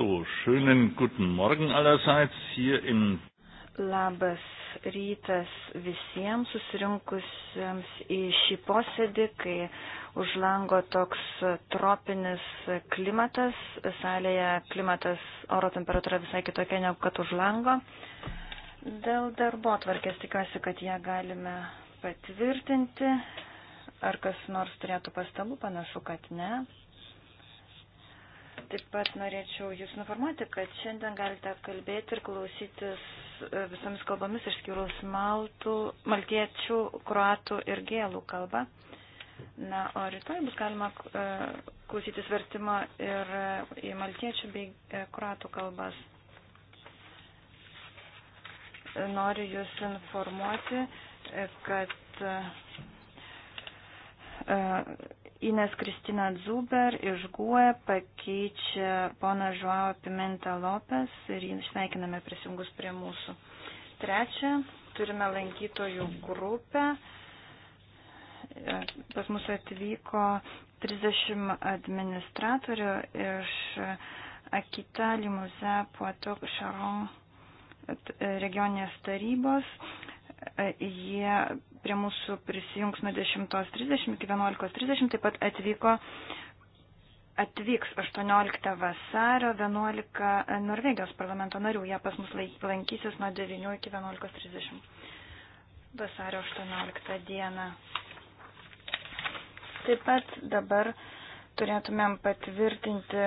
So, schönen guten Morgen allerseits hier in. Labas rytas visiems susirinkusiems į šį posėdį, kai už lango toks tropinis klimatas, salėje klimatas, oro temperatūra visai kitokia negu kad už lango. Dėl darbo tvarkės tikiuosi, kad ją galime patvirtinti. Ar kas nors turėtų pastabų, panašu, kad ne. Taip pat norėčiau Jūs informuoti, kad šiandien galite kalbėti ir klausytis e, visomis kalbomis išskyrus maltų, maltiečių, kruatų ir gėlų kalbą. Na, o rytoj bus galima e, klausytis vertimo ir e, į maltiečių bei kruatų kalbas. Noriu Jūs informuoti, kad Ines Kristina Zuber iš GUE pakeičia poną Žuavo Pimenta Lopes ir jį sveikiname prisijungus prie mūsų. Trečia, turime lankytojų grupę. Pas mus atvyko 30 administratorių iš Akita, Limuze, Puato, Šaron regioninės tarybos. Jie prie mūsų prisijungs nuo 10.30 iki 11.30, taip pat atvyko, atvyks 18 vasario 11 Norvegijos parlamento narių, jie pas mus lankysis nuo 9 iki 11.30 vasario 18 dieną. Taip pat dabar turėtumėm patvirtinti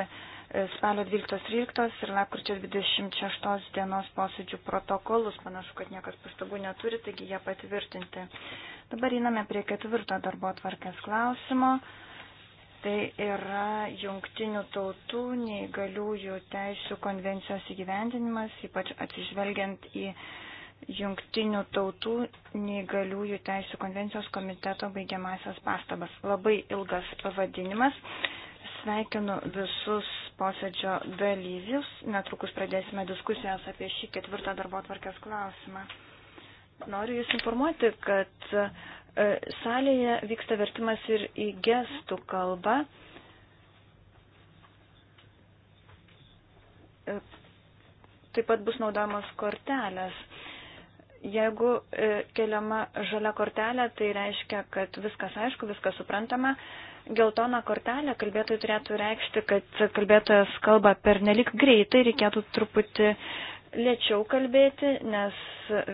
spalio 12.13 ir lapkričio 26 dienos posėdžių protokolus. Panašu, kad niekas pastabų neturi, taigi jie patvirtinti. Dabar einame prie ketvirto darbo tvarkės klausimo. Tai yra jungtinių tautų neįgaliųjų teisų konvencijos įgyvendinimas, ypač atsižvelgiant į jungtinių tautų neįgaliųjų teisų konvencijos komiteto baigiamasias pastabas. Labai ilgas pavadinimas sveikinu visus posėdžio dalyvius. Netrukus pradėsime diskusijas apie šį ketvirtą darbo tvarkės klausimą. Noriu Jūs informuoti, kad e, salėje vyksta vertimas ir į gestų kalbą. E, taip pat bus naudojamos kortelės. Jeigu e, keliama žalia kortelė, tai reiškia, kad viskas aišku, viskas suprantama Geltona kortelė kalbėtojai turėtų reikšti, kad kalbėtojas kalba per nelik greitai, reikėtų truputį lėčiau kalbėti, nes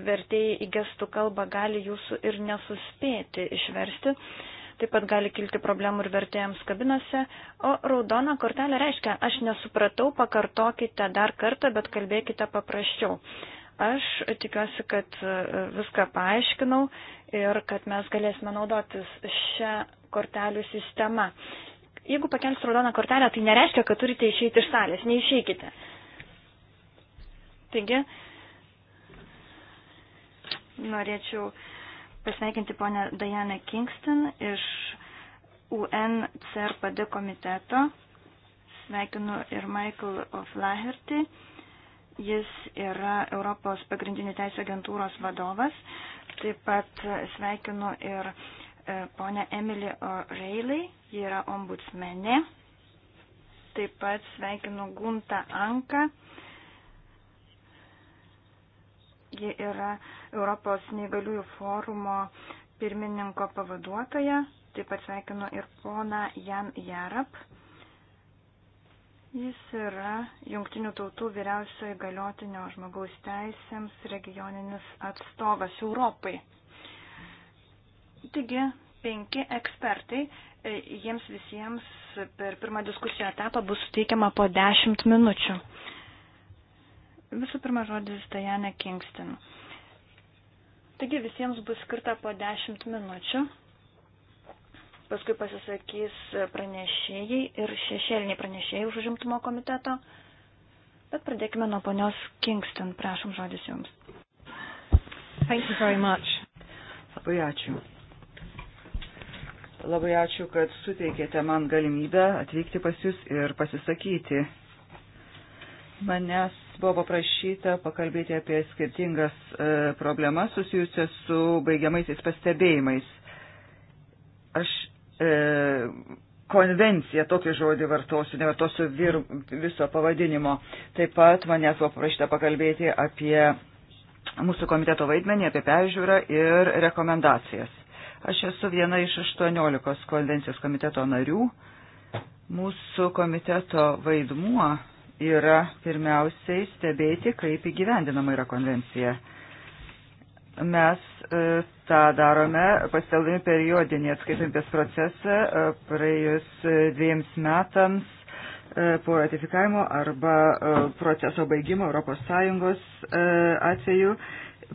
vertėjai į gestų kalbą gali jūsų ir nesuspėti išversti. Taip pat gali kilti problemų ir vertėjams kabinose. O raudona kortelė reiškia, aš nesupratau, pakartokite dar kartą, bet kalbėkite paprasčiau. Aš tikiuosi, kad e, viską paaiškinau ir kad mes galėsime naudotis šią kortelių sistemą. Jeigu pakelsite raudoną kortelę, tai nereiškia, kad turite išeiti iš salės. Neišeikite. Taigi, norėčiau pasveikinti ponę Dianą Kingston iš UNCRPD komiteto. Sveikinu ir Michael O'Flaherty Jis yra Europos pagrindinių teisų agentūros vadovas. Taip pat sveikinu ir e, ponę Emily O'Reilly, ji yra ombudsmenė. Taip pat sveikinu Guntą Anką. Ji yra Europos neįgaliųjų forumo pirmininko pavaduotoja. Taip pat sveikinu ir poną Jan Jarap. Jis yra Junktinių tautų vyriausiojo įgaliotinio žmogaus teisėms regioninis atstovas Europai. Taigi, penki ekspertai, e, jiems visiems per pirmą diskusijų etapą bus suteikiama po dešimt minučių. Visų pirma žodis Diana Kingston. Taigi visiems bus skirta po dešimt minučių paskui pasisakys pranešėjai ir šešėliniai pranešėjai už užimtumo komiteto. Bet pradėkime nuo ponios Kingston. Prašom žodis jums. Thank you very much. Labai ačiū. Labai ačiū, kad suteikėte man galimybę atvykti pas jūs ir pasisakyti. Manęs buvo paprašyta pakalbėti apie skirtingas e, problemas susijusias su baigiamaisiais pastebėjimais. Aš e, konvencija, tokį žodį vartosiu, nevartosiu vir, viso pavadinimo. Taip pat manęs buvo paprašyta pakalbėti apie mūsų komiteto vaidmenį, apie peržiūrą ir rekomendacijas. Aš esu viena iš 18 konvencijos komiteto narių. Mūsų komiteto vaidmuo yra pirmiausiai stebėti, kaip įgyvendinama yra konvencija. Mes e, tą darome pasitelkdami periodinį atskaitomybės procesą e, praėjus dviems metams e, po ratifikavimo arba proceso baigimo ES atveju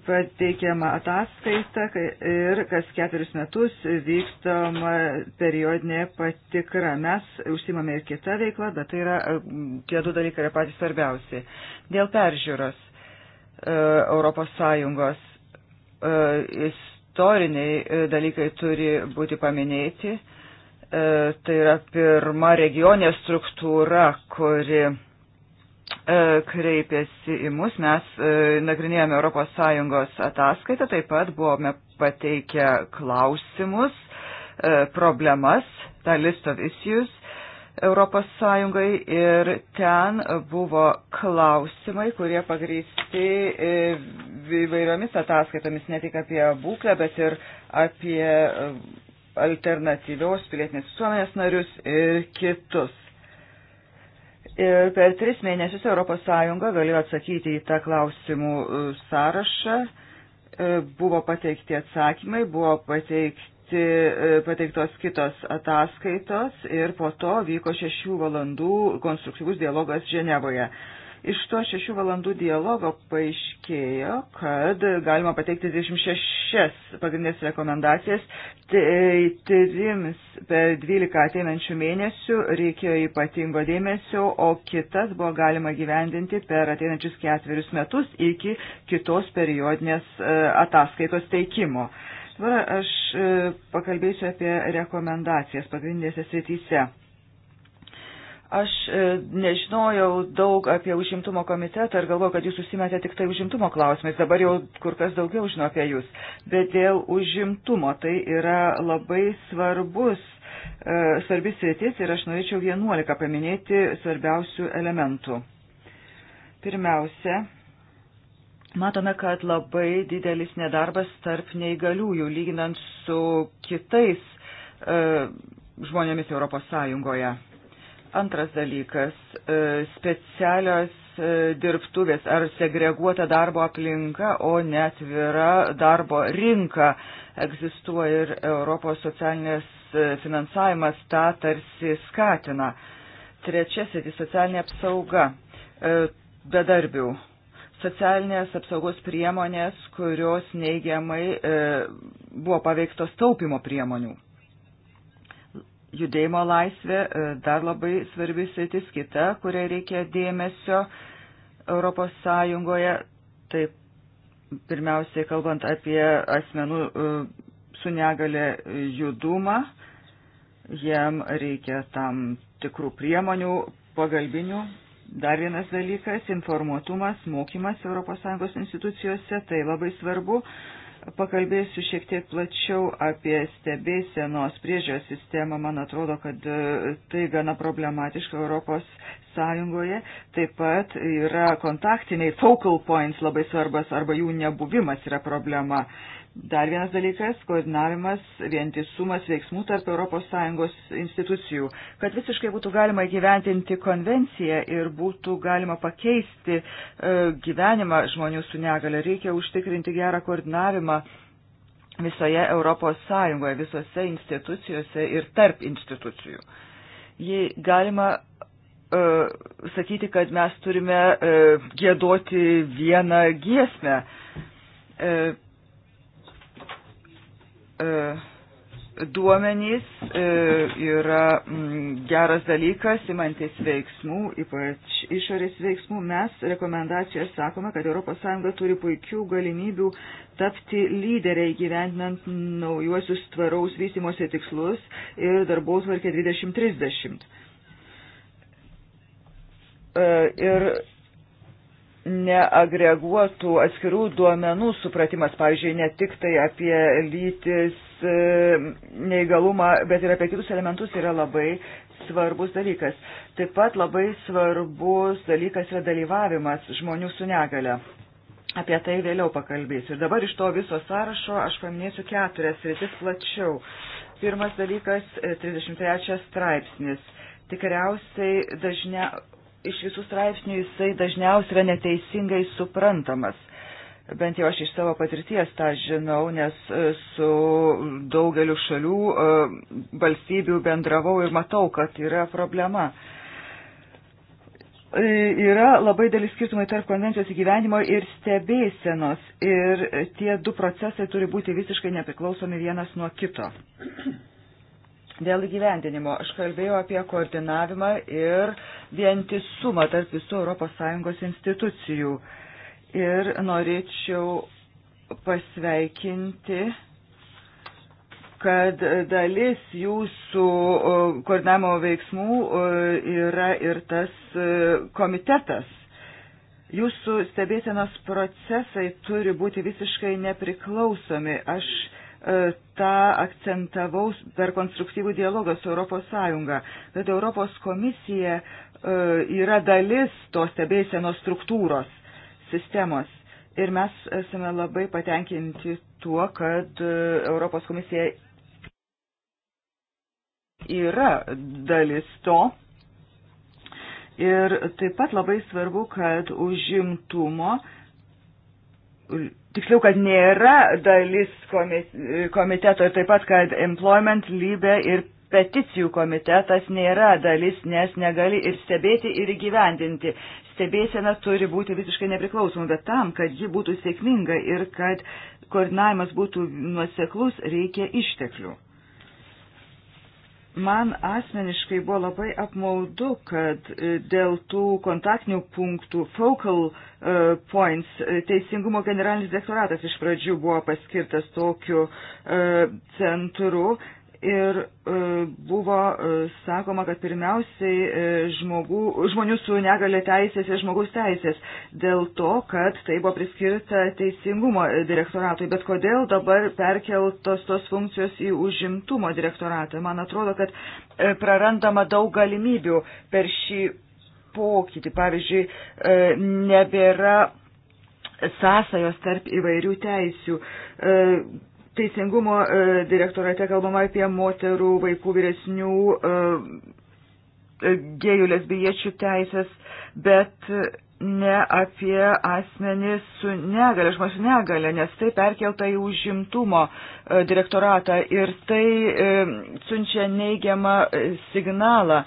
pateikiama ataskaita ir kas keturis metus vykstama periodinė patikra. Mes užsimame ir kitą veiklą, bet tai yra, tie du dalykai yra patys svarbiausi. Dėl peržiūros Europos Sąjungos E, istoriniai e, dalykai turi būti paminėti. E, tai yra pirma regionė struktūra, kuri kreipėsi į mus. Mes nagrinėjome ES ataskaitą, taip pat buvome pateikę klausimus, problemas, tą list of issues ES ir ten buvo klausimai, kurie pagrysti įvairiomis ataskaitomis, ne tik apie būklę, bet ir apie e, alternatyvios pilietinės visuomenės narius ir kitus. Ir per tris mėnesius ES galėjo atsakyti į tą klausimų e, sąrašą. E, buvo pateikti atsakymai, buvo pateikti, pateiktos kitos ataskaitos ir po to vyko šešių valandų konstruktyvus dialogas Ženevoje. Iš to šešių valandų dialogo paaiškėjo, kad galima pateikti 26 pagrindinės rekomendacijas, tai trims per 12 ateinančių mėnesių reikėjo ypatingo dėmesio, o kitas buvo galima gyvendinti per ateinančius ketverius metus iki kitos periodinės e, ataskaitos teikimo. Dabar aš e, pakalbėsiu apie rekomendacijas pagrindinėse srityse. Aš e, nežinojau daug apie užimtumo komitetą ir galvoju, kad jūs užsimėte tik tai užimtumo klausimais. Dabar jau kur kas daugiau žino apie jūs. Bet dėl užimtumo tai yra labai svarbus, e, svarbis sritis ir aš norėčiau 11 paminėti svarbiausių elementų. Pirmiausia, matome, kad labai didelis nedarbas tarp neįgaliųjų, lyginant su kitais e, žmonėmis Europos Sąjungoje Antras dalykas e, - specialios e, dirbtuvės ar segreguota darbo aplinka, o net vira darbo rinka egzistuoja ir Europos socialinės e, finansavimas tą tarsi skatina. Trečiasis - socialinė apsauga bedarbių. Socialinės apsaugos priemonės, kurios neigiamai buvo paveiktos taupimo priemonių judėjimo laisvė e, dar labai svarbi sritis, kita, kuriai reikia dėmesio Europos Sąjungoje, taip pirmiausiai kalbant apie asmenų e, su negale judumą, jiem reikia tam tikrų priemonių, pagalbinių. Dar vienas dalykas - informuotumas, mokymas ES institucijose, tai labai svarbu. Pakalbėsiu šiek tiek plačiau apie stebėsenos priežios sistemą. Man atrodo, kad e, tai gana problematiška Europos Sąjungoje. Taip pat yra kontaktiniai focal points labai svarbas arba jų nebuvimas yra problema. Dar vienas dalykas - koordinavimas, vientisumas veiksmų tarp ES institucijų. Kad visiškai būtų galima įgyventinti konvenciją ir būtų galima pakeisti e, gyvenimą žmonių su negale, reikia užtikrinti gerą koordinavimą visoje ES, visose institucijose ir tarp institucijų. Jei galima e, sakyti, kad mes turime e, gėdoti vieną giesmę. E, E, duomenys e, yra mm, geras dalykas, imantis veiksmų, ypač išorės veiksmų. Mes rekomendacijoje sakome, kad ES turi puikių galimybių tapti lyderiai gyventinant naujuosius tvaraus vystimosi tikslus ir darbaus varkė 2030. Ir neagreguotų atskirų duomenų supratimas, pavyzdžiui, ne tik tai apie lytis, e, neįgalumą, bet ir apie kitus elementus yra labai svarbus dalykas. Taip pat labai svarbus dalykas yra dalyvavimas žmonių su negale. Apie tai vėliau pakalbėsiu. Ir dabar iš to viso sąrašo aš paminėsiu keturias rytis plačiau. Pirmas dalykas e, - 33 straipsnis tikriausiai dažnia, iš visų straipsnių jisai dažniausiai yra neteisingai suprantamas. Bent jau aš iš savo patirties tą žinau, nes e, su daugeliu šalių e, valstybių bendravau ir matau, kad yra problema e, yra labai dėlis skirtumai tarp konvencijos įgyvenimo ir stebėsenos. Ir tie du procesai turi būti visiškai nepriklausomi vienas nuo kito. Dėl įgyvendinimo aš kalbėjau apie koordinavimą ir vientisumą tarp visų ES institucijų. Ir norėčiau pasveikinti, kad dalis jūsų koordinavimo veiksmų yra ir tas komitetas. Jūsų stebėsenos procesai turi būti visiškai nepriklausomi. Aš E, tą akcentavau per konstruktyvų dialogą su Europos Sąjunga, kad Europos komisija e, yra dalis tos stebėsenos struktūros sistemos. Ir mes esame labai patenkinti tuo, kad e, Europos komisija yra dalis to. Ir taip pat labai svarbu, kad užimtumo tiksliau, kad nėra dalis komiteto ir taip pat, kad employment, lybė ir peticijų komitetas nėra dalis, nes negali ir stebėti, ir įgyvendinti. Stebėsena turi būti visiškai nepriklausoma, bet tam, kad ji būtų sėkminga ir kad koordinavimas būtų nuoseklus, reikia išteklių. Man asmeniškai buvo labai apmaudu, kad e, dėl tų kontaktinių punktų, focal e, points, e, Teisingumo generalinis dektoratas iš pradžių buvo paskirtas tokiu centru, Ir e, buvo e, sakoma, kad pirmiausiai e, žmogų, žmonių su negale teisės ir žmogaus teisės dėl to, kad tai buvo priskirta teisingumo direktoratui. Bet kodėl dabar perkeltos tos funkcijos į užimtumo direktoratą? Man atrodo, kad e, prarandama daug galimybių per šį pokytį. Pavyzdžiui, e, nebėra sąsajos tarp įvairių teisių. E, Teisingumo e, direktorate kalbama apie moterų, vaikų vyresnių, e, e, gėjų, lesbiečių teisės, bet ne apie asmenį su negale, žmogus su negale, nes tai perkelta į užimtumo direktoratą ir tai siunčia neigiamą signalą,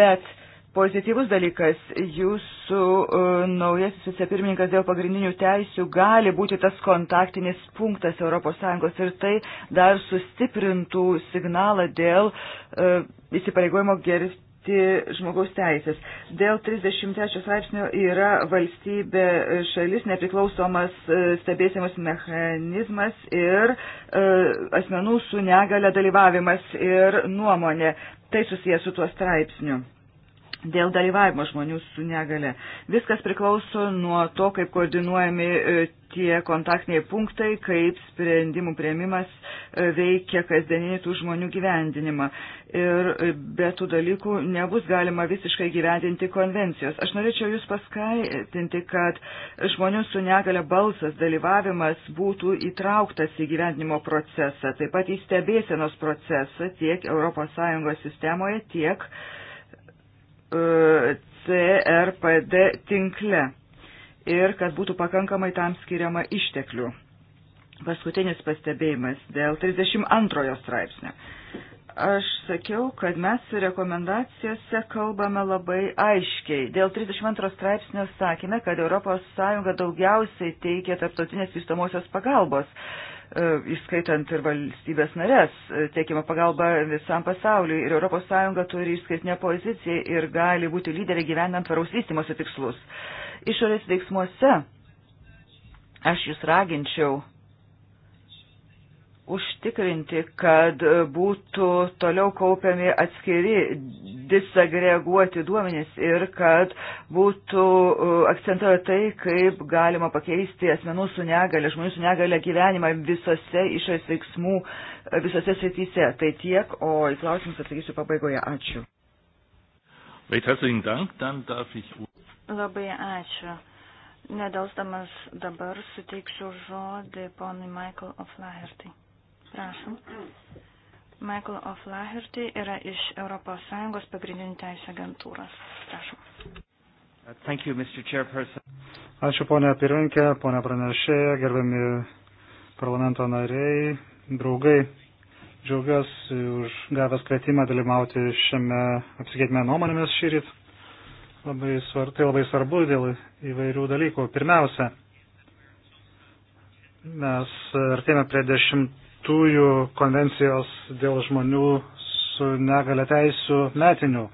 bet pozityvus dalykas. Jūsų uh, naujasis vicepirmininkas dėl pagrindinių teisių gali būti tas kontaktinis punktas ES ir tai dar sustiprintų signalą dėl uh, įsipareigojimo gerbti gerbti žmogaus teisės. Dėl 33 straipsnio yra valstybė e, šalis nepriklausomas stebėsimas mechanizmas ir e, asmenų su negale dalyvavimas ir nuomonė. Tai susijęs su tuo straipsniu dėl dalyvavimo žmonių su negale. Viskas priklauso nuo to, kaip koordinuojami e, tie kontaktiniai punktai, kaip sprendimų prieimimas e, veikia kasdieninį tų žmonių gyvendinimą. Ir e, be tų dalykų nebus galima visiškai gyvendinti konvencijos. Aš norėčiau Jūs paskaitinti, kad žmonių su negale balsas dalyvavimas būtų įtrauktas į gyvendinimo procesą, taip pat į stebėsenos procesą tiek ES sistemoje, tiek CRPD tinkle ir kad būtų pakankamai tam skiriama išteklių. Paskutinis pastebėjimas dėl 32 straipsnio. Aš sakiau, kad mes rekomendacijose kalbame labai aiškiai. Dėl 32 straipsnio sakėme, kad ES daugiausiai teikia tarptautinės vystomosios pagalbos E, įskaitant ir valstybės narės, e, teikiama pagalba visam pasauliu ir ES turi išskirtinę poziciją ir gali būti lyderė gyvenant tvaraus vystimosi tikslus. Išorės veiksmuose aš jūs raginčiau užtikrinti, kad būtų toliau kaupiami atskiri disagreguoti duomenys ir kad būtų e, akcentuoja tai, kaip galima pakeisti asmenų su negale, žmonių su negale gyvenimą visose išorės veiksmų, e, visose srityse. Tai tiek, o į klausimus atsakysiu pabaigoje. Ačiū. Labai ačiū. Nedelsdamas dabar suteiksiu žodį ponui Michael O'Flaherty. Prašom. Michael O'Flaherty yra iš ES pagrindinių teisų agentūros. Prašom. Thank you, Mr. Chairperson. Ačiū, ponia pirminkė, ponia pranešėja, gerbiami parlamento nariai, draugai. Džiaugiuosi už gavęs kvietimą dalyvauti šiame apsikeitime nuomonėmis šį rytą. Labai svar, tai labai svarbu dėl įvairių dalykų. Pirmiausia, mes artėjame prie dešimt 2005 konvencijos dėl žmonių su negale teisų metinių.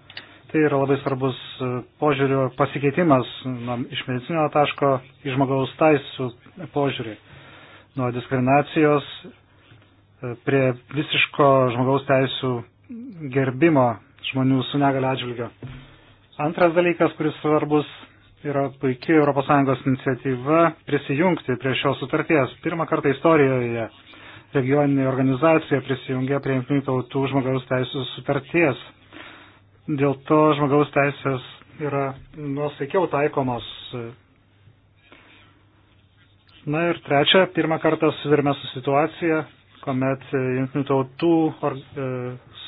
Tai yra labai svarbus e, požiūrių pasikeitimas na, iš medicinio taško į žmogaus taisų požiūrį. Nuo diskriminacijos e, prie visiško žmogaus teisų gerbimo žmonių su negale atžvilgio. Antras dalykas, kuris svarbus, yra puikia ES iniciatyva prisijungti prie šios sutarties. Pirmą kartą istorijoje regioninė organizacija prisijungė prie Junktinių tautų žmogaus teisų sutarties. Dėl to žmogaus teisės yra nuosaikiau taikomos. Na ir trečia, pirmą kartą susidurime su situacija, kuomet Junktinių tautų or, e,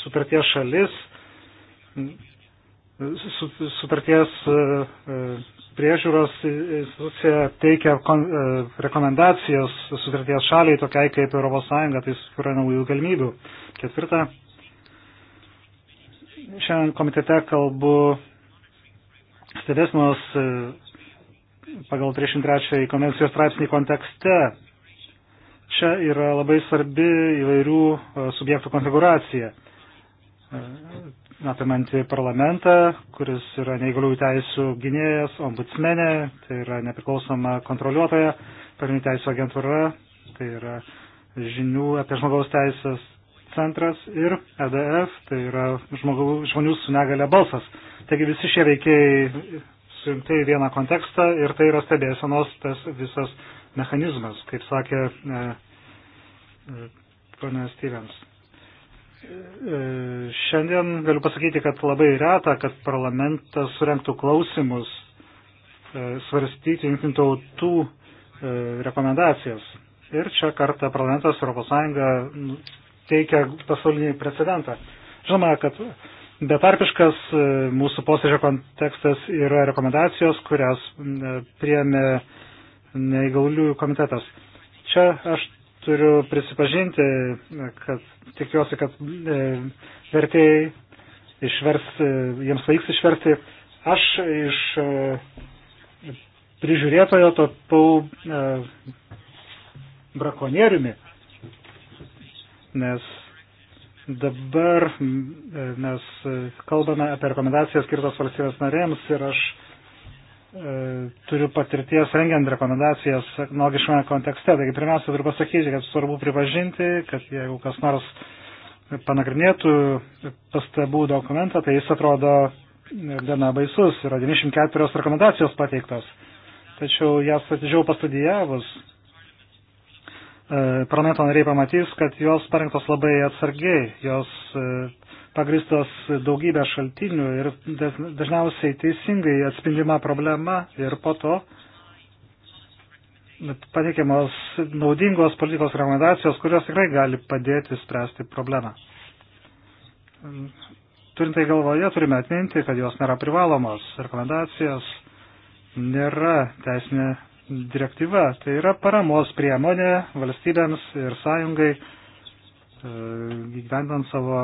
sutarties šalis, su, sutarties e, priežiūros institucija teikia kon, e, rekomendacijas sutarties šaliai, tokiai kaip ES, tai sukuria naujų galimybių. Ketvirta, šiandien komitete kalbu stebėsmos e, pagal 33 konvencijos straipsnį kontekste. Čia yra labai svarbi įvairių e, subjektų konfiguracija. E, apimanti parlamentą, kuris yra neįgaliųjų teisų gynėjas, ombudsmenė, tai yra nepriklausoma kontroliuotoja, pagrindinių teisų agentūra, tai yra žinių apie žmogaus teisės centras ir EDF, tai yra žmogų, žmonių su negale balsas. Taigi visi šie veikėjai sujungti į vieną kontekstą ir tai yra stebėsenos tas visas mechanizmas, kaip sakė e, e, ponas Stevens. E, šiandien galiu pasakyti, kad labai reta, kad parlamentas surenktų klausimus e, svarstyti jungtinių tautų e, rekomendacijas. Ir čia kartą parlamentas ES teikia pasaulinį precedentą. Žinoma, kad betarpiškas mūsų posėdžio kontekstas yra rekomendacijos, kurias priemė neįgauliųjų komitetas. Čia aš turiu prisipažinti, kad tikiuosi, kad e, vertėjai išvers, e, jiems pavyks išversti. Aš iš e, prižiūrėtojo tapau e, brakonieriumi, nes dabar e, mes kalbame apie rekomendacijas skirtas valstybės narėms ir aš e, E, turiu patirties rengiant rekomendacijas nogiškame kontekste. Taigi pirmiausia, turiu pasakyti, kad svarbu pripažinti, kad jeigu kas nors panagrinėtų pastabų dokumentą, tai jis atrodo gana baisus. Yra 94 rekomendacijos pateiktos. Tačiau jas atidžiau pastudijavus, e, parlamento nariai pamatys, kad jos parengtos labai atsargiai, jos e, pagristos daugybę šaltinių ir dažniausiai teisingai atspindima problema ir po to pateikiamos naudingos politikos rekomendacijos, kurios tikrai gali padėti spręsti problemą. Turint tai galvoje, turime atminti, kad jos nėra privalomos. Rekomendacijos nėra teisinė direktyva. Tai yra paramos priemonė valstybėms ir sąjungai e, gyvendant savo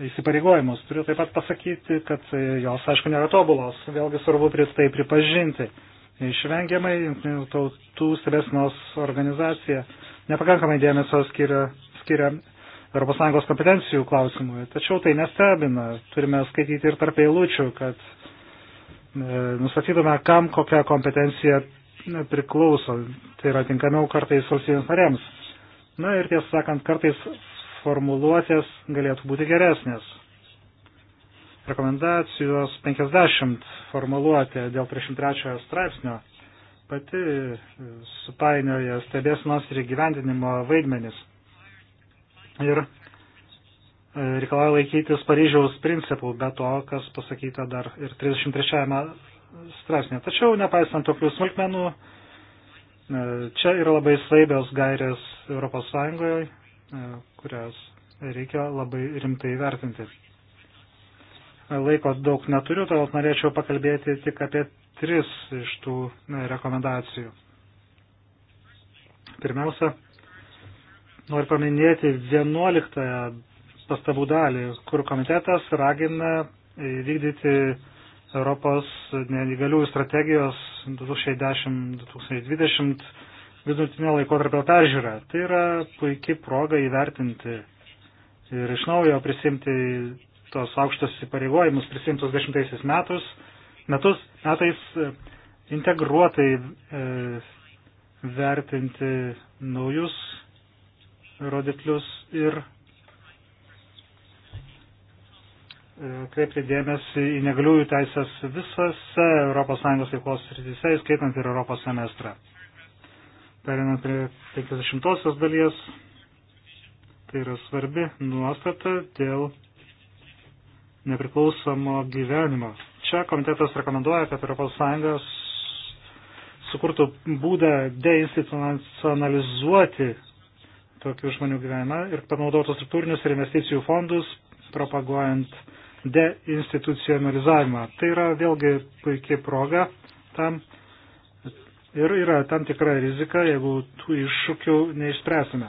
įsipareigojimus. Turiu taip pat pasakyti, kad jos, aišku, nėra tobulos. Vėlgi svarbu tai pripažinti. Išvengiamai jungtinių tautų stebėsinos organizacija nepakankamai dėmesio skiria, skiria ES kompetencijų klausimui. Tačiau tai nestebina. Turime skaityti ir tarp eilučių, kad e, nustatytume, kam kokia kompetencija priklauso. Tai yra tinkamiau kartais valstybės narėms. Na ir tiesą sakant, kartais formuluotės galėtų būti geresnės. Rekomendacijos 50 formuluotė dėl 33 straipsnio pati supainioja stebėsnos ir gyvendinimo vaidmenis. Ir e, reikalauja laikytis Paryžiaus principų, be to, kas pasakyta dar ir 33 straipsnė. Tačiau, nepaisant tokių smulkmenų, e, čia yra labai svaibios gairės Europos Sąjungoje E, kurias reikia labai rimtai vertinti. E, laiko daug neturiu, todėl norėčiau pakalbėti tik apie tris iš tų e, rekomendacijų. Pirmiausia, noriu paminėti 11 pastabų dalį, kur komitetas ragina vykdyti Europos neįgaliųjų strategijos 2010-2020 vidutinio laikotarpio peržiūrą. Tai yra puikia proga įvertinti ir iš naujo prisimti tos aukštos įpareigojimus prisimtus dešimtaisiais metus, metus, metais e, integruotai e, vertinti naujus rodiklius ir e, kreipti dėmesį į negaliųjų teisės visose ES veiklos srityse, įskaitant ir Europos semestrą. Perinant prie 50 dalies, tai yra svarbi nuostata dėl nepriklausomo gyvenimo. Čia komitetas rekomenduoja, kad ES sukurtų būdą deinstitucionalizuoti tokių žmonių gyvenimą ir panaudotų struktūrinius ir investicijų fondus, propaguojant deinstitucionalizavimą. Tai yra vėlgi puikiai proga tam ir yra tam tikra rizika, jeigu tų iššūkių neišspręsime.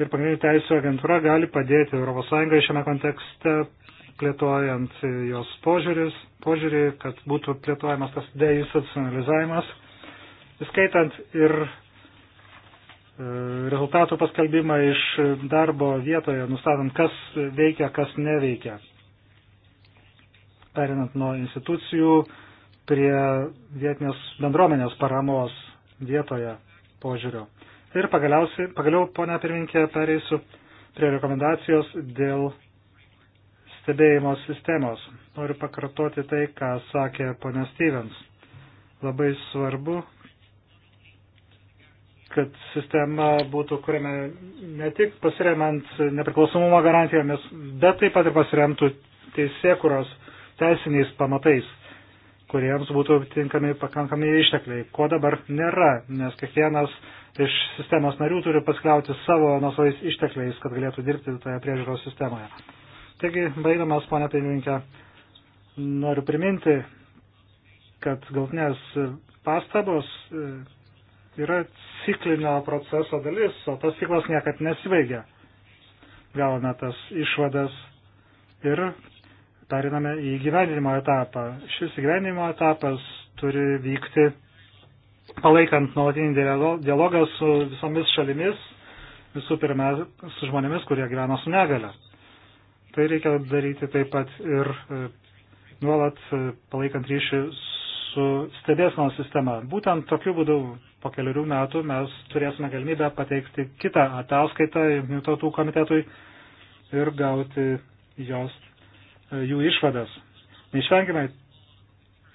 Ir pagrindinių teisų agentūra gali padėti ES šiame kontekste, plėtojant jos požiūris, požiūrį, kad būtų plėtojamas tas deinstitucionalizavimas, įskaitant ir e, rezultatų paskelbimą iš darbo vietoje, nustatant, kas veikia, kas neveikia. Perinant nuo institucijų, prie vietinės bendruomenės paramos vietoje požiūrio. Ir pagaliausiai, pagaliau, ponia pirminkė, pereisiu prie rekomendacijos dėl stebėjimo sistemos. Noriu pakartoti tai, ką sakė ponia Stevens. Labai svarbu, kad sistema būtų kuriame ne tik pasiremiant nepriklausomumo garantijomis, bet taip pat ir pasiremtų teisėkuros teisiniais pamatais kuriems būtų tinkami pakankami ištekliai, ko dabar nėra, nes kiekvienas iš sistemos narių turi paskliauti savo nuosavais ištekliais, kad galėtų dirbti toje priežiūros sistemoje. Taigi, baigdamas, ponia pirmininkė, noriu priminti, kad galtinės pastabos e, yra ciklinio proceso dalis, o tas ciklas niekad nesibaigia. Gavome tas išvadas ir periname į gyvenimo etapą. Šis gyvenimo etapas turi vykti palaikant nuolatinį dialogą su visomis šalimis, visų pirma, su žmonėmis, kurie gyvena su negale. Tai reikia daryti taip pat ir e, nuolat e, palaikant ryšį su stebėsnos sistema. Būtent tokiu būdu po keliarių metų mes turėsime galimybę pateikti kitą ataskaitą Junktinių tautų komitetui ir gauti jos jų išvadas. Neišvengiamai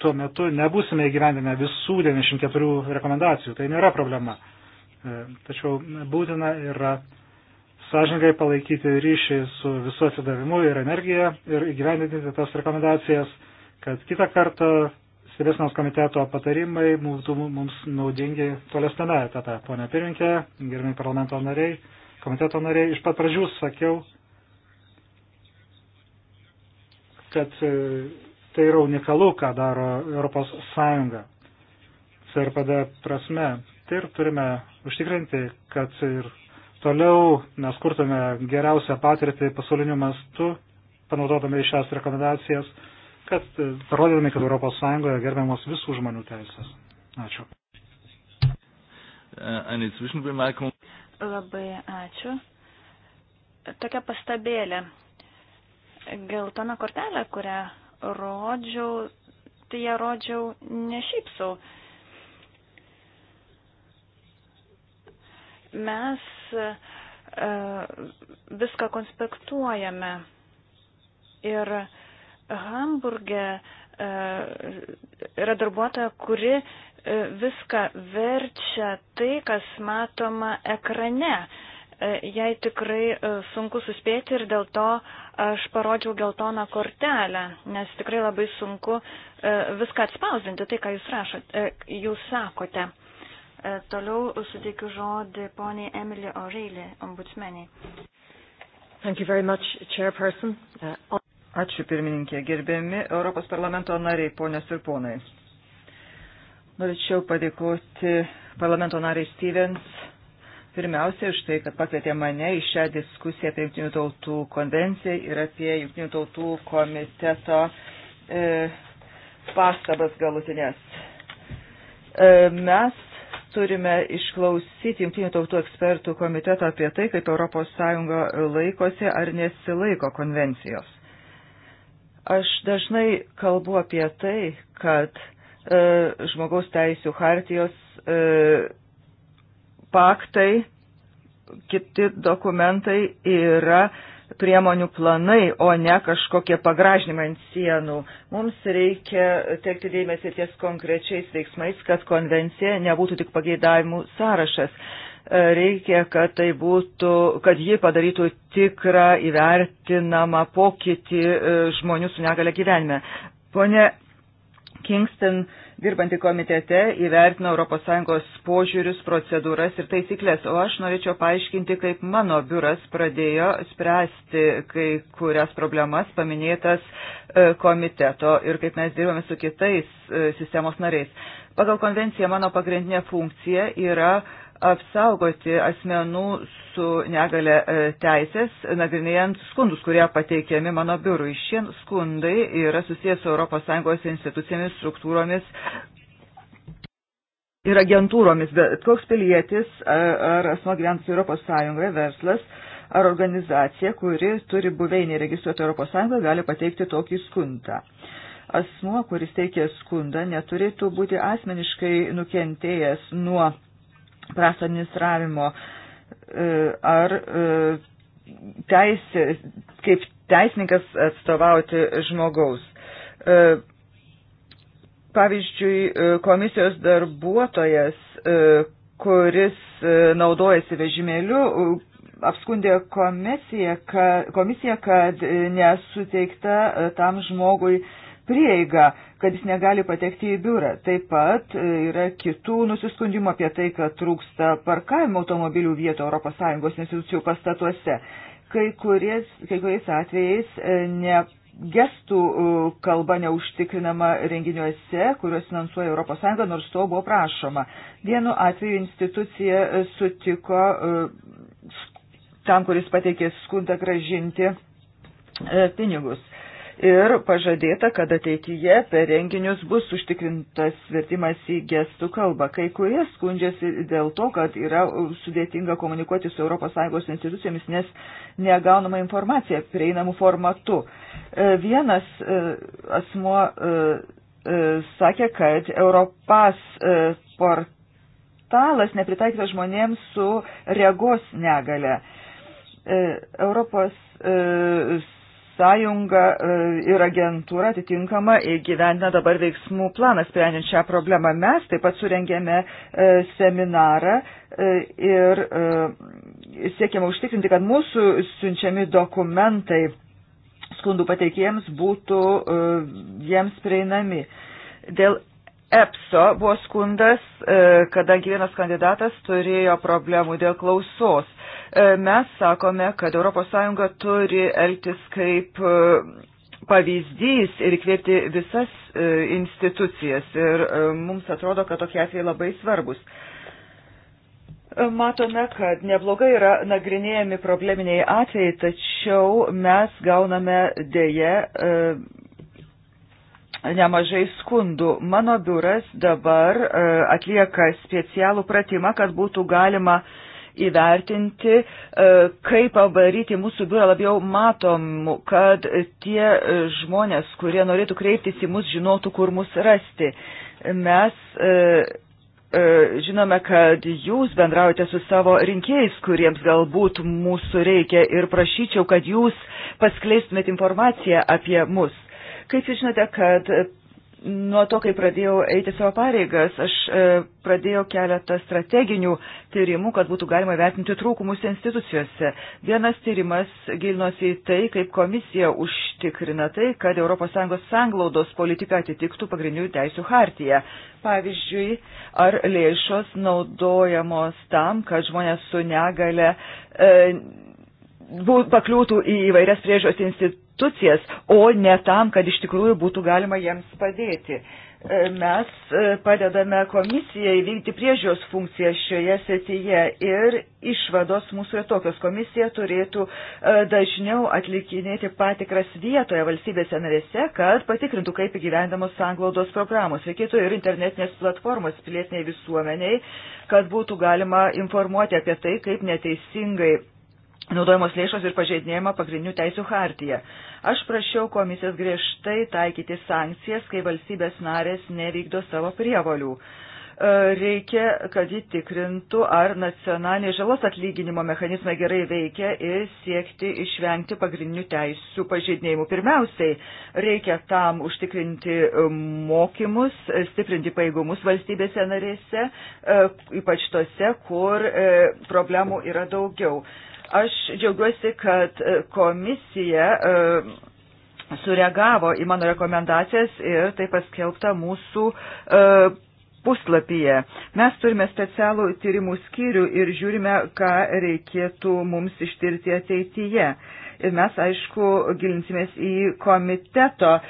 tuo metu nebusime įgyvendinę visų 94 rekomendacijų. Tai nėra problema. E, tačiau būtina yra sąžininkai palaikyti ryšį su visu atsidavimu ir energija ir įgyvendinti tas rekomendacijas, kad kitą kartą stebėsinos komiteto patarimai būtų mums naudingi tolesnėme etape. Pone pirminkė, gerbimi parlamento nariai, komiteto nariai, iš pat pradžių sakiau, kad e, tai yra unikalu, ką daro Europos Sąjunga. CRPD prasme. Tai ir turime užtikrinti, kad ir toliau mes kurtume geriausią patirtį pasauliniu mastu, panaudodami šias rekomendacijas, kad e, parodydami, kad Europos Sąjungoje gerbiamos visų žmonių teisės. Ačiū. E, Labai ačiū. Tokia pastabėlė geltona kortelė, kurią rodžiau, tai ją rodžiau ne šiaip savo. Mes e, viską konspektuojame ir Hamburgė e, yra darbuotoja, kuri e, viską verčia tai, kas matoma ekrane. E, jai tikrai e, sunku suspėti ir dėl to aš parodžiau geltoną kortelę, nes tikrai labai sunku e, viską atspausdinti, tai ką jūs, rašot, jūs sakote. Toliau suteikiu žodį poniai Emily O'Reilly, ombudsmeniai. Uh, Ačiū pirmininkė, gerbiami Europos parlamento nariai, ponios ir ponai. Norėčiau padėkoti parlamento nariai Stevens pirmiausia iš tai, kad pakvietė mane į šią diskusiją apie Junktinių tautų konvenciją ir apie Junktinių tautų komiteto e, pastabas galutinės. E, mes turime išklausyti Junktinių tautų ekspertų komiteto apie tai, kaip ES laikosi ar nesilaiko konvencijos. Aš dažnai kalbu apie tai, kad e, žmogaus teisų hartijos e, paktai, kiti dokumentai yra priemonių planai, o ne kažkokie pagražinimai ant sienų. Mums reikia tekti dėmesį ties konkrečiais veiksmais, kad konvencija nebūtų tik pageidavimų sąrašas. Reikia, kad, tai būtų, kad ji padarytų tikrą įvertinamą pokytį e, žmonių su negale gyvenime. Pone Kingston, uh, dirbanti komitete įvertino ES požiūrius, procedūras ir taisyklės, o aš norėčiau paaiškinti, kaip mano biuras pradėjo spręsti kai kurias problemas paminėtas e, komiteto ir kaip mes dirbame su kitais e, sistemos nariais. Pagal konvenciją mano pagrindinė funkcija yra apsaugoti asmenų su negale e, teisės, nagrinėjant skundus, kurie pateikiami mano biurui. Šie skundai yra susijęs su ES institucijomis, struktūromis ir agentūromis, bet koks pilietis ar asmo gyventis Europos Sąjungoje, verslas ar organizacija, kuri turi buveinį registruoti Europos Sąjungoje, gali pateikti tokį skundą asmuo, kuris teikia skundą, neturėtų būti asmeniškai nukentėjęs nuo prasto administravimo. E, ar e, teisė, kaip teisininkas atstovauti žmogaus? E, pavyzdžiui, komisijos darbuotojas, kuris naudojasi vežimėliu, apskundė komisiją, kad, komisiją, kad nesuteikta tam žmogui uh, prieigą, kad jis negali patekti į biurą. Taip pat e, yra kitų nusiskundimų apie tai, kad trūksta parkavimo automobilių vietų ES institucijų pastatuose. Kai, kuries, kai kuriais atvejais e, ne, gestų e, kalba neužtikrinama renginiuose, kuriuos finansuoja ES, nors to buvo prašoma. Vienu atveju institucija sutiko tam, kuris pateikė skundą gražinti pinigus ir pažadėta, kad ateityje per renginius bus užtikrintas vertimas į gestų kalbą. Kai kurie skundžiasi dėl to, kad yra sudėtinga komunikuoti su ES institucijomis, nes negaunama informacija prieinamų formatu. E, vienas e, asmuo e, sakė, kad Europas portalas nepritaikytas žmonėms su regos negale. Europos sąjunga e, ir agentūra atitinkama įgyvendina dabar veiksmų planą sprendžiant šią problemą. Mes taip pat surengėme e, seminarą e, ir siekiame užtikrinti, kad mūsų siunčiami dokumentai skundų pateikėjams būtų jiems prieinami. Dėl EPSO buvo skundas, kadangi vienas kandidatas turėjo problemų dėl klausos E, mes sakome, kad ES turi elgtis kaip e, pavyzdys ir įkvėpti visas e, institucijas ir mums atrodo, kad tokie atvejai labai svarbus. Matome, kad neblogai yra nagrinėjami probleminiai atvejai, tačiau mes gauname dėje e, nemažai skundų. Mano biuras dabar e, atlieka specialų pratimą, kad būtų galima e, įvertinti, e, kaip padaryti mūsų biurą labiau matomu, kad tie žmonės, kurie norėtų kreiptis į mus, žinotų, kur mus rasti. Mes e, e, žinome, kad jūs bendraujate su savo rinkėjais, kuriems galbūt mūsų reikia ir prašyčiau, kad jūs paskleistumėt informaciją apie mus. Kaip jūs žinote, kad nuo to, kai pradėjau eiti savo pareigas, aš e, pradėjau keletą strateginių tyrimų, kad būtų galima vertinti trūkumus institucijose. Vienas tyrimas gilinosi į tai, kaip komisija užtikrina tai, kad ES sanglaudos politika atitiktų pagrindinių teisų hartiją. Pavyzdžiui, ar lėšos naudojamos tam, kad žmonės su negale e, pakliūtų į įvairias priežios institucijas institucijas, o ne tam, kad iš tikrųjų būtų galima jiems padėti. E, mes e, padedame komisijai vykdyti priežios funkciją šioje setyje ir išvados mūsų yra tokios. Komisija turėtų e, dažniau atlikinėti patikras vietoje valstybėse narėse, kad patikrintų, kaip įgyvendamos sanglaudos programos. Reikėtų ir internetinės platformos pilietiniai visuomeniai, kad būtų galima informuoti apie tai, kaip neteisingai naudojamos lėšos ir pažeidinėjama pagrindinių teisų hartija. Aš prašiau komisijos griežtai taikyti sankcijas, kai valstybės narės nevykdo savo prievolių. E, reikia, kad ji tikrintų, ar nacionaliniai žalos atlyginimo mechanizmai gerai veikia ir siekti išvengti pagrindinių teisų pažeidinėjimų. Pirmiausiai, reikia tam užtikrinti e, mokymus, e, stiprinti paėgumus valstybėse narėse, ypač tose, kur problemų yra daugiau Aš džiaugiuosi, kad e, komisija e, sureagavo į mano rekomendacijas ir tai paskelbta mūsų e, puslapyje. Mes turime specialų tyrimų skyrių ir žiūrime, ką reikėtų mums ištirti ateityje. Ir mes, aišku, gilinsimės į komiteto e,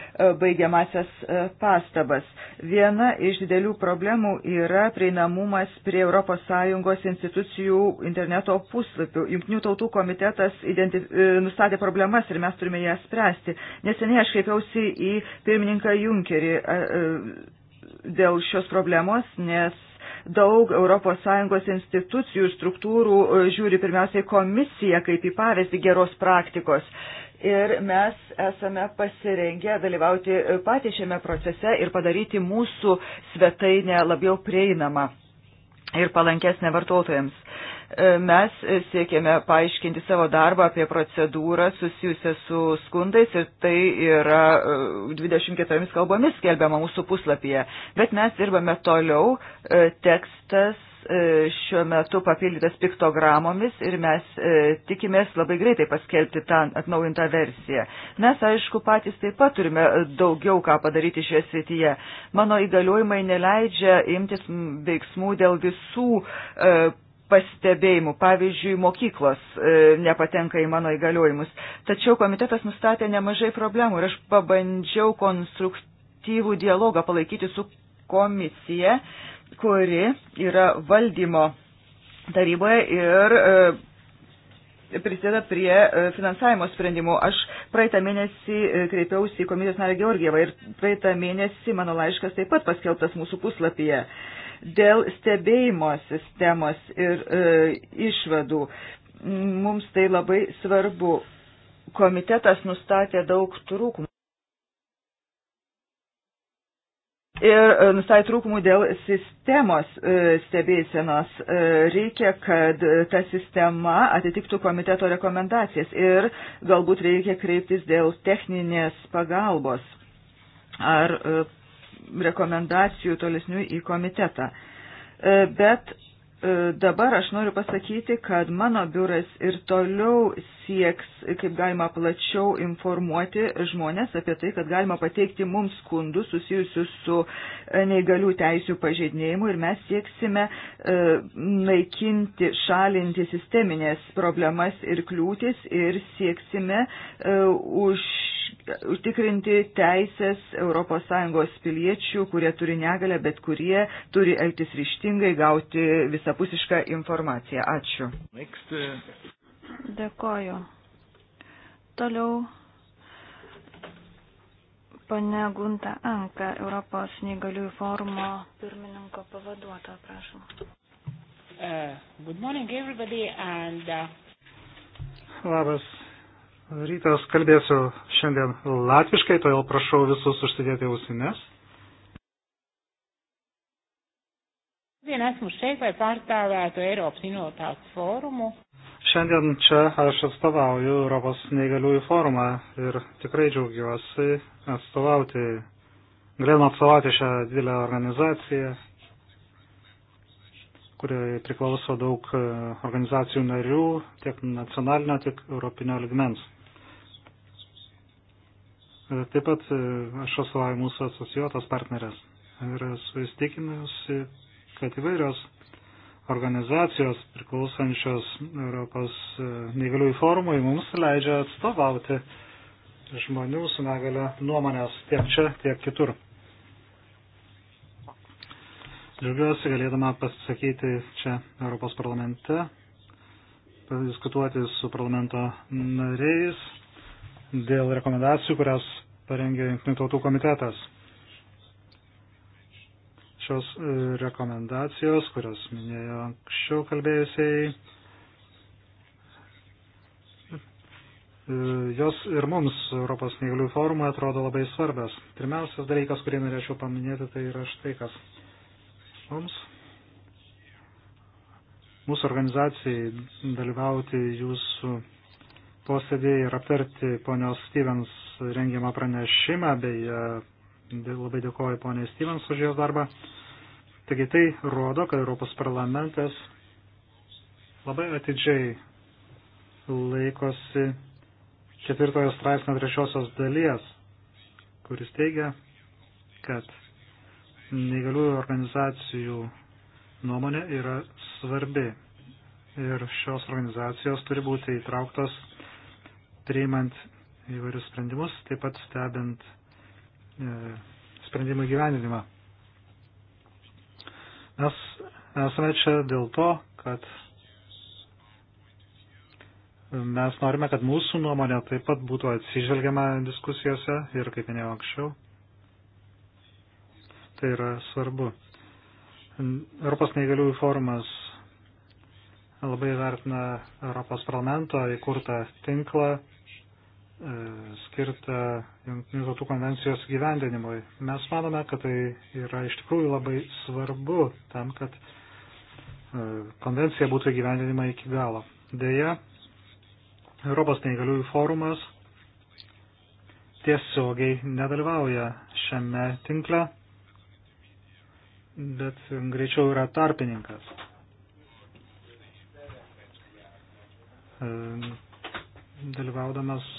baigiamasias e, pastabas. Viena iš didelių problemų yra prieinamumas prie ES institucijų interneto puslapių. Junktinių tautų komitetas identi... E, nustatė problemas ir mes turime jas spręsti. Neseniai aš kreipiausi į pirmininką Junkerį dėl šios problemos, nes daug ES institucijų ir struktūrų e, žiūri pirmiausiai komisiją kaip į pavyzdį geros praktikos. Ir mes esame pasirengę dalyvauti e, patys šiame procese ir padaryti mūsų svetainę labiau prieinamą ir palankesnę vartotojams. Mes siekiame paaiškinti savo darbą apie procedūrą susijusią su skundais ir tai yra 24 e, kalbomis skelbiama mūsų puslapyje. Bet mes dirbame toliau, e, tekstas e, šiuo metu papildytas piktogramomis ir mes e, tikimės labai greitai paskelbti tą atnaujintą versiją. Mes, aišku, patys taip pat turime daugiau ką padaryti šioje srityje. Mano įgaliojimai neleidžia imtis veiksmų dėl visų e, pastebėjimų. Pavyzdžiui, mokyklos e, nepatenka į mano įgaliojimus. Tačiau komitetas nustatė nemažai problemų ir aš pabandžiau konstruktyvų dialogą palaikyti su komisija, kuri yra valdymo taryboje ir e, prisideda prie e, finansavimo sprendimų. Aš praeitą mėnesį e, kreipiausi į komisijos narę Georgievą ir praeitą mėnesį mano laiškas taip pat paskelbtas mūsų puslapyje. E, dėl stebėjimo sistemos ir e, išvadų. Mums tai labai svarbu. Komitetas nustatė daug trūkumų. Ir e, nustatė trūkumų dėl sistemos e, stebėsenos. E, reikia, kad ta sistema atitiktų komiteto rekomendacijas ir galbūt reikia kreiptis dėl techninės pagalbos ar rekomendacijų tolesnių į komitetą. E, bet e, dabar aš noriu pasakyti, kad mano biuras ir toliau sieks, kaip galima plačiau informuoti žmonės apie tai, kad galima pateikti mums skundų susijusių su e, neįgalių teisių pažeidinėjimu ir mes sieksime naikinti, šalinti sisteminės problemas ir kliūtis ir sieksime už užtikrinti teisės ES piliečių, kurie turi negalę, bet kurie turi elgtis ryštingai, gauti visapusišką informaciją. Ačiū. Dėkoju. Toliau. Pane Gunta Anka, Europos neįgaliųjų forumo pirmininko pavaduotoja, prašom. Uh, good morning everybody and uh... Labas rytas kalbėsiu šiandien latviškai, todėl prašau visus užsidėti ausines. Šodien esmu šeit, lai pārstāvētu Eiropas Inovatāts forumu. Šiandien čia aš atstovauju Europos neįgaliųjų forumą ir tikrai džiaugiuosi atstovauti, galėjom atstovauti šią didelę organizaciją, kuriai priklauso daug e, organizacijų narių, tiek nacionalinio, tiek europinio ligmens. E, taip pat e, aš atstovauju mūsų asocijuotas partnerės ir esu įstikinusi, kad įvairios organizacijos priklausančios Europos e, neįgaliųjų forumui mums leidžia atstovauti žmonių su negale nuomonės tiek čia, tiek kitur. Džiaugiuosi galėdama pasisakyti čia Europos parlamente, padiskutuoti su parlamento nariais dėl rekomendacijų, kurias parengė Junktinių tautų komitetas. Šios e, rekomendacijos, kurias minėjo anksčiau kalbėjusiai, e, jos ir mums Europos neįgalių forumui atrodo labai svarbios. Pirmiausias dalykas, kurį norėčiau paminėti, tai yra štai kas. Mums mūsų organizacijai dalyvauti jūsų posėdį ir aptarti ponios Stevens rengiamą pranešimą, bei labai dėkoju poniai Stevens už jos darbą. Taigi tai rodo, kad Europos parlamentas labai atidžiai laikosi ketvirtojo straipsnio trečiosios dalies, kuris teigia, kad neįgaliųjų organizacijų nuomonė yra svarbi ir šios organizacijos turi būti įtrauktos priimant įvairius sprendimus, taip pat stebint e, sprendimų gyvenimą. Mes esame čia dėl to, kad mes norime, kad mūsų nuomonė taip pat būtų atsižvelgiama diskusijose ir, kaip minėjau anksčiau, tai yra svarbu. Europos neįgaliųjų forumas labai vertina Europos parlamento įkurtą tinklą E, skirtą Junktinių tautų konvencijos gyvendinimui. Mes manome, kad tai yra iš tikrųjų labai svarbu tam, kad e, konvencija būtų gyvendinima iki galo. Deja, Europos neįgaliųjų forumas tiesiogiai nedalyvauja šiame tinkle, bet greičiau yra tarpininkas. E, dalyvaudamas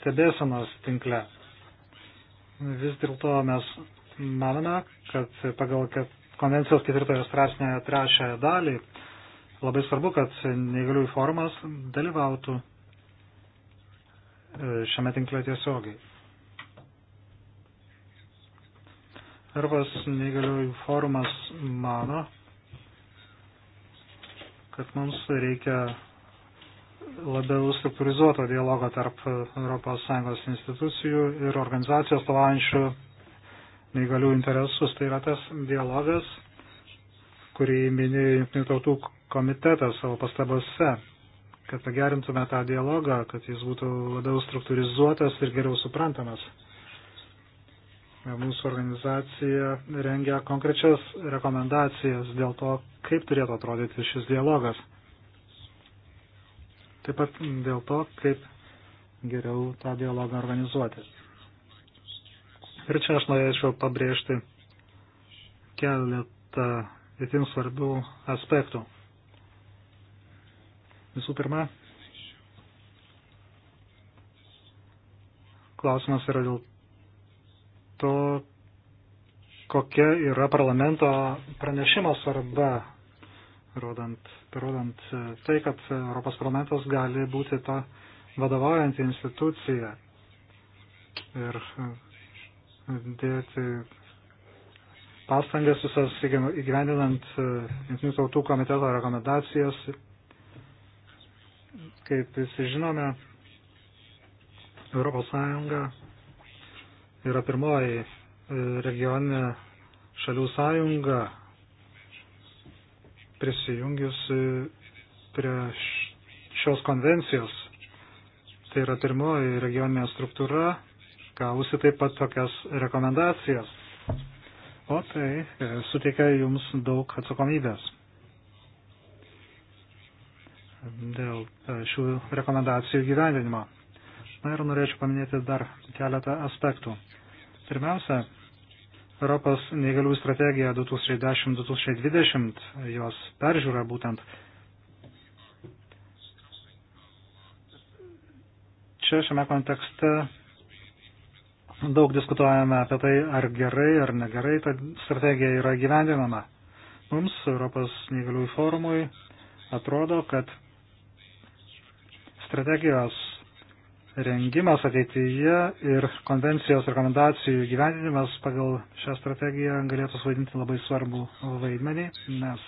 stebėsenos tinkle. Vis dėlto mes manome, kad pagal konvencijos ketvirtojo straipsnėje trečiąją dalį labai svarbu, kad neįgaliųjų forumas dalyvautų e, šiame tinkle tiesiogiai. Arvas neįgaliųjų forumas mano, kad mums reikia labiau struktūrizuoto dialogo tarp ES institucijų ir organizacijos tovančių neįgalių interesus. Tai yra tas dialogas, kurį mini Junktinių tautų komitetas savo pastabose, kad pagerintume tą dialogą, kad jis būtų labiau struktūrizuotas ir geriau suprantamas. Mūsų organizacija rengia konkrečias rekomendacijas dėl to, kaip turėtų atrodyti šis dialogas. Taip pat dėl to, kaip geriau tą dialogą organizuoti. Ir čia aš norėčiau pabrėžti keletą itin svarbių aspektų. Visų pirma, klausimas yra dėl to, kokia yra parlamento pranešimo svarba rodant, parodant e, tai, kad Europos parlamentas gali būti ta vadovaujanti institucija ir e, dėti pastangas visas įgyvendinant e, Junktinių tautų komiteto rekomendacijas. Kaip visi žinome, Europos Sąjunga yra pirmoji regioninė šalių sąjunga prisijungiusi e, prie šios konvencijos. Tai yra pirmoji regioninė struktūra, gavusi taip pat tokias rekomendacijas. O tai e, suteikia jums daug atsakomybės dėl e, šių rekomendacijų gyvendinimo. Na ir norėčiau paminėti dar keletą aspektų. Pirmiausia, Europos neįgalių strategija 2010-2020, jos peržiūra būtent. Čia šiame kontekste daug diskutuojame apie tai, ar gerai ar negerai ta strategija yra gyvendinama. Mums, Europos neįgaliųjų forumui, atrodo, kad strategijos rengimas ateityje ir konvencijos rekomendacijų gyvendinimas pagal šią strategiją galėtų suvaidinti labai svarbų vaidmenį, nes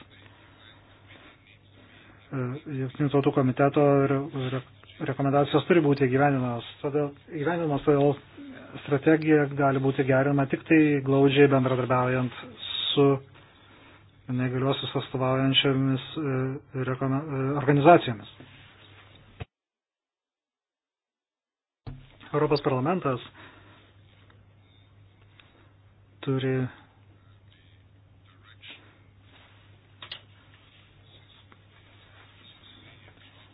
e, Junktinių tautų komiteto rekomendacijos turi būti gyvenimas. Todėl, gyvenimas, todėl strategija gali būti gerinama tik tai glaudžiai bendradarbiaujant su negaliuosius atstovaujančiomis e, e, organizacijomis. Europos parlamentas turi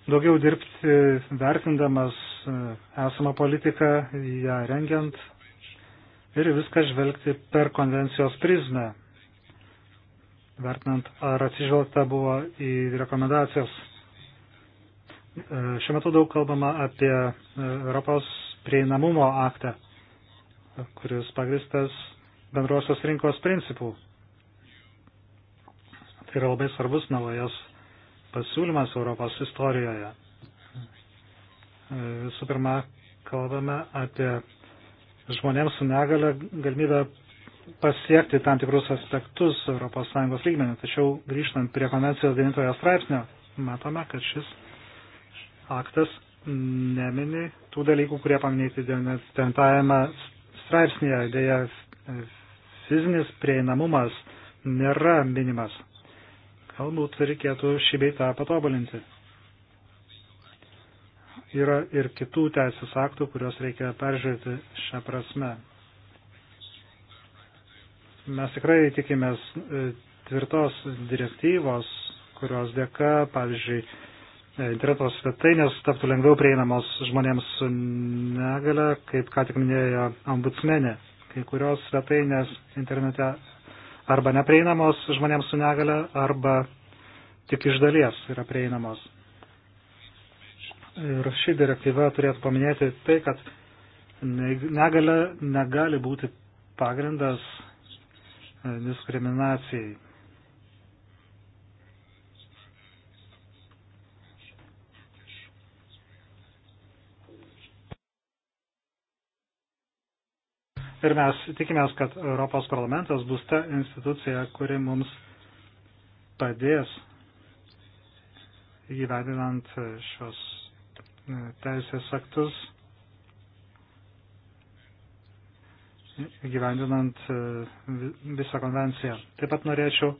daugiau dirbti vertindamas e, esamą politiką, ją rengiant ir viską žvelgti per konvencijos prizmę, vertinant, ar atsižvelgta buvo į rekomendacijas. E, šiuo metu daug kalbama apie e, Europos prieinamumo aktą, kuris pagristas bendrosios rinkos principų. Tai yra labai svarbus naujas pasiūlymas Europos istorijoje. Visų pirma, kalbame apie žmonėms su negale galimybę pasiekti tam tikrus aspektus ES lygmenį. Tačiau grįžtant prie konvencijos 9 straipsnio, matome, kad šis aktas nemini tų dalykų, kurie paminėti 9 straipsnėje. Dėja, fizinis prieinamumas nėra minimas. Galbūt reikėtų šį beitą patobulinti. Yra ir kitų teisės aktų, kuriuos reikia peržiūrėti šią prasme. Mes tikrai tikimės e, tvirtos direktyvos, kurios dėka, pavyzdžiui, interneto svetainės taptų lengviau prieinamos žmonėms su negale, kaip ką tik minėjo ombudsmenė. Kai kurios svetainės internete arba neprieinamos žmonėms su negale, arba tik iš dalies yra prieinamos. Ir ši direktyva turėtų paminėti tai, kad negale negali būti pagrindas e, diskriminacijai. Ir mes tikimės, kad Europos parlamentas bus ta institucija, kuri mums padės įgyvendinant šios e, teisės aktus, įgyvendinant e, visą konvenciją. Taip pat norėčiau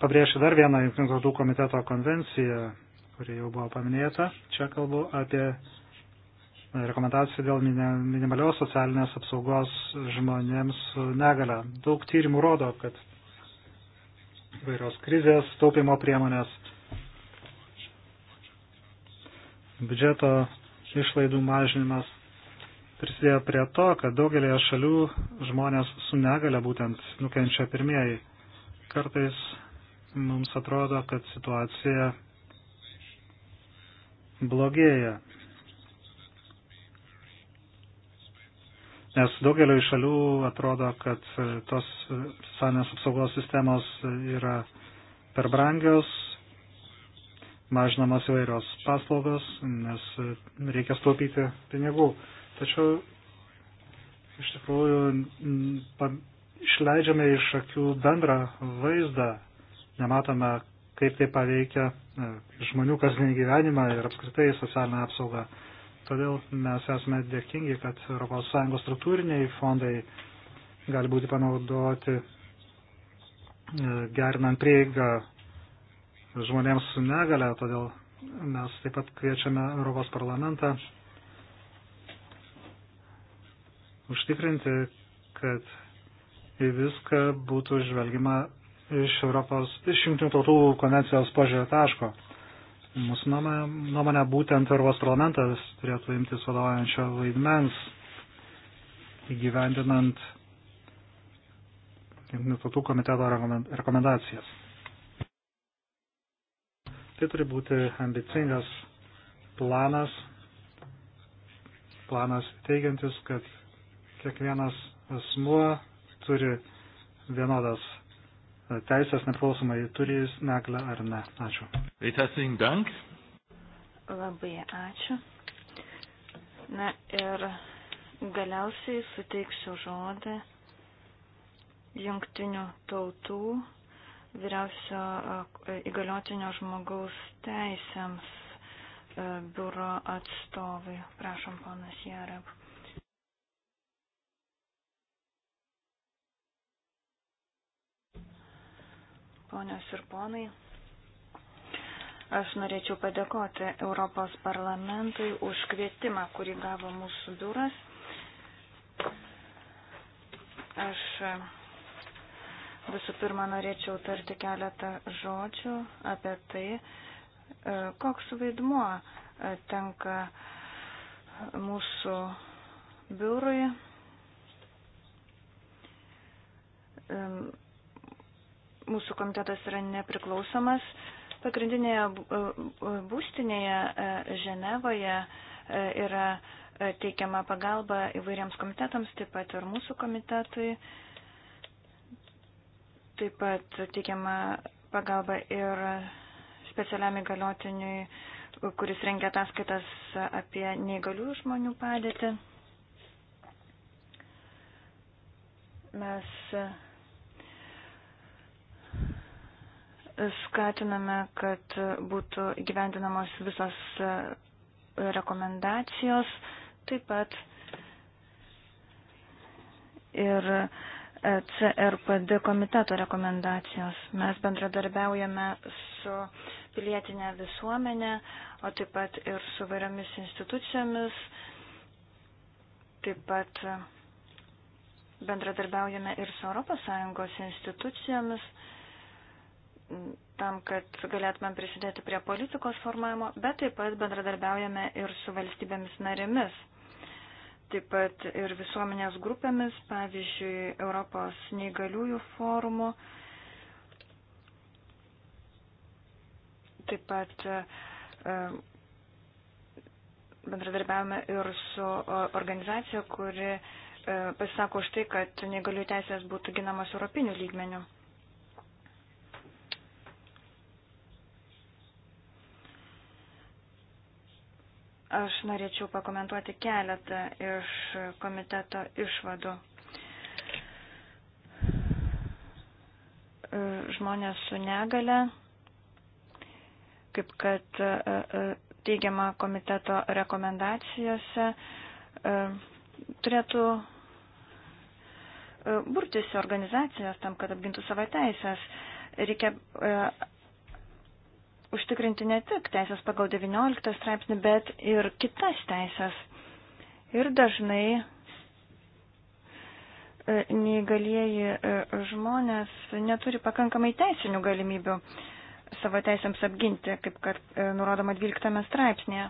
pabrėžti dar vieną Junktinių tautų komiteto konvenciją, kuri jau buvo paminėta. Čia kalbu apie rekomendacijų dėl minimalios socialinės apsaugos žmonėms negalę. Daug tyrimų rodo, kad vairios krizės, taupimo priemonės, biudžeto išlaidų mažinimas prisidėjo prie to, kad daugelėje šalių žmonės su negale būtent nukenčia pirmieji. Kartais mums atrodo, kad situacija blogėja. Nes daugeliu šalių atrodo, kad e, tos e, socialinės apsaugos sistemos e, yra per brangios, mažinamas įvairios paslaugos, nes reikia staupyti pinigų. Tačiau iš tikrųjų išleidžiame iš akių bendrą vaizdą, nematome, kaip tai paveikia žmonių kasdienį gyvenimą ir apskritai socialinę apsaugą. Todėl mes esame dėkingi, kad ES struktūriniai fondai gali būti panaudoti e, gerinant prieigą žmonėms su negale. Todėl mes taip pat kviečiame Europos parlamentą užtikrinti, kad į viską būtų žvelgima iš Europos, iš jungtinių tautų konvencijos požiūrio taško. Mūsų nuomonė būtent Europos parlamentas turėtų imtis vadovaujančio vaidmens įgyvendinant Junktinių tautų komiteto rekomendacijas. Tai turi būti ambicingas planas, planas teigiantis, kad kiekvienas asmuo turi vienodas teisės neklausomai turi jis neglę ar ne. Ačiū. Reitesning dank. Labai ačiū. Na ir galiausiai suteiksiu žodį jungtinių tautų vyriausio e, įgaliotinio žmogaus teisėms e, biuro atstovai. Prašom, ponas Jareb. ponios ir ponai. Aš norėčiau padėkoti Europos parlamentui už kvietimą, kurį gavo mūsų biuras. Aš e, visų pirma norėčiau tarti keletą žodžių apie tai, e, koks vaidmuo e, tenka mūsų biurui mūsų komitetas yra nepriklausomas. Pagrindinėje e, būstinėje e, Ženevoje e, yra teikiama pagalba įvairiems komitetams, taip pat ir mūsų komitetui. Taip pat teikiama pagalba ir specialiam įgaliotiniui, kuris rengia ataskaitas apie neįgalių žmonių padėtį. Mes skatiname, kad būtų gyvendinamos visos e, rekomendacijos, taip pat ir e, CRPD komiteto rekomendacijos. Mes bendradarbiaujame su pilietinė visuomenė, o taip pat ir su vairiomis institucijomis. Taip pat e, bendradarbiaujame ir su ES institucijomis tam, kad galėtumėm prisidėti prie politikos formavimo, bet taip pat bendradarbiaujame ir su valstybėmis narėmis, taip pat ir visuomenės grupėmis, pavyzdžiui, Europos neįgaliųjų forumu, taip pat e, bendradarbiavome ir su organizacija, kuri e, pasisako už tai, kad negalių teisės būtų ginamas europinių lygmenių. Aš norėčiau pakomentuoti keletą iš komiteto išvadų. E, žmonės su negale, kaip kad e, e, teigiama komiteto rekomendacijose, turėtų burtis organizacijas tam, kad apgintų savo teisės. Reikia užtikrinti ne tik teisės pagal 19 straipsnį, bet ir kitas teisės. Ir dažnai e, neįgalieji e, žmonės neturi pakankamai teisinių galimybių savo teisėms apginti, kaip kad e, nurodoma 12 straipsnėje.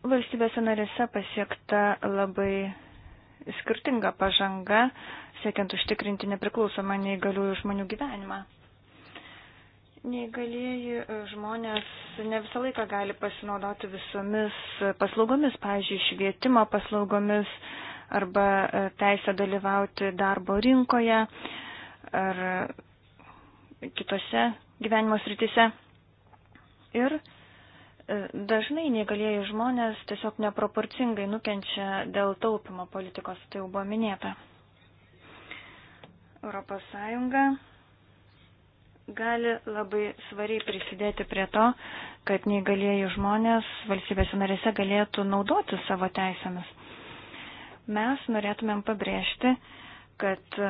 Valstybėse narėse pasiekta labai skirtinga pažanga, siekiant užtikrinti nepriklausomą neįgaliųjų žmonių gyvenimą. Neįgalieji e, žmonės ne visą laiką gali pasinaudoti visomis paslaugomis, pavyzdžiui, švietimo paslaugomis arba e, teisę dalyvauti darbo rinkoje ar kitose gyvenimo srityse. Ir e, dažnai neįgalieji žmonės tiesiog neproporcingai nukenčia dėl taupimo politikos, tai jau buvo minėta. Europos Sąjunga gali labai svariai prisidėti prie to, kad neįgalėjai žmonės valstybėse narėse galėtų naudoti savo teisėmis. Mes norėtumėm pabrėžti, kad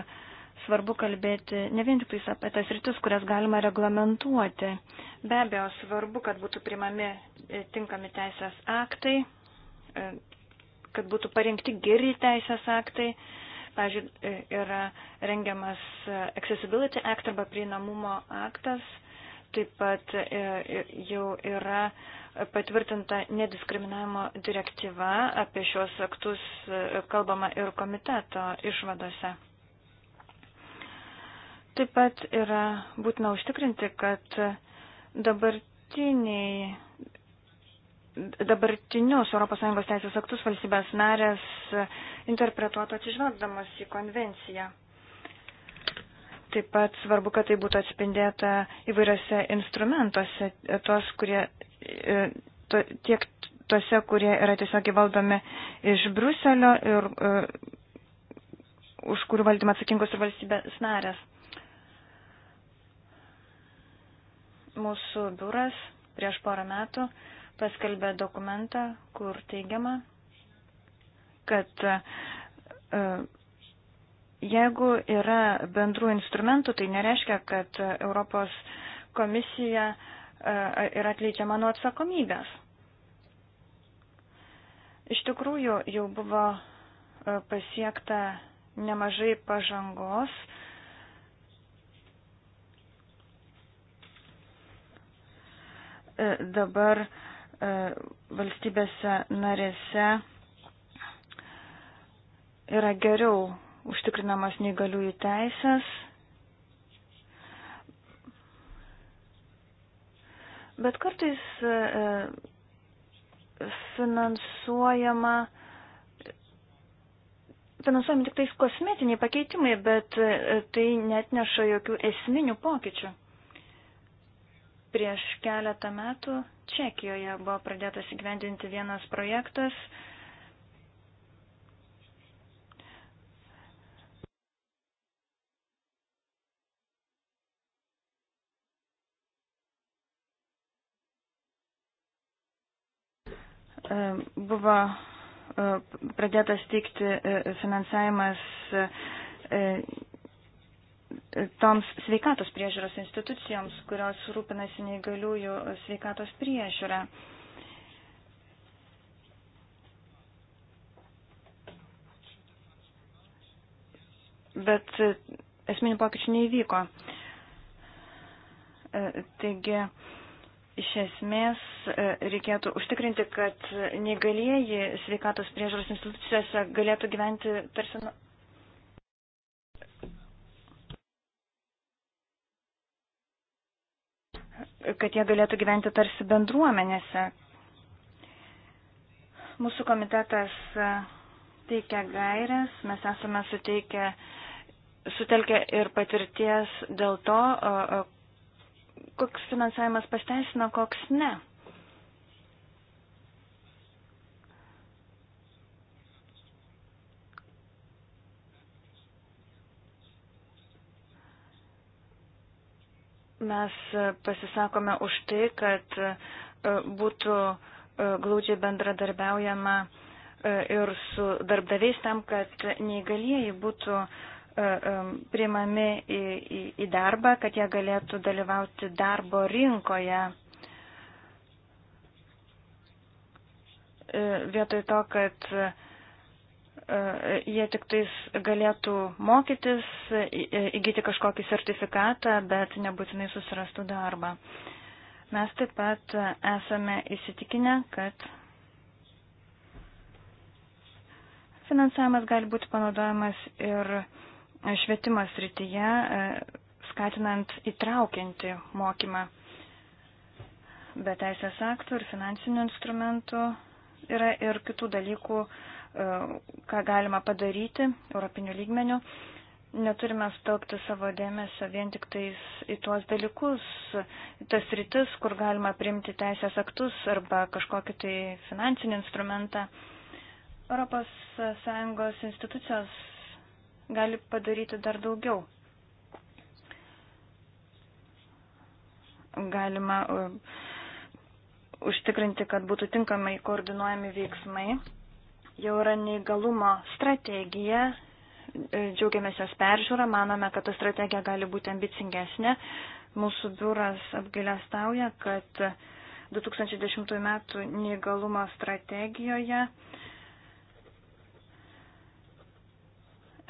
svarbu kalbėti ne vien tik apie tas rytis, kurias galima reglamentuoti. Be abejo, svarbu, kad būtų primami e, tinkami teisės aktai, e, kad būtų parengti geri teisės aktai, Pavyzdžiui, e, yra rengiamas Accessibility Act arba prieinamumo aktas, taip pat e, e, jau yra patvirtinta nediskriminavimo direktyva, apie šios aktus kalbama ir komiteto išvadose. Taip pat yra būtina užtikrinti, kad dabartiniai dabartinius ES teisės aktus valstybės narės interpretuotų atsižvelgdamas į konvenciją. Taip pat svarbu, kad tai būtų atspindėta įvairiose instrumentuose, tos, kurie, e, to, tiek tuose, kurie yra tiesiog įvaldomi iš Bruselio ir e, už kurių valdymą atsakingos ir valstybės narės. Mūsų biuras prieš porą metų uh, paskelbė dokumentą, kur teigiama, kad e, jeigu yra bendrų instrumentų, tai nereiškia, kad Europos komisija e, yra atleidžiama nuo atsakomybės. Iš tikrųjų, jau buvo e, pasiekta nemažai pažangos. Dabar uh, E, valstybėse narėse yra geriau užtikrinamas neįgaliųjų teisės. Bet kartais e, e, finansuojama, finansuojami tik tais kosmetiniai pakeitimai, bet tai net neša jokių esminių pokyčių. Prieš keletą metų Čekijoje buvo pradėtas įgyvendinti vienas projektas. E, buvo e, pradėtas teikti e, finansavimas toms sveikatos priežiūros institucijoms, kurios rūpinasi neįgaliųjų sveikatos priežiūrą. Bet e, esminių pokyčių neįvyko. E, taigi, iš esmės, e, reikėtų užtikrinti, kad neįgalieji sveikatos priežiūros institucijose galėtų gyventi tarsi nu- kad jie galėtų gyventi tarsi bendruomenėse. Mūsų komitetas e, teikia gairias, mes esame suteikę, sutelkę ir patirties dėl to, e, e, koks finansavimas pasteisina, koks ne. Mes e, pasisakome už tai, kad e, būtų e, glaudžiai bendradarbiaujama ir su darbdaviais tam, kad neįgalieji būtų priimami į, į, į darbą, kad jie galėtų dalyvauti darbo rinkoje. Vietoj to, kad E, jie tik tais galėtų mokytis, e, įgyti kažkokį sertifikatą, bet nebūtinai susirastų darbą. Mes taip pat esame įsitikinę, kad finansavimas gali būti panaudojamas ir švietimas rytyje, e, skatinant įtraukiantį mokymą. Be teisės aktų ir finansinių instrumentų yra ir kitų dalykų, E, ką galima padaryti europinių lygmenių. Neturime stalkti savo dėmesio vien tik tais į tuos dalykus, tas rytis, kur galima priimti teisės aktus arba kažkokį tai finansinį instrumentą. ES institucijos gali padaryti dar daugiau. Galima e, užtikrinti, kad būtų tinkamai koordinuojami veiksmai jau yra neįgalumo strategija, džiaugiamės jos peržiūrą, manome, kad ta strategija gali būti ambicingesnė. Mūsų biuras apgailestauja, kad 2010 m. neįgalumo strategijoje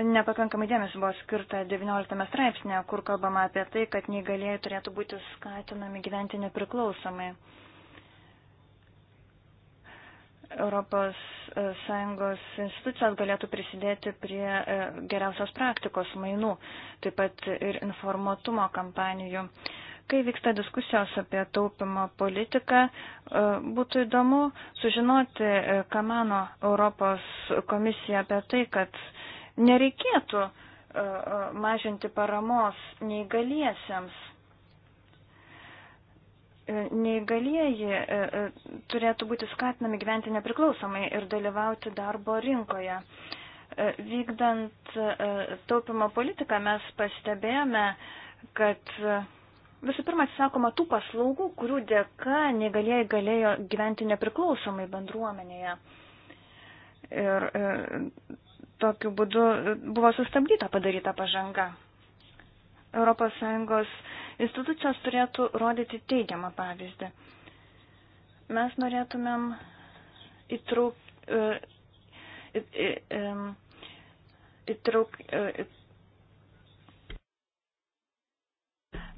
nepakankamai dėmesio buvo skirta 19 straipsnė, kur kalbama apie tai, kad neįgalėjai turėtų būti skatinami gyventi nepriklausomai. ES e, institucijos galėtų prisidėti prie e, geriausios praktikos mainų, taip pat ir informatumo kampanijų. Kai vyksta diskusijos apie taupimo politiką, e, būtų įdomu sužinoti, ką mano Europos komisija apie tai, kad nereikėtų mažinti paramos neįgaliesiems E, neįgalieji e, e, turėtų būti skatinami gyventi nepriklausomai ir dalyvauti darbo rinkoje. Vykdant taupimo politiką mes pastebėjome, kad visų pirma atsisakoma tų paslaugų, kurių dėka neįgalieji galėjo gyventi nepriklausomai bendruomenėje. Ir tokiu būdu buvo sustabdyta padaryta pažanga. ES institucijos turėtų rodyti teigiamą pavyzdį. Mes norėtumėm įtrauk, e, įtrauk, e,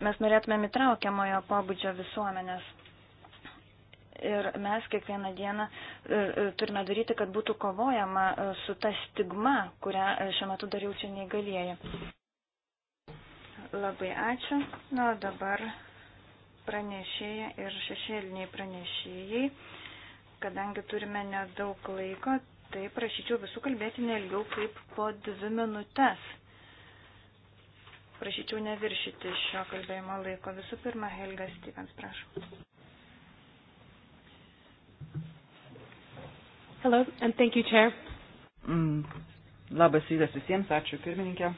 mes norėtumėm įtraukiamojo pobūdžio visuomenės. Ir mes kiekvieną dieną e, turime daryti, kad būtų kovojama su ta stigma, kurią šiuo metu dar jaučia neįgalieji. Labai ačiū. Na, nu, dabar pranešėja ir šešėliniai pranešėjai. Kadangi turime nedaug laiko, tai prašyčiau visų kalbėti nelgiau kaip po dvi minutės. Prašyčiau neviršyti šio kalbėjimo laiko. Visų pirma, Helga Stevens, prašau. Hello, and thank you, Chair. Mm, labas rytas visiems, ačiū pirmininkė.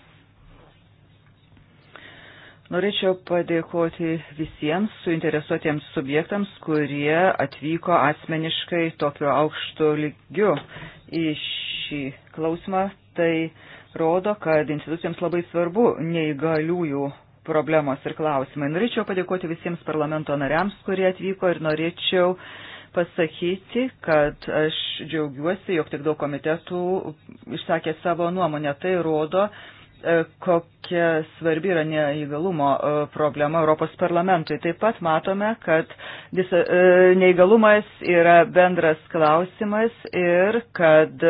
Norėčiau padėkoti visiems suinteresuotiems subjektams, kurie atvyko asmeniškai tokiu aukštu lygiu į šį klausimą. Tai rodo, kad institucijoms labai svarbu neįgaliųjų problemos ir klausimai. Norėčiau padėkoti visiems parlamento nariams, kurie atvyko ir norėčiau pasakyti, kad aš džiaugiuosi, jog tik daug komitetų išsakė savo nuomonę. Tai rodo, E, kokia svarbi yra neįgalumo e, problema Europos parlamentui. Taip pat matome, kad e, neįgalumas yra bendras klausimas ir kad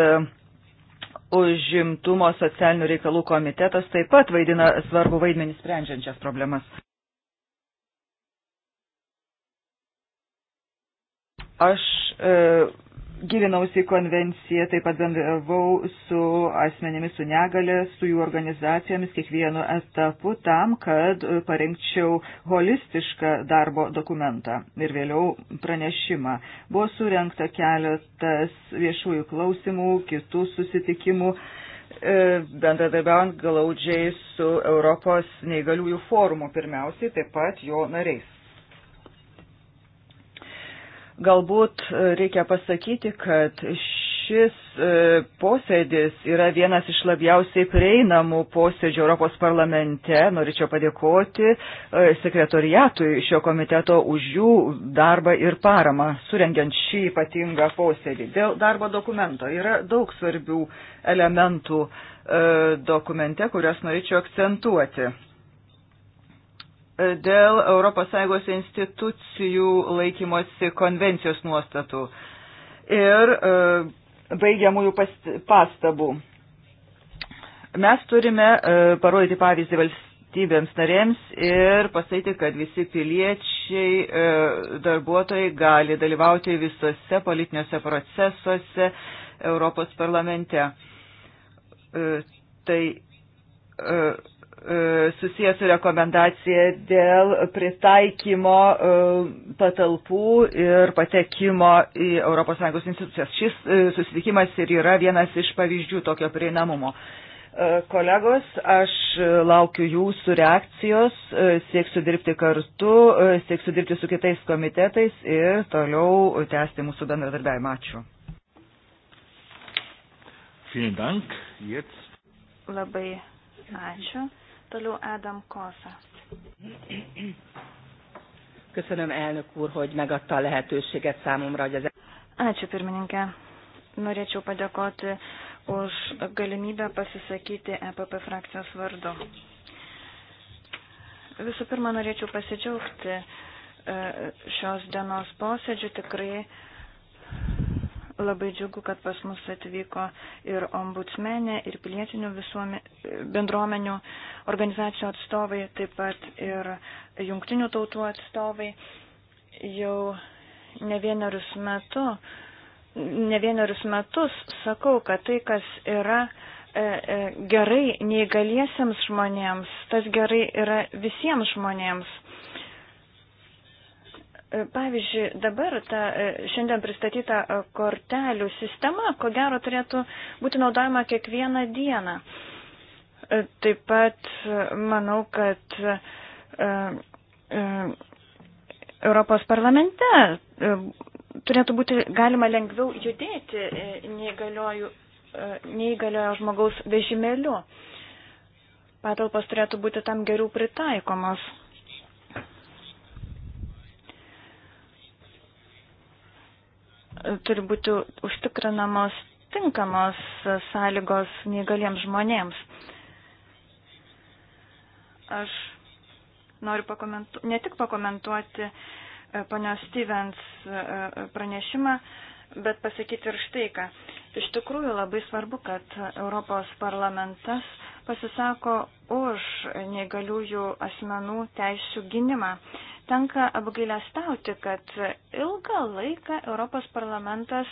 užimtumo socialinių reikalų komitetas taip pat vaidina svarbu vaidmenį sprendžiančias problemas. Aš e, gilinausi į konvenciją, taip pat bendravau su asmenėmis su negale, su jų organizacijomis kiekvienu etapu tam, kad parengčiau holistišką darbo dokumentą ir vėliau pranešimą. Buvo surenkta keletas viešųjų klausimų, kitų susitikimų e, bendradarbiaujant glaudžiai su Europos neįgaliųjų forumu pirmiausiai, taip pat jo nariais. Galbūt e, reikia pasakyti, kad šis e, posėdis yra vienas iš labiausiai prieinamų posėdžių Europos parlamente. Norėčiau padėkoti e, sekretoriatui šio komiteto už jų darbą ir paramą, surengiant šį ypatingą posėdį. Dėl darbo dokumento yra daug svarbių elementų dokumente, kurias norėčiau akcentuoti dėl ES institucijų laikymosi konvencijos nuostatų ir e, baigiamųjų pastabų. Mes turime e, parodyti pavyzdį valstybėms narėms ir pasakyti, kad visi piliečiai, e, darbuotojai gali dalyvauti visose politiniuose procesuose Europos parlamente. Tai E, susijęs su rekomendacija dėl pritaikymo e, patalpų ir patekimo į ES institucijas. Šis e, susitikimas ir yra vienas iš pavyzdžių tokio prieinamumo. Kolegos, aš laukiu jūsų reakcijos, sieksiu dirbti kartu, sieksiu dirbti su kitais komitetais ir toliau tęsti mūsų bendradarbiavimą. Ačiū. Vielen Dank. Jetzt. Labai ačiū. Toliau Adam Kosa. Köszönöm, elnök úr, hogy megadta a lehetőséget számomra, hogy az... Ačiū, pirmininkė. Norėčiau padėkoti už galimybę pasisakyti EPP frakcijos vardu. Visų pirma, norėčiau pasidžiaugti e, šios dienos posėdžių. Tikrai uh, Labai džiugu, kad pas mus atvyko ir ombudsmenė, ir pilietinių visuome, bendruomenių organizacijų atstovai, taip pat ir jungtinių tautų atstovai. Jau ne vienerius, metu, ne vienerius metus sakau, kad tai, kas yra e, e, gerai neįgaliesiems žmonėms, tas gerai yra visiems žmonėms. Pavyzdžiui, dabar ta e, šiandien pristatyta e, kortelių sistema, ko gero, turėtų būti naudojama kiekvieną dieną. E, taip pat manau, kad Europos parlamente turėtų būti galima lengviau judėti neįgaliojo žmogaus vežimėliu. Patalpos turėtų būti tam geriau pritaikomos. turi būti užtikrinamos tinkamos sąlygos neįgaliems žmonėms. Aš noriu pakomentu, ne tik pakomentuoti e, ponios Stevens e, e, pranešimą, bet pasakyti ir štai ką. Iš tikrųjų labai svarbu, kad Europos parlamentas pasisako už neįgaliųjų asmenų teisų gynimą. Tenka apgailestauti, kad ilgą laiką Europos parlamentas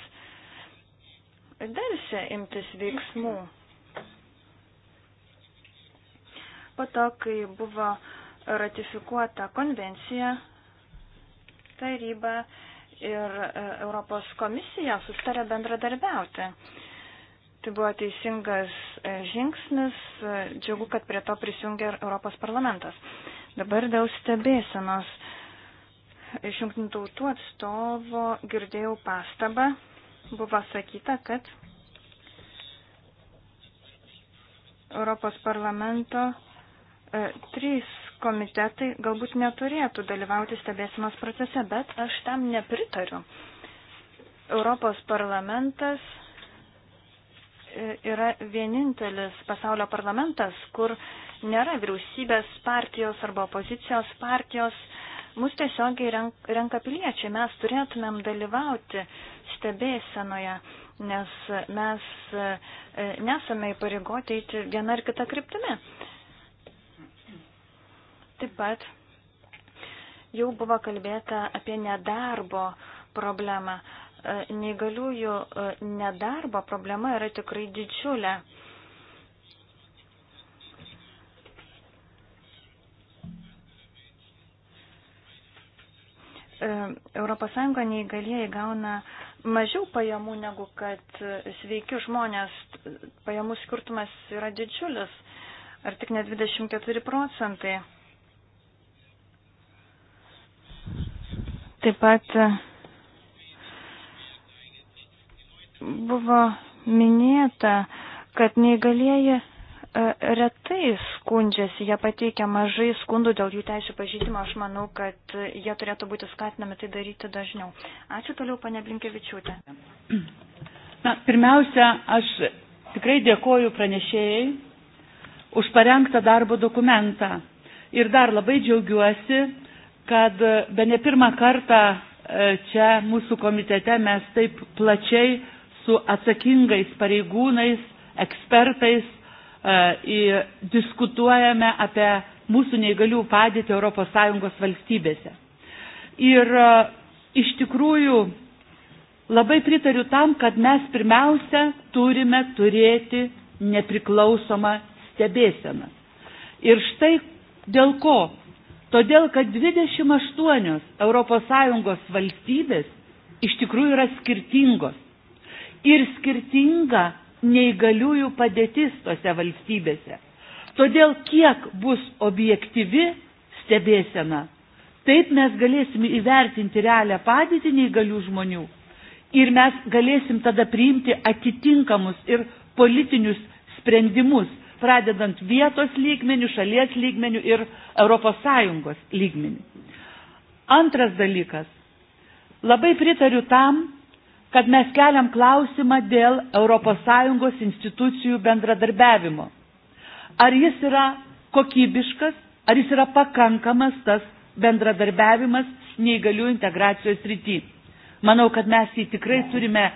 darsi imtis veiksmų. Po to, kai buvo ratifikuota konvencija, taryba ir e, Europos komisija sustarė bendradarbiauti. Tai buvo teisingas e, žingsnis, e, džiugu, kad prie to prisijungė ir Europos parlamentas. Dabar dėl stebėsenos. Iš jungtinių tautų atstovo girdėjau pastabą. Buvo sakyta, kad Europos parlamento e, trys komitetai galbūt neturėtų dalyvauti stebėsinos procese, bet aš tam nepritariu. Europos parlamentas e, yra vienintelis pasaulio parlamentas, kur nėra vyriausybės partijos arba opozicijos partijos, mus tiesiogiai renka, renka piliečiai, mes turėtumėm dalyvauti stebėsenoje, nes mes e, nesame įpareigoti eiti vieną ar kitą kryptimį. Taip pat jau buvo kalbėta apie nedarbo problemą. E, neįgaliųjų e, nedarbo problema yra tikrai didžiulė. ES neįgalieji gauna mažiau pajamų negu kad sveiki žmonės. Pajamų skirtumas yra didžiulis, ar tik ne 24 procentai. Taip pat e, buvo minėta, kad neįgalieji E, retai skundžiasi, jie pateikia mažai skundų dėl jų teisų pažydimo. Aš manau, kad jie turėtų būti skatinami tai daryti dažniau. Ačiū toliau, pane Blinkevičiūtė. Na, pirmiausia, aš tikrai dėkoju pranešėjai už parengtą darbo dokumentą. Ir dar labai džiaugiuosi, kad be ne pirmą kartą e, čia mūsų komitete mes taip plačiai su atsakingais pareigūnais, ekspertais E, diskutuojame apie mūsų neįgalių padėtį ES valstybėse. Ir e, iš tikrųjų labai pritariu tam, kad mes pirmiausia turime turėti nepriklausomą stebėseną. Ir štai dėl ko? Todėl, kad 28 ES valstybės iš tikrųjų yra skirtingos. Ir skirtinga neįgaliųjų padėtis tose valstybėse. Todėl kiek bus objektyvi stebėsena, taip mes galėsime įvertinti realią padėtį neįgalių žmonių ir mes galėsim tada priimti atitinkamus ir politinius sprendimus, pradedant vietos lygmenių, šalies lygmenių ir ES lygmenių. Antras dalykas. Labai pritariu tam, kad mes keliam klausimą dėl ES institucijų bendradarbiavimo. Ar jis yra kokybiškas, ar jis yra pakankamas tas bendradarbiavimas neįgalių integracijos rytį. Manau, kad mes jį tikrai turime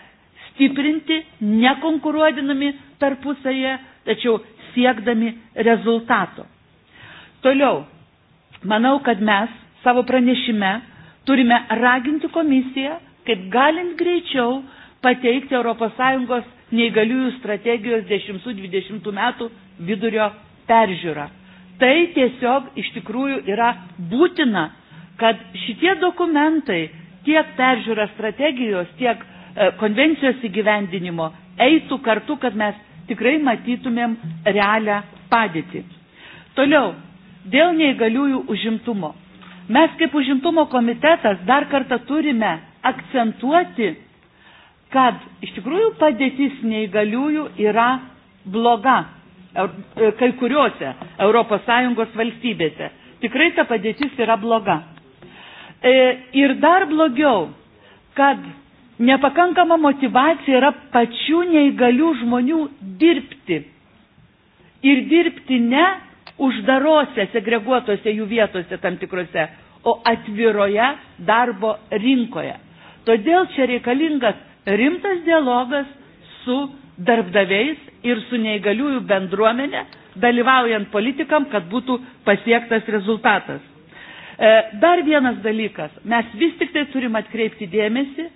stiprinti, nekonkuruodinami tarpusaje, tačiau siekdami rezultato. Toliau, manau, kad mes savo pranešime turime raginti komisiją kaip galint greičiau pateikti ES neįgaliųjų strategijos 10-20 metų vidurio peržiūrą. Tai tiesiog iš tikrųjų yra būtina, kad šitie dokumentai tiek peržiūra strategijos, tiek e, konvencijos įgyvendinimo eitų kartu, kad mes tikrai matytumėm realią padėtį. Toliau, dėl neįgaliųjų užimtumo. Mes kaip užimtumo komitetas dar kartą turime akcentuoti, kad iš tikrųjų padėtis neįgaliųjų yra bloga e, kai kuriuose ES valstybėse. Tikrai ta padėtis yra bloga. E, ir dar blogiau, kad nepakankama motivacija yra pačių neįgalių žmonių dirbti. Ir dirbti ne uždarose, segreguotose jų vietose tam tikrose, o atviroje darbo rinkoje. Todėl čia reikalingas rimtas dialogas su darbdaviais ir su neįgaliųjų bendruomenė, dalyvaujant politikam, kad būtų pasiektas rezultatas. E, dar vienas dalykas. Mes vis tik tai turim atkreipti dėmesį,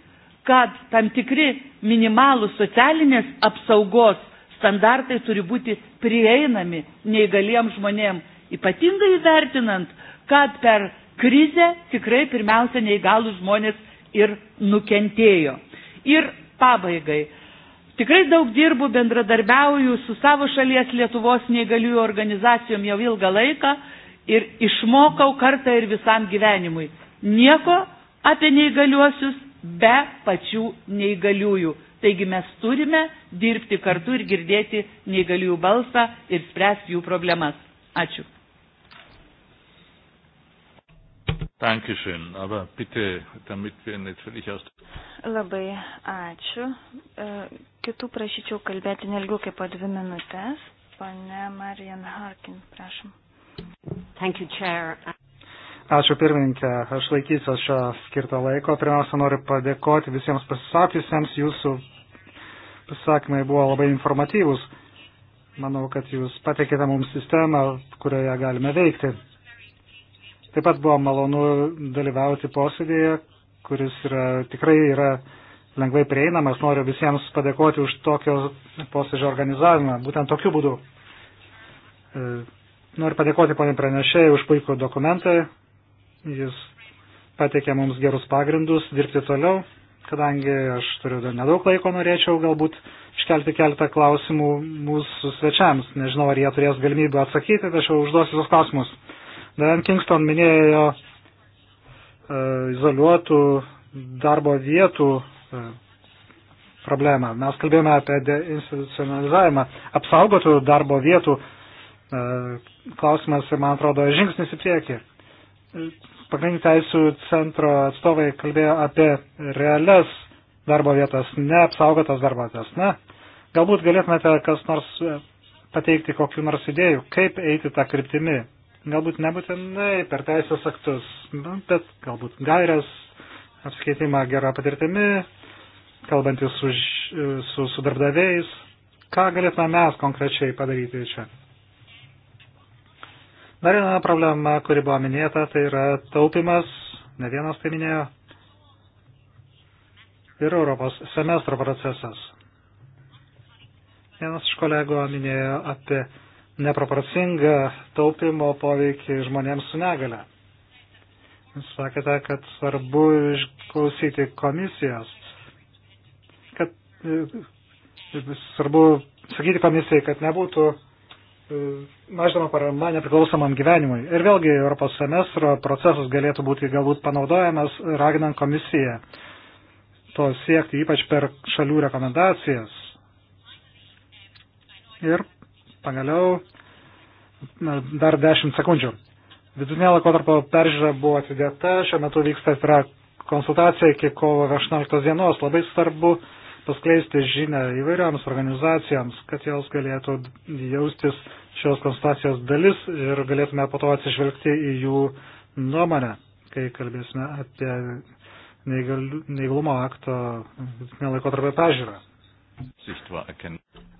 kad tam tikri minimalų socialinės apsaugos standartai turi būti prieinami neįgaliems žmonėm, ypatingai vertinant, kad per krizę tikrai pirmiausia neįgalų žmonės ir nukentėjo. Ir pabaigai. Tikrai daug dirbu, bendradarbiauju su savo šalies Lietuvos neįgaliųjų organizacijom jau ilgą laiką ir išmokau kartą ir visam gyvenimui. Nieko apie neįgaliuosius be pačių neįgaliųjų. Taigi mes turime dirbti kartu ir girdėti neįgaliųjų balsą ir spręsti jų problemas. Ačiū. Dankeschön, aber bitte, damit wir nicht völlig aus. Labai ačiū. E, kitų prašyčiau kalbėti nelgiau kaip po dvi minutės. Pane Marian Harkin, prašom. Thank you, Chair. Ačiū pirmininkė, aš laikysiu šio skirto laiko. Pirmiausia, noriu padėkoti visiems pasisakiusiems. Jūsų pasisakymai buvo labai informatyvūs. Manau, kad jūs pateikėte mums sistemą, kurioje galime veikti Taip pat buvo malonu dalyvauti posėdėje, kuris yra, tikrai yra lengvai prieinamas. Noriu visiems padėkoti už tokio posėdžio organizavimą, būtent tokiu būdu. E, noriu padėkoti ponė pranešėjai už puikų dokumentą. Jis pateikė mums gerus pagrindus dirbti toliau, kadangi aš turiu dar nedaug laiko, norėčiau galbūt iškelti keletą klausimų mūsų svečiams. Nežinau, ar jie turės galimybę atsakyti, tačiau užduosiu tos klausimus. Dan Kingston minėjo e, izoliuotų darbo vietų e, problemą. Mes kalbėjome apie deinstitucionalizavimą, apsaugotų darbo vietų e, klausimas, man atrodo, žingsnis į priekį. Pagrindinių teisų centro atstovai kalbėjo apie realias darbo vietas, neapsaugotas darbo vietas. Na, galbūt galėtumėte kas nors e, pateikti kokiu nors idėjų, kaip eiti tą kryptimį, Galbūt nebūtinai per teisės aktus, nu, bet galbūt gairias, apskaitimą gerą patirtimi, kalbantis su, e, su, su darbdaviais. Ką galėtume mes konkrečiai padaryti čia? Dar viena problema, kuri buvo minėta, tai yra taupimas, ne vienas tai minėjo, ir Europos semestro procesas. Vienas iš kolego minėjo apie neproporcingą taupimo poveikį žmonėms su negale. Jūs sakėte, kad svarbu išklausyti komisijos, kad e, svarbu sakyti komisijai, kad nebūtų e, mažinama parama nepriklausomam gyvenimui. Ir vėlgi Europos semestro procesas galėtų būti galbūt panaudojamas raginant komisiją to siekti, ypač per šalių rekomendacijas. Ir Pagaliau, dar 10 sekundžių. Vidutinė laikotarpio peržiūra buvo atidėta, šiuo metu vyksta atvira konsultacija iki kovo 18 dienos. Labai svarbu paskleisti žinę įvairioms organizacijoms, kad jos galėtų jaustis šios konsultacijos dalis ir galėtume po to atsižvelgti į jų nuomonę, kai kalbėsime apie neįgalumo akto vidutinę laikotarpio peržiūrą.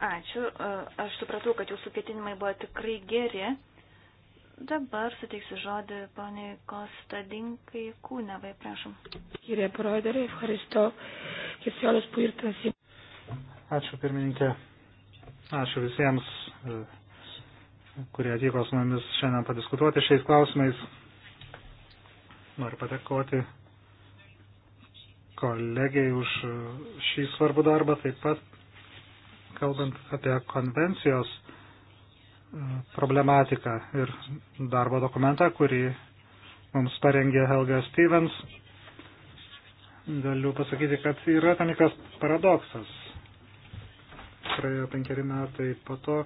Ačiū. E, aš supratau, kad jūsų ketinimai buvo tikrai geri. Dabar suteiksiu žodį poniai Kostadinkai Kūnevai, prašom. Kyrie Broderį, Haristo, Kisiolus Puirtas. Ačiū pirmininkė. Ačiū visiems, e, kurie atvyko su mumis šiandien padiskutuoti šiais klausimais. Noriu patekoti kolegiai už e, šį svarbų darbą, taip pat kalbant apie konvencijos e, problematiką ir darbo dokumentą, kurį mums parengė Helga Stevens, galiu pasakyti, kad yra tam tikras paradoksas. Praėjo penkeri metai po to,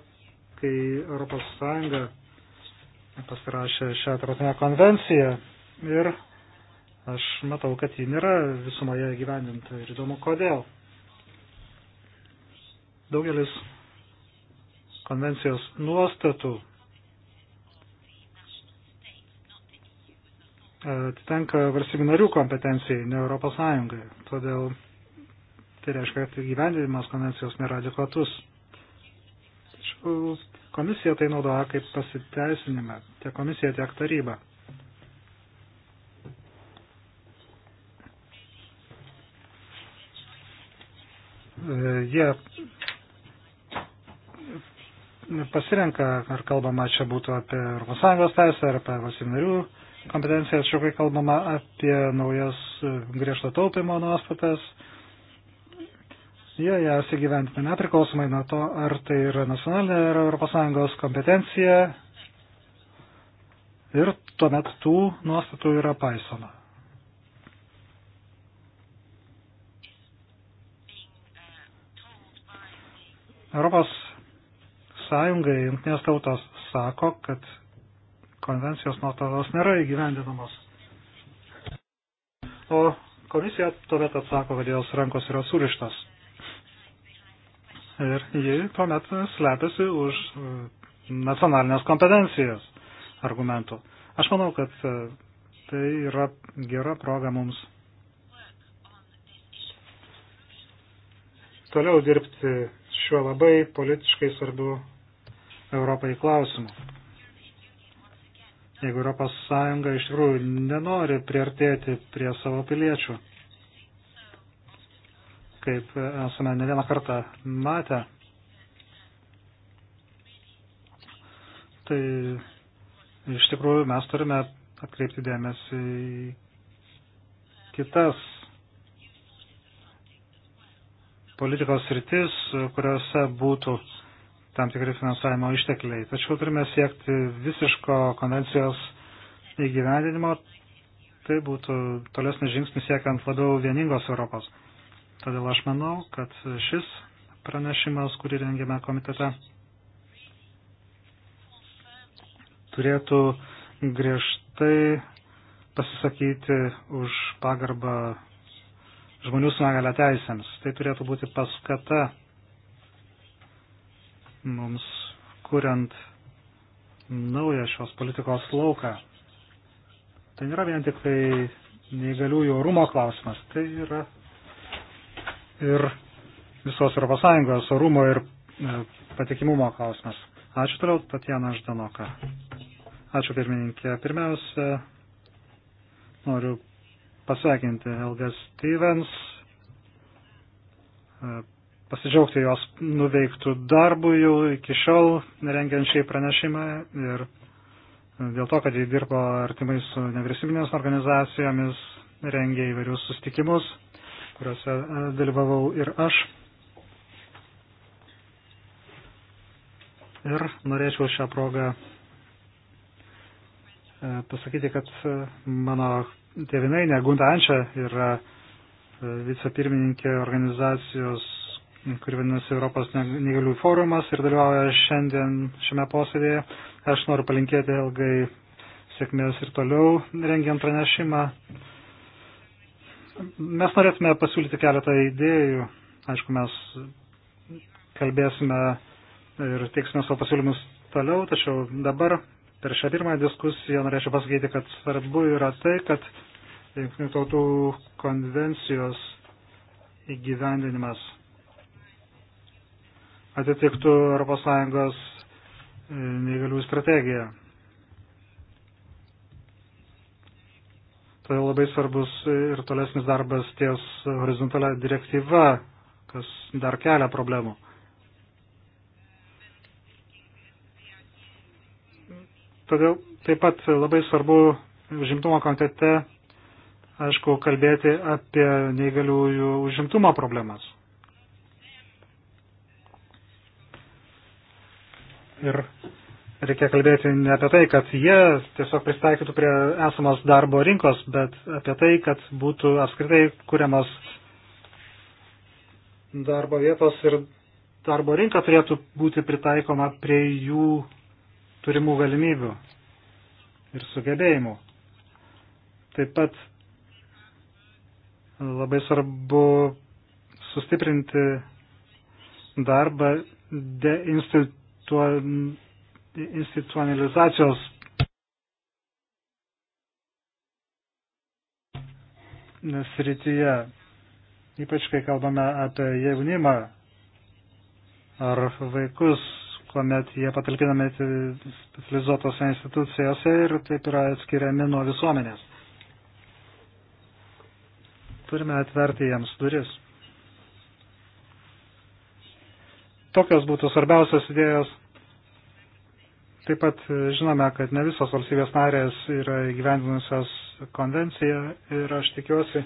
kai ES pasirašė šią tarptautinę konvenciją ir aš matau, kad ji nėra visumoje gyvendinta ir įdomu kodėl. Daugelis konvencijos nuostatų atitenka valstybių narių kompetencijai, ne Europos Sąjungai. Todėl tai reiškia, kad gyvendinimas konvencijos nėra adekvatus. Tačiau komisija tai naudoja kaip pasiteisinimą, tiek komisija, tiek taryba. Jie pasirenka, ar kalbama čia būtų apie ES teisę ar apie valstybinarių kompetencijas, čia kai kalbama apie naujas e, griežto taupimo nuostatas, jie jas įgyventina nepriklausomai nuo to, ar tai yra nacionalinė ar ES kompetencija ir tuomet tų nuostatų yra paisoma. Europos Sąjungai jungtinės tautos sako, kad konvencijos nuostatos nėra įgyvendinamos. O komisija tuomet atsako, kad jos rankos yra surištos. Ir ji tuomet slepiasi už e, nacionalinės kompetencijos argumentų. Aš manau, kad e, tai yra gera proga mums toliau dirbti šiuo labai politiškai svarbiu Europai klausimų. Jeigu Europos Sąjunga iš tikrųjų nenori priartėti prie savo piliečių, kaip esame ne vieną kartą matę, tai iš tikrųjų mes turime atkreipti dėmesį į kitas politikos rytis, kuriuose būtų uh, tam tikri finansavimo ištekliai. Tačiau turime siekti visiško konvencijos įgyvendinimo. Tai būtų tolesnis žingsnis siekiant labiau vieningos Europos. Todėl aš manau, kad šis pranešimas, kurį rengėme komitete, turėtų griežtai pasisakyti už pagarbą žmonių su negale teisėms. Tai turėtų būti paskata mums kuriant naują šios politikos lauką. Tai nėra vien tik tai neįgaliųjų orumo klausimas, tai yra ir visos ES orumo ir e, patikimumo klausimas. Ačiū toliau, Tatjana Ždanoka. Ačiū pirmininkė. Pirmiausia, noriu pasveikinti Elgas Stevens e, pasidžiaugti jos nuveiktų darbų jau iki šiol, rengiančiai pranešimą ir dėl to, kad jie dirbo artimai su nevyriausybinėmis organizacijomis, rengė įvairius sustikimus, kuriuose e, dalyvavau ir aš. Ir norėčiau šią progą e, pasakyti, kad e, mano tėvinai, ne Gunda Ančia, yra vicepirmininkė organizacijos kuri vadinasi Europos negalių forumas ir dalyvauja šiandien šiame posėdėje. Aš noriu palinkėti ilgai sėkmės ir toliau rengiant pranešimą. Mes norėtume pasiūlyti keletą idėjų. Aišku, mes kalbėsime ir teiksime savo pasiūlymus toliau, tačiau dabar per šią pirmąją diskusiją norėčiau pasakyti, kad svarbu yra tai, kad Junktinių tautų konvencijos įgyvendinimas atitiktų ES e, neįgalių strategiją. Todėl tai labai svarbus ir tolesnis darbas ties horizontalia direktyva, kas dar kelia problemų. Todėl taip pat labai svarbu užimtumo komitete, aišku, kalbėti apie neįgaliųjų užimtumo problemas. ir reikia kalbėti ne apie tai, kad jie tiesiog pristaikytų prie esamos darbo rinkos, bet apie tai, kad būtų apskritai kuriamas darbo vietos ir darbo rinka turėtų būti pritaikoma prie jų turimų galimybių ir sugebėjimų. Taip pat labai svarbu sustiprinti darbą deinstitucionalizuojant tuo institucionalizacijos srityje, ypač kai kalbame apie jaunimą ar vaikus, kuomet jie patalkinami specializuotose institucijose ir taip yra atskiriami nuo visuomenės. Turime atverti jiems duris. Tokios būtų svarbiausios idėjos. Taip pat e, žinome, kad ne visos valstybės narės yra įgyvendinusios konvenciją ir aš tikiuosi,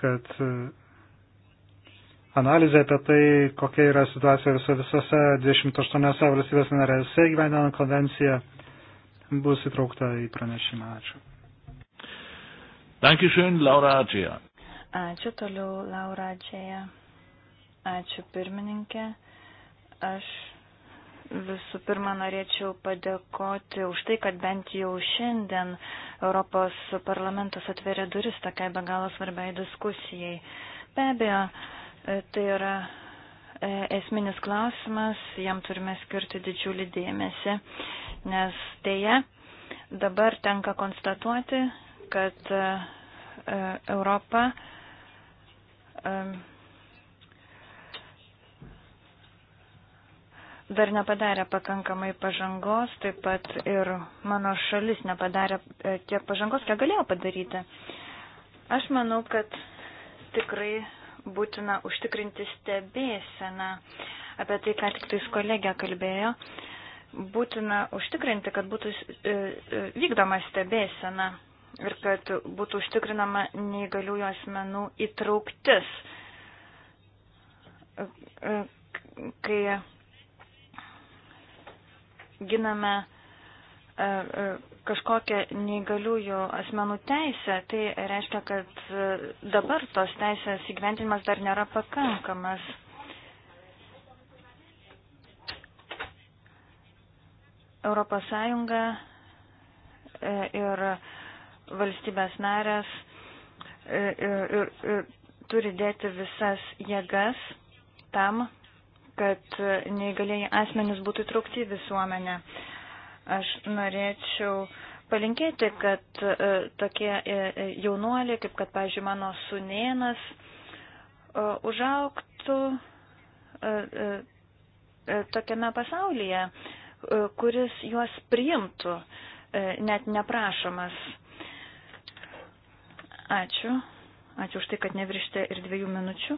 kad e, analizė apie tai, kokia yra situacija visose 28 valstybės narėse įgyvendinant konvenciją, bus įtraukta į pranešimą. Ačiū. Dankeschön, Laura Adžia. Ačiū toliau, Laura Džėja. Ačiū pirmininkė. Aš visų pirma norėčiau padėkoti už tai, kad bent jau šiandien Europos parlamentas atverė duris tokiai be galo svarbiai diskusijai. Be abejo, tai yra e, esminis klausimas, jam turime skirti didžiulį dėmesį, nes dėja dabar tenka konstatuoti, kad e, Europa dar nepadarė pakankamai pažangos, taip pat ir mano šalis nepadarė e, tiek pažangos, kiek galėjo padaryti. Aš manau, kad tikrai būtina užtikrinti stebėseną. Apie tai, ką tik tais kolegė kalbėjo, būtina užtikrinti, kad būtų e, e, vykdoma stebėsena ir kad būtų užtikrinama neįgaliųjų asmenų įtrauktis. Kai giname e, e, kažkokią neįgaliųjų asmenų teisę, tai reiškia, kad e, dabar tos teisės įgyventinimas dar nėra pakankamas. Europos Sąjunga ir valstybės narės ir, e, ir e, e, turi dėti visas jėgas tam, kad neįgalėjai asmenys būtų įtraukti į visuomenę. Aš norėčiau palinkėti, kad tokie jaunuoliai, kaip kad, pažiūrėjau, mano sunėnas, užauktų tokiame pasaulyje, kuris juos priimtų, net neprašomas Ačiū. Ačiū už tai, kad neviršite ir dviejų minučių.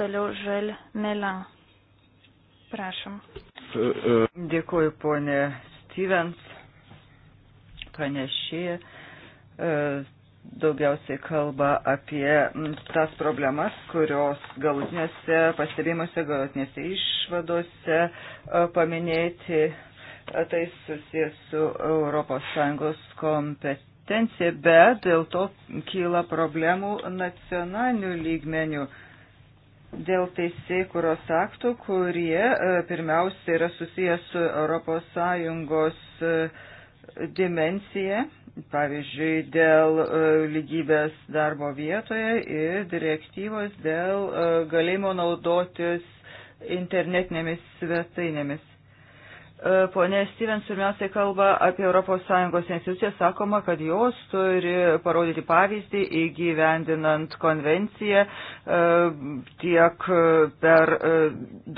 Toliau Žel Melan. Prašom. Dėkuoju, ponė Stevens, pranešėja. E, daugiausiai kalba apie tas problemas, kurios galutinėse pastebėjimuose, galutinėse išvadose e, paminėti e, tai susijęs su ES kompet kompetencija, bet dėl to kyla problemų nacionalinių lygmenių dėl teisėkuros aktų, kurie e, pirmiausia yra susijęs su ES e, dimensija, pavyzdžiui, dėl e, lygybės darbo vietoje ir direktyvos dėl galėjimo naudotis internetinėmis svetainėmis. E, Pone Stevens pirmiausiai kalba apie ES institucijas, sakoma, kad jos turi parodyti pavyzdį įgyvendinant konvenciją e, tiek per e,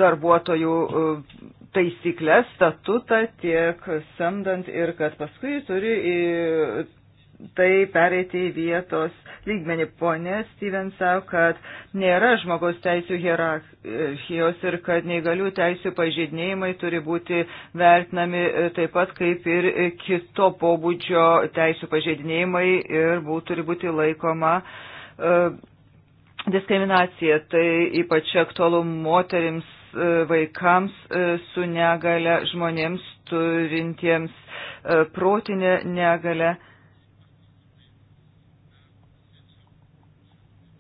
darbuotojų taisyklės, statutą, tiek samdant ir kad paskui turi tai pereiti į vietos lygmenį. Pone Stevens savo, kad nėra žmogaus teisų hierarchijos ir kad neįgalių teisų pažydinėjimai turi būti vertinami e, taip pat kaip ir kito pobūdžio teisų pažydinėjimai ir bū, turi būti laikoma e, diskriminacija, tai ypač aktualu moterims, e, vaikams su negale, žmonėms turintiems protinę negalę.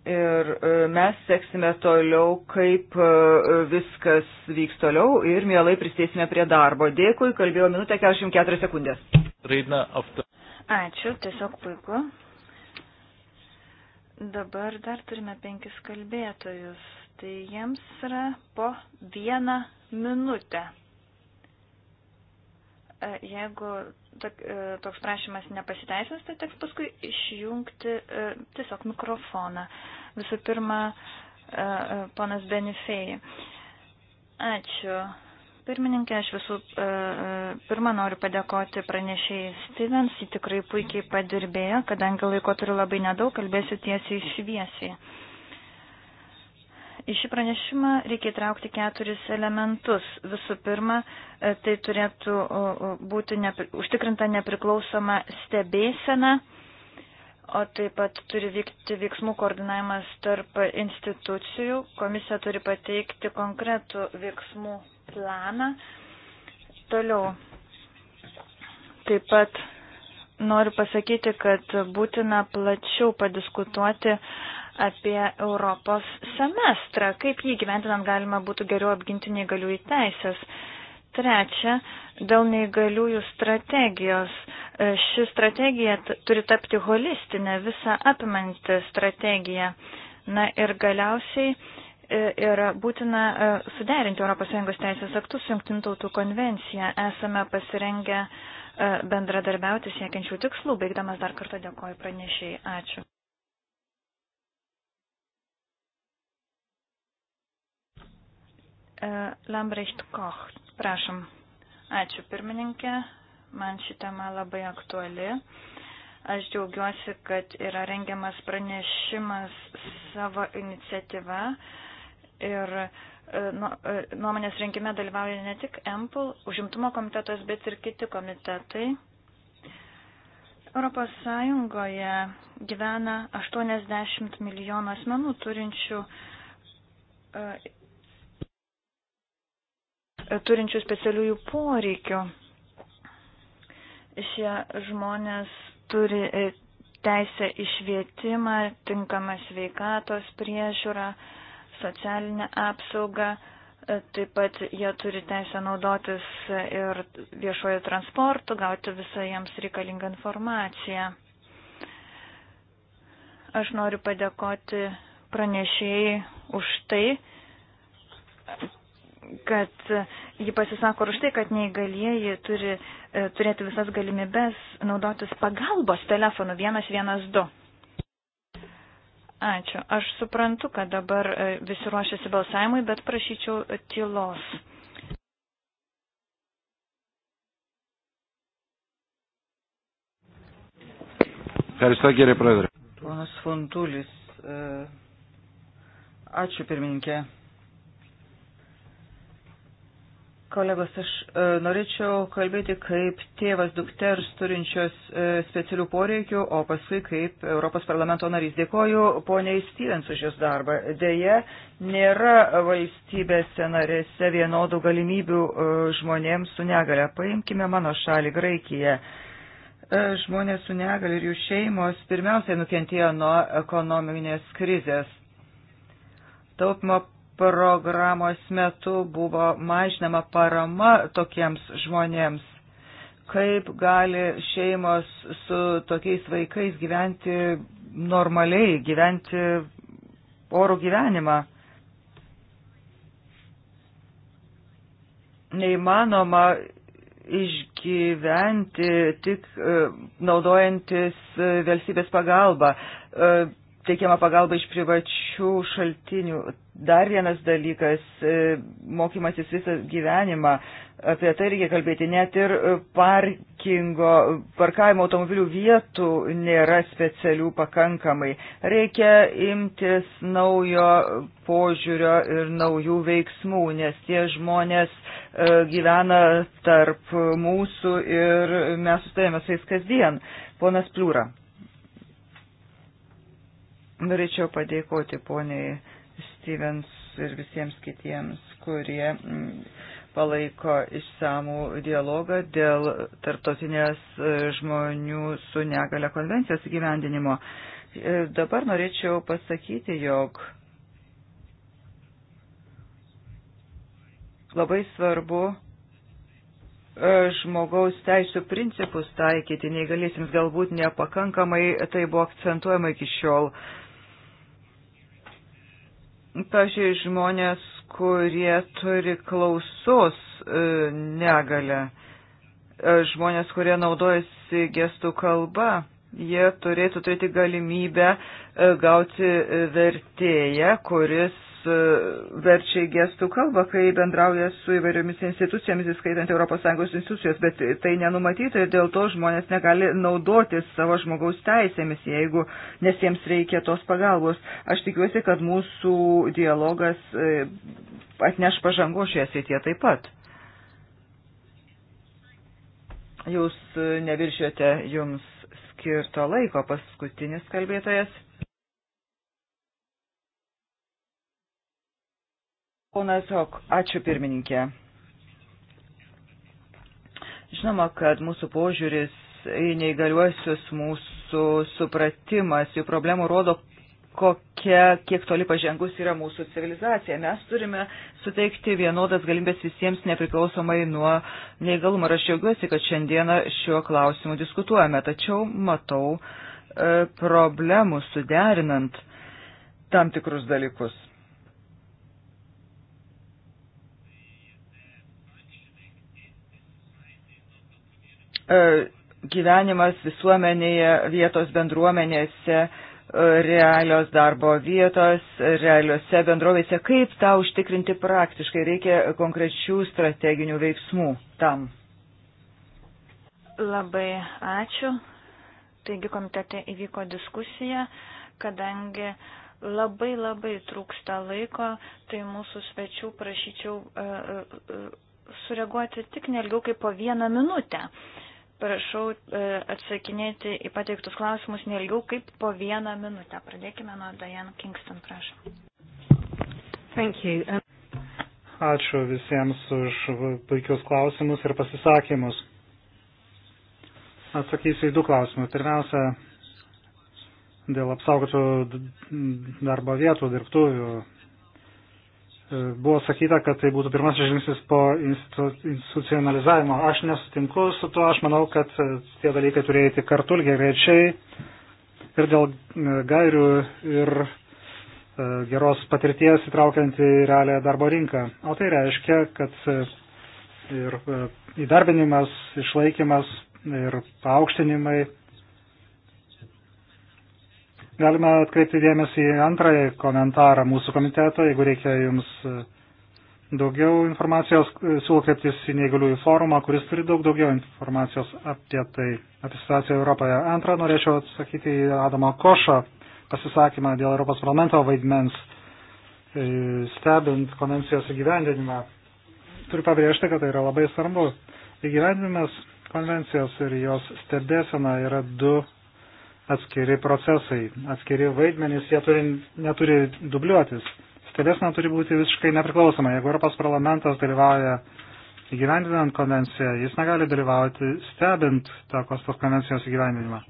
Ir e, mes seksime toliau, kaip e, viskas vyks toliau ir mielai pristėsime prie darbo. Dėkui, kalbėjau minutę 44 sekundės. Ačiū, tiesiog puiku. Dabar dar turime penkis kalbėtojus, tai jiems yra po vieną minutę. E, jeigu e, toks prašymas nepasiteisins, tai teks paskui išjungti e, tiesiog mikrofoną. Visų pirma, ponas Benifei. Ačiū. Pirmininkė, aš visų pirma noriu padėkoti pranešėjai Stevens, jį tikrai puikiai padirbėjo, kadangi laiko turiu labai nedaug, kalbėsiu tiesiai šviesiai. Į šį pranešimą reikia įtraukti keturis elementus. Visų pirma, e, tai turėtų būti nepri, užtikrinta nepriklausoma stebėsena, o taip pat turi vykti veiksmų koordinavimas tarp institucijų. Komisija turi pateikti konkretų veiksmų planą. Toliau. Taip pat noriu pasakyti, kad būtina plačiau padiskutuoti apie Europos semestrą, kaip jį gyventinant galima būtų geriau apginti neįgaliųjų teisės. Trečia, dėl neįgaliųjų strategijos. E, ši strategija turi tapti holistinė, visą apimanti strategija. Na ir galiausiai e, yra būtina e, suderinti ES teisės aktus su Junktinių tautų konvencija. Esame pasirengę bendradarbiauti siekiančių tikslų. Baigdamas dar kartą dėkoju pranešiai. Ačiū. E, Lambrecht Koch. Prašom. Ačiū pirmininkė, man ši tema labai aktuali. Aš džiaugiuosi, kad yra rengiamas pranešimas savo iniciatyva ir e, nu, e, nuomonės rinkime dalyvauja ne tik EMPL, užimtumo komitetas, bet ir kiti komitetai. Europos Sąjungoje gyvena 80 milijonų asmenų turinčių turinčių specialiųjų poreikių. Šie žmonės turi e, teisę išvietimą, tinkamą sveikatos priežiūrą, socialinę apsaugą. E, taip pat jie turi teisę naudotis e, ir viešojo transportu, gauti visą jiems reikalingą informaciją. Aš noriu padėkoti pranešėjai už tai, kad ji pasisako už tai, kad neįgalieji turi e, turėti visas galimybės naudotis pagalbos telefonu 112. Ačiū. Aš suprantu, kad dabar e, visi ruošiasi balsavimui, bet prašyčiau tylos. Ευχαριστώ κύριε Πρόεδρε. Πόνος Φοντούλης. Ačiū pirmininkė. Kolegos, aš e, norėčiau kalbėti kaip tėvas dukters turinčios e, specialių poreikių, o paskui kaip Europos parlamento narys. Dėkoju poniai Stevens už jos darbą. Deja, nėra valstybėse narėse vienodų galimybių e, žmonėms su negale. Paimkime mano šalį, Graikiją. E, žmonės su negale ir jų šeimos pirmiausiai nukentėjo nuo ekonominės krizės. Taupimo programos metu buvo mažinama parama tokiems žmonėms. Kaip gali šeimos su tokiais vaikais gyventi normaliai, gyventi orų gyvenimą? Neįmanoma išgyventi tik e, naudojantis e, valstybės pagalba. E, teikiama pagalba iš privačių šaltinių. Dar vienas dalykas e, - mokymasis visą gyvenimą. Apie tai reikia kalbėti. Net ir parkingo, parkavimo automobilių vietų nėra specialių pakankamai. Reikia imtis naujo požiūrio ir naujų veiksmų, nes tie žmonės e, gyvena tarp mūsų ir mes sustojame su jais kasdien. Ponas Pliūra. Norėčiau padėkoti poniai Stevens ir visiems kitiems, kurie mm, palaiko išsamų dialogą dėl tarptautinės e, žmonių su negale konvencijos gyvendinimo. E, dabar norėčiau pasakyti, jog labai svarbu e, žmogaus teisų principus taikyti neįgalėsiams, galbūt nepakankamai tai buvo akcentuojama iki šiol. Uh, pažiūrėjau, žmonės, kurie turi klausos e, negalę, e, žmonės, kurie naudojasi gestų kalba, jie turėtų turėti galimybę e, gauti vertėją, kuris E, verčia į gestų kalbą, kai bendrauja su įvairiomis institucijomis, įskaitant ES institucijos, bet tai nenumatyta ir dėl to žmonės negali naudotis savo žmogaus teisėmis, jeigu nes jiems reikia tos pagalbos. Aš tikiuosi, kad mūsų dialogas e, atneš pažango šioje srityje taip pat. Jūs e, neviršiote jums skirto laiko paskutinis kalbėtojas. Ponas Hok, ačiū pirmininkė. Žinoma, kad mūsų požiūris į neįgaliuosius, mūsų supratimas, jų problemų rodo, kokia, kiek toli pažengus yra mūsų civilizacija. Mes turime suteikti vienodas galimybės visiems nepriklausomai nuo neįgalumo. Ir aš džiaugiuosi, kad šiandieną šiuo klausimu diskutuojame, tačiau matau e, problemų suderinant tam tikrus dalykus. E, gyvenimas visuomenėje, vietos bendruomenėse, e, realios darbo vietos, realiuose bendrovėse. Kaip tą užtikrinti praktiškai? Reikia konkrečių strateginių veiksmų tam. Labai ačiū. Taigi komitete įvyko diskusija, kadangi labai labai trūksta laiko, tai mūsų svečių prašyčiau uh, uh, sureaguoti tik nelgiau kaip po vieną minutę. Uh, Prašau e, atsakinėti į pateiktus klausimus neilgiau kaip po vieną minutę. Pradėkime nuo Diane Kingston, prašom. Thank you. Um, Ačiū visiems už puikius klausimus ir pasisakymus. Atsakysiu į du klausimus. Pirmiausia, dėl apsaugotų darbo vietų, dirbtuvių. Buvo sakyta, kad tai būtų pirmasis žingsnis po institucionalizavimo. Aš nesutinku su tuo, aš manau, kad e, tie dalykai turėjo eiti kartu lygiai greičiai ir dėl e, gairių ir e, geros patirties įtraukiant į realią darbo rinką. O tai reiškia, kad ir įdarbinimas, išlaikimas ir paaukštinimai Galime atkreipti dėmesį į antrąjį komentarą mūsų komiteto, jeigu reikia jums e, daugiau informacijos, e, siūlau kreiptis į neįgaliųjų forumą, kuris turi daug daugiau informacijos apie tai, apie situaciją Europoje. Antrą norėčiau atsakyti į Adamo Košo pasisakymą dėl Europos parlamento vaidmens, e, stebint konvencijos įgyvendinimą. Turiu pabrėžti, kad tai yra labai svarbu. Įgyvendinimas konvencijos ir jos stebėsena yra du atskiri procesai, atskiri vaidmenys, jie turi, neturi dubliuotis. Stebėsena turi būti visiškai nepriklausoma. Jeigu Europos parlamentas dalyvauja įgyvendinant konvenciją, jis negali dalyvauti stebint tą kostos konvencijos įgyvendinimą.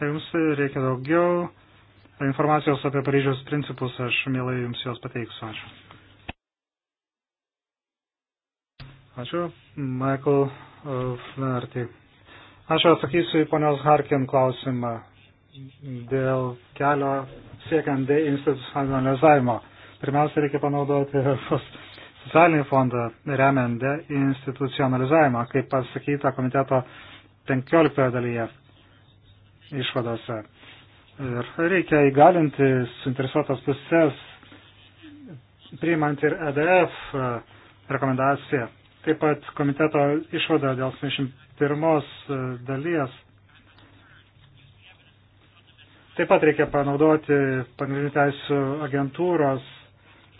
Jums reikia daugiau informacijos apie Paryžiaus principus, aš mielai jums juos pateiksiu. Ačiū. Ačiū, Michael uh, Flaherty. Aš atsakysiu į ponios Harkin klausimą dėl kelio siekiant deinstitucionalizavimo. Pirmiausia, reikia panaudoti Europos socialinį fondą remiant deinstitucionalizavimą, kaip pasakyta komiteto 15 dalyje išvadose. Ir reikia įgalinti suinteresuotas pusės, priimant ir EDF rekomendaciją Taip pat komiteto išvada dėl 71 e, dalies. Taip pat reikia panaudoti pagrindinių teisų agentūros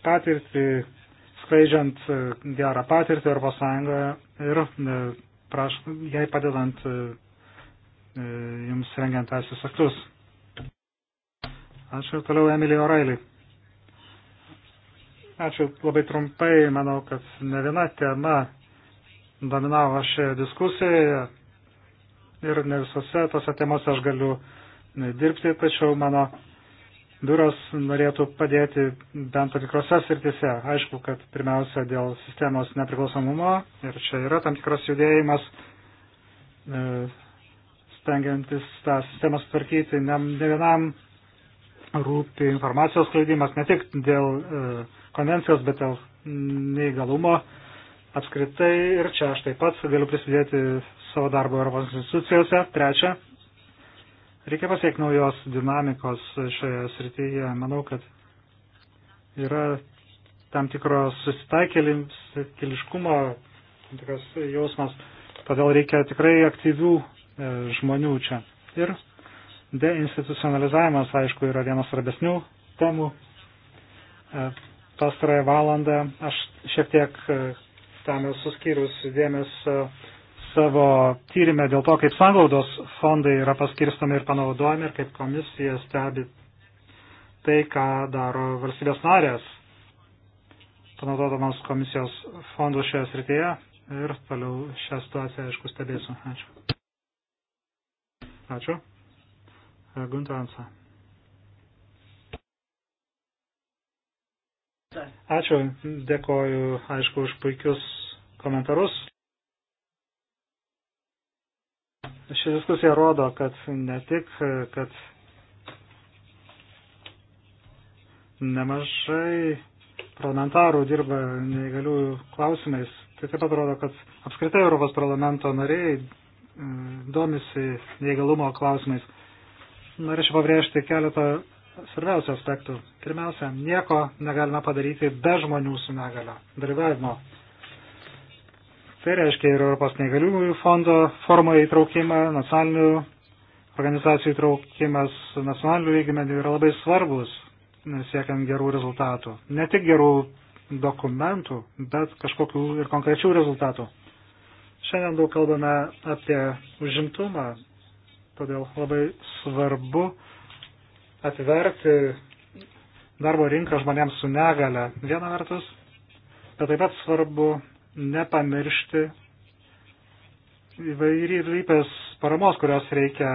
patirtį, skleidžiant e, gerą patirtį Europos Sąjungoje ir e, praš, jai padedant jums rengiant teisės aktus. Ačiū ir toliau Emilija Orailiai. Ačiū labai trumpai. Manau, kad ne viena tema dominavo šioje diskusijoje ir ne visose tose temose aš galiu dirbti, tačiau mano biuras norėtų padėti bent tikrose srityse. Aišku, kad pirmiausia dėl sistemos nepriklausomumo ir čia yra tam tikras judėjimas e, stengiantis tą sistemą sutvarkyti ne, ne vienam rūpi informacijos skleidimas ne tik dėl e, konvencijos, bet dėl neįgalumo apskritai ir čia aš taip pat galiu prisidėti savo darbo Europos institucijose. Trečia, reikia pasiekti naujos dinamikos šioje srityje. Manau, kad yra tam tikros susitaikeliškumo, tam tikras jausmas, todėl reikia tikrai aktyvių e, žmonių čia. Ir Deinstitucionalizavimas, aišku, yra vienas svarbesnių temų. E, pastarąją valandą aš šiek tiek e, tam esu skyrus dėmesio savo tyrimę dėl to, kaip sanglaudos fondai yra paskirstami ir panaudojami ir kaip komisija stebi tai, ką daro valstybės narės, panaudodamas komisijos fondų šioje srityje ir toliau šią situaciją, aišku, stebėsiu. Ačiū. Ačiū. Guntansą. Ačiū, dėkoju, aišku, už puikius komentarus. Ši diskusija rodo, kad ne tik, kad nemažai parlamentarų dirba neįgaliųjų klausimais. Tai taip pat rodo, kad apskritai Europos parlamento nariai mm, domisi neįgalumo klausimais norėčiau pabrėžti keletą svarbiausių aspektų. Pirmiausia, nieko negalime padaryti be žmonių su negale dalyvavimo. Tai reiškia ir Europos neįgaliųjų fondo formo įtraukimą, nacionalinių organizacijų įtraukimas nacionalinių lygmenių yra labai svarbus, siekiant gerų rezultatų. Ne tik gerų dokumentų, bet kažkokių ir konkrečių rezultatų. Šiandien daug kalbame apie užimtumą Todėl labai svarbu atverti darbo rinką žmonėms su negale viena vertus, bet taip pat svarbu nepamiršti įvairybės paramos, kurios reikia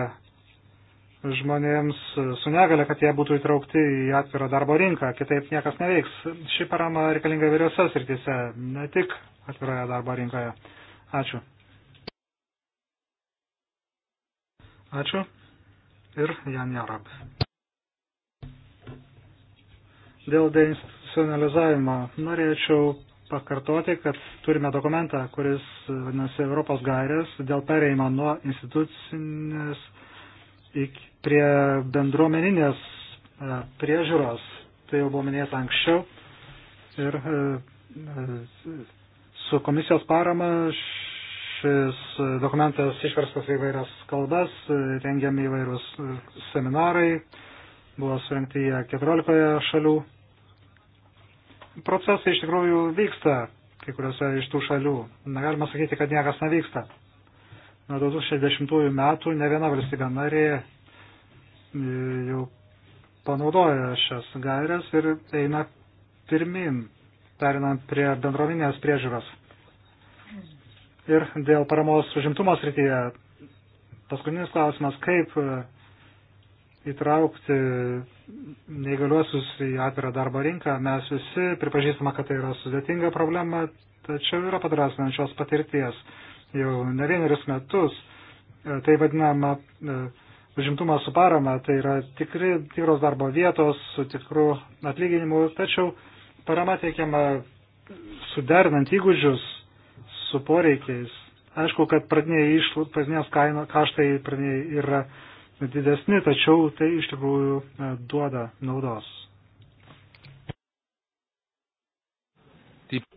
žmonėms su negale, kad jie būtų įtraukti į atvirą darbo rinką, kitaip niekas neveiks. Ši parama reikalinga įvairiose srityse, ne tik atviroje darbo rinkoje. Ačiū. Ačiū. Ir Jan Jarab. Dėl deinstitucionalizavimo norėčiau pakartoti, kad turime dokumentą, kuris vadinasi Europos gairės dėl pereimo nuo institucinės prie bendruomeninės e, priežiūros. Tai jau buvo minėta anksčiau. Ir e, e, su komisijos parama šis dokumentas išverstas į vairias kalbas, rengiami įvairūs e, seminarai, buvo surinkti jie 14 šalių. Procesai iš tikrųjų vyksta kai kuriuose iš tų šalių. Negalima sakyti, kad niekas nevyksta. Nuo 2060 metų ne viena valstybė narė e, jau panaudoja šias gairias ir eina pirmin, perinant prie bendrovinės priežiūros. Ir dėl paramos užimtumo srityje, paskutinis klausimas, kaip e, įtraukti neįgaliuosius į atvirą darbo rinką. Mes visi pripažįstame, kad tai yra sudėtinga problema, tačiau yra padrasinančios patirties. Jau ne vienerius metus e, tai vadinama e, užimtumas su parama, tai yra tikri, tikros darbo vietos su tikru atlyginimu, tačiau parama teikiama sudernant įgūdžius su poreikiais. Aišku, kad pradiniai išl... pradinės kaino, kaštai pradiniai yra didesni, tačiau tai iš tikrųjų e, duoda naudos. Taip.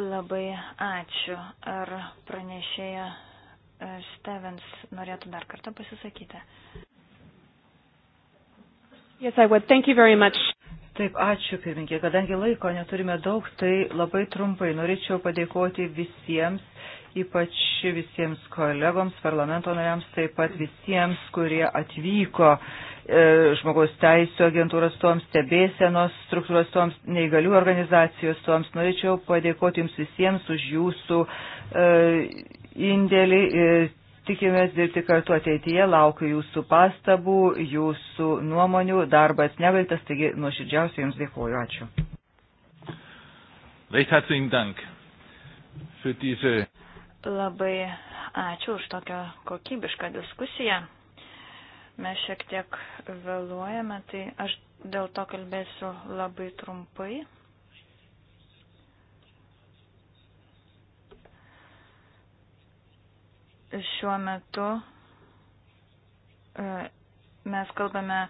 Labai ačiū. Ar pranešėja e, Stevens norėtų dar kartą pasisakyti? Yes, I would. Thank you very much. Taip, ačiū pirminkė. Kadangi laiko neturime daug, tai labai trumpai norėčiau padėkoti visiems, ypač visiems kolegoms, parlamento nariams, taip pat visiems, kurie atvyko e, žmogaus teisų agentūros toms, stebėsenos struktūros toms, neįgalių organizacijos toms. Norėčiau padėkoti jums visiems už jūsų e, indėlį. E, Tikimės dirbti kartu ateityje, laukiu jūsų pastabų, jūsų nuomonių, darbas nebaigtas, taigi nuoširdžiausiai Jums dėkuoju, ačiū. Labai ačiū už tokią kokybišką diskusiją. Mes šiek tiek vėluojame, tai aš dėl to kalbėsiu labai trumpai. šiuo metu e, mes kalbame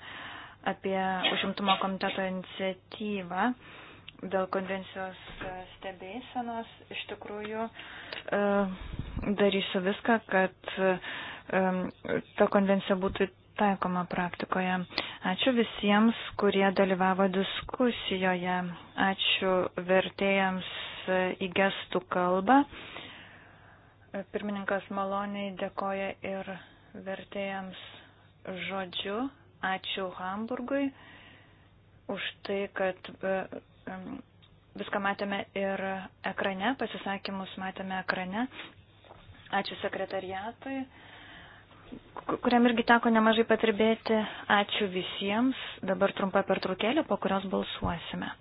apie užimtumo komiteto iniciatyvą dėl konvencijos stebėsenos. Iš tikrųjų, e, darysiu viską, kad e, ta konvencija būtų taikoma praktikoje. Ačiū visiems, kurie dalyvavo diskusijoje. Ačiū vertėjams į gestų kalbą. Pirmininkas maloniai dėkoja ir vertėjams žodžiu. Ačiū Hamburgui už tai, kad e, viską matėme ir ekrane, pasisakymus matėme ekrane. Ačiū sekretariatui, kuriam irgi teko nemažai patirbėti. Ačiū visiems. Dabar trumpa pertraukėlė, po kurios balsuosime.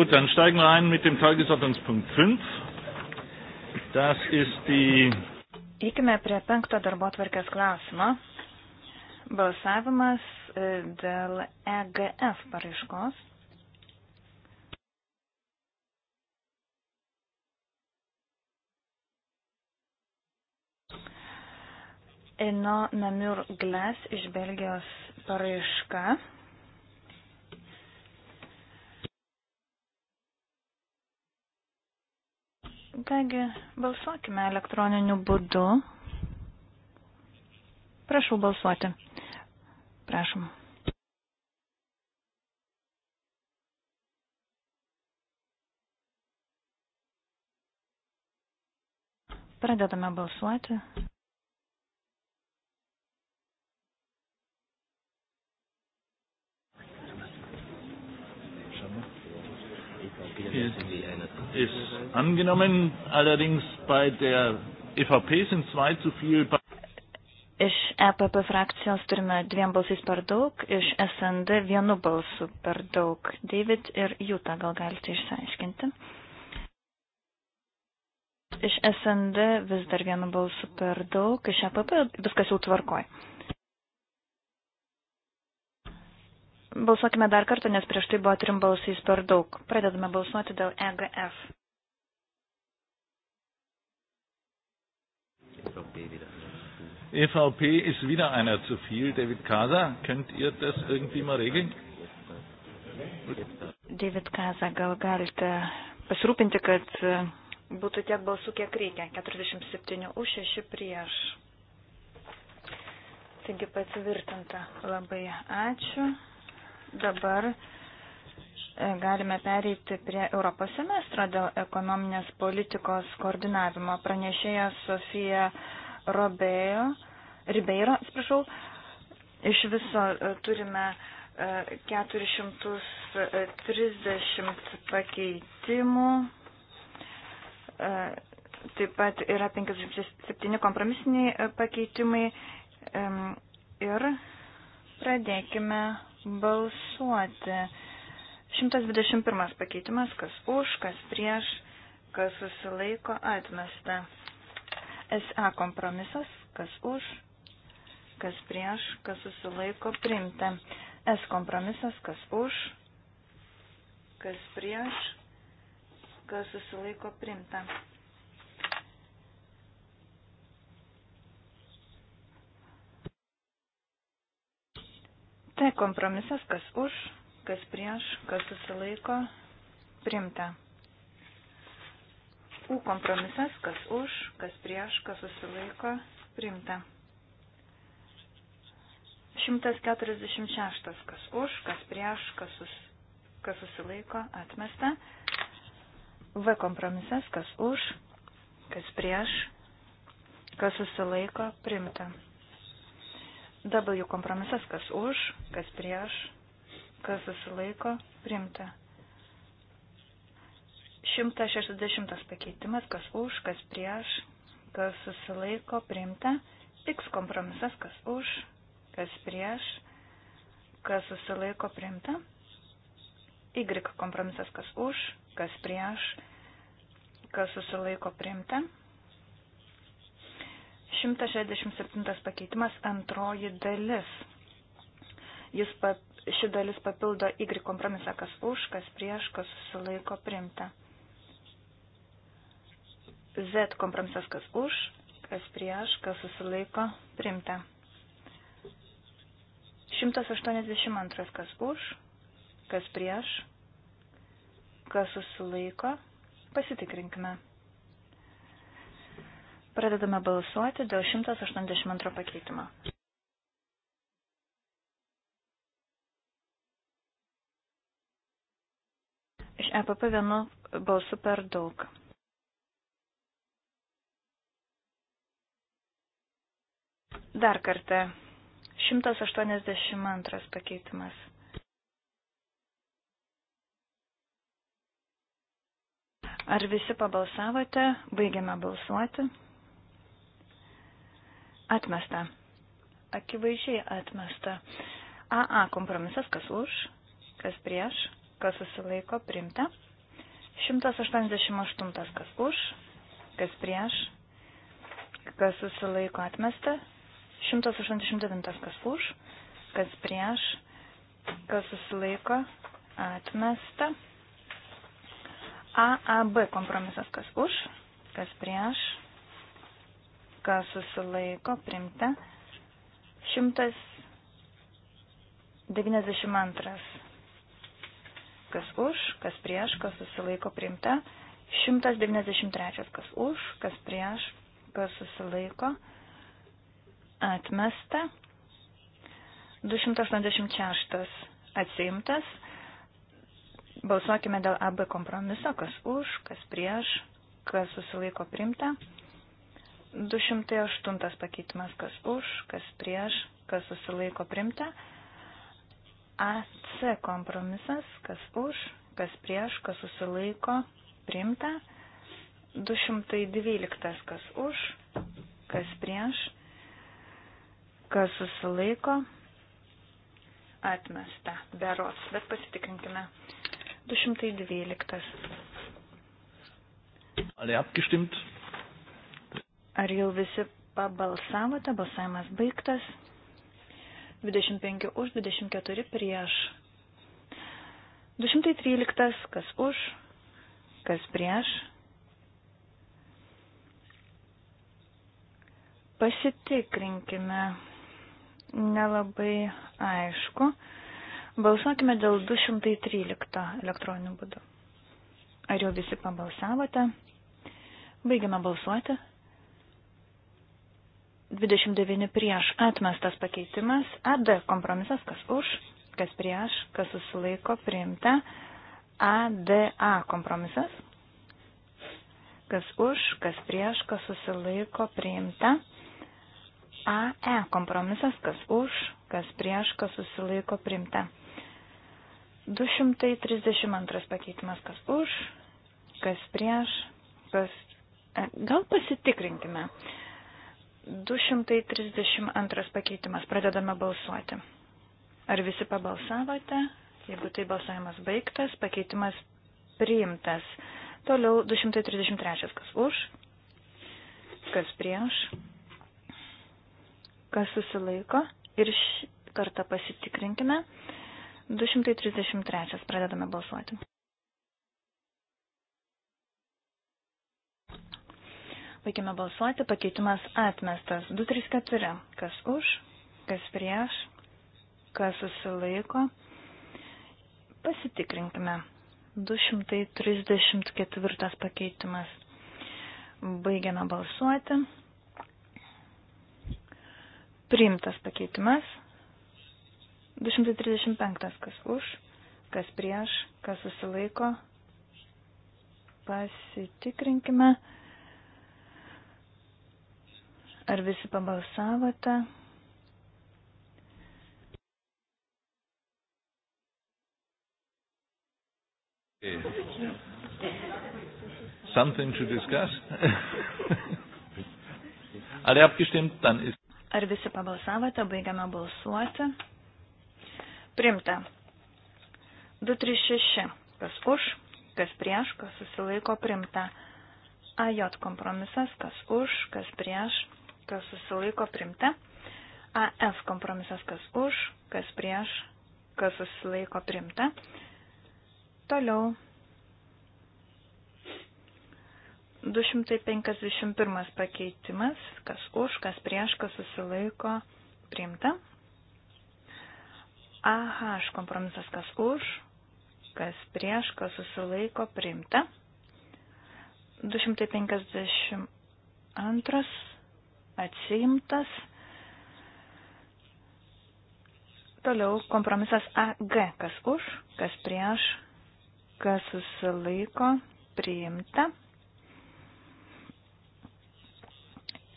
Gut, dann steigen wir ein mit dem Tagesordnungspunkt 5. Das ist die. Eikime prie penkto darbo tvarkės klausimo. Balsavimas e, dėl EGF paraiškos. Eno Namur Gles iš Belgijos paraiška Taigi, balsuokime elektroniniu būdu. Prašau balsuoti. Prašom. Pradedame balsuoti. ist, ist angenommen. Allerdings bei der EVP sind zwei zu viel. Iš EPP frakcijos turime dviem balsais per daug, iš SND vienu balsu per daug. David ir Jūta gal galite išsiaiškinti. Iš SND vis dar vienu balsu per daug, iš EPP viskas jau tvarkoj. Balsuokime dar kartą, nes prieš tai buvo trim balsais per daug. Pradedame balsuoti dėl EGF. EVP ist wieder einer zu viel. David Kasa, könnt ihr das irgendwie mal regeln? David Kasa, gal galite pasirūpinti, kad būtų tiek balsų, kiek reikia. 47 už, 6 prieš. Taigi patvirtinta. Labai ačiū. Dabar e, galime pereiti prie Europos semestro dėl ekonominės politikos koordinavimo. Pranešėja Sofija Robėjo, Ribeiro, atsiprašau, iš viso e, turime 430 e, pakeitimų. Taip pat yra 57 kompromisiniai pakeitimai ir pradėkime balsuoti. 121 pakeitimas, kas už, kas prieš, kas susilaiko atmesta. SA kompromisas, kas už, kas prieš, kas susilaiko priimta. S kompromisas, kas už, kas prieš, kas susilaiko priimta. T kompromisas, kas už, kas prieš, kas susilaiko, primta. U kompromisas, kas už, kas prieš, kas susilaiko, primta. 146, kas už, kas prieš, kas, sus, kas susilaiko, atmesta. V kompromisas, kas už, kas prieš, kas susilaiko, primta. W kompromisas, kas už, kas prieš, kas susilaiko, primta. 160 pakeitimas, kas už, kas prieš, kas susilaiko, primta. X kompromisas, kas už, kas prieš, kas susilaiko, primta. Y kompromisas, kas už, kas prieš, kas susilaiko, primta. 167 pakeitimas antroji dalis. Jis pa, ši dalis papildo Y kompromisą, kas už, kas prieš, kas susilaiko primta. Z kompromisas, kas už, kas prieš, kas susilaiko primta. 182, kas už, kas prieš, kas susilaiko, pasitikrinkime. Pradedame balsuoti dėl 182 pakeitimo. Iš EPP vienu balsu per daug. Dar kartą. 182 pakeitimas. Ar visi pabalsavote? Baigiame balsuoti. Atmesta. Akivaizdžiai atmesta. AA kompromisas, kas už, kas prieš, kas susilaiko, primta. 188, kas už, kas prieš, kas susilaiko, atmesta. 189, kas už, kas prieš, kas susilaiko, atmesta. AAB kompromisas, kas už, kas prieš, kas susilaiko primta. 192. Kas už, kas prieš, kas susilaiko primta. 193. Kas už, kas prieš, kas susilaiko atmesta. 286 atsiimtas. Balsuokime dėl AB kompromiso, kas už, kas prieš, kas susilaiko primta. 208 pakeitimas, kas už, kas prieš, kas susilaiko primta. AC kompromisas, kas už, kas prieš, kas susilaiko primta. 212, kas už, kas prieš, kas susilaiko atmesta. Beros, bet pasitikrinkime. 212. Alle abgestimmt? Ar jau visi pabalsavote? Balsavimas baigtas. 25 už, 24 prieš. 213, kas už, kas prieš. Pasitikrinkime. Nelabai aišku. Balsuokime dėl 213 elektroninių būdų. Ar jau visi pabalsavote? Baigime balsuoti. 29 prieš atmestas pakeitimas, AD kompromisas, kas už, kas prieš, kas susilaiko priimta, ADA kompromisas, kas už, kas prieš, kas susilaiko priimta, AE kompromisas, kas už, kas prieš, kas susilaiko priimta. 232 pakeitimas, kas už, kas prieš, kas. E, gal pasitikrinkime. 232 pakeitimas. Pradedame balsuoti. Ar visi pabalsavote? Jeigu tai balsavimas baigtas, pakeitimas priimtas. Toliau 233. Kas už? Kas prieš? Kas susilaiko? Ir šį kartą pasitikrinkime. 233. Pradedame balsuoti. Baigime balsuoti, pakeitimas atmestas. 234. Kas už, kas prieš, kas susilaiko. Pasitikrinkime. 234 pakeitimas. Baigiame balsuoti. Priimtas pakeitimas. 235. Kas už, kas prieš, kas susilaiko. Pasitikrinkime. Ar visi pabalsavote? Something to discuss? Alle abgestimmt, dann ist. Ar visi pabalsavote, baigiame balsuoti? Primta. 236. Kas už, kas prieš, kas susilaiko primta. AJ kompromisas, kas už, kas prieš, kas susilaiko primta. AF kompromisas kas už, kas prieš, kas susilaiko primta. Toliau 251 pakeitimas, kas už, kas prieš, kas susilaiko, priimta. AH kompromisas, kas už, kas prieš, kas susilaiko, priimta. 252 atsimtas. Toliau kompromisas AG. Kas už, kas prieš, kas susilaiko, priimta.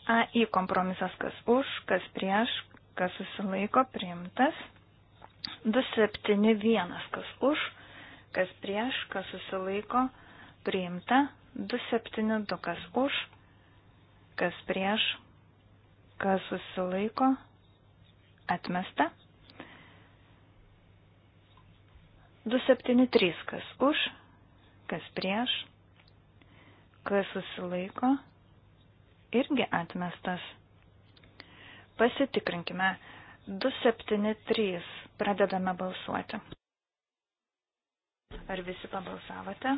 AI kompromisas, kas už, kas prieš, kas susilaiko, priimtas. 271, kas už, kas prieš, kas susilaiko, priimta. 272, kas už, kas prieš, kas susilaiko, atmesta. 273, kas už, kas prieš, kas susilaiko, irgi atmestas. Pasitikrinkime. 273. Pradedame balsuoti. Ar visi pabalsavote?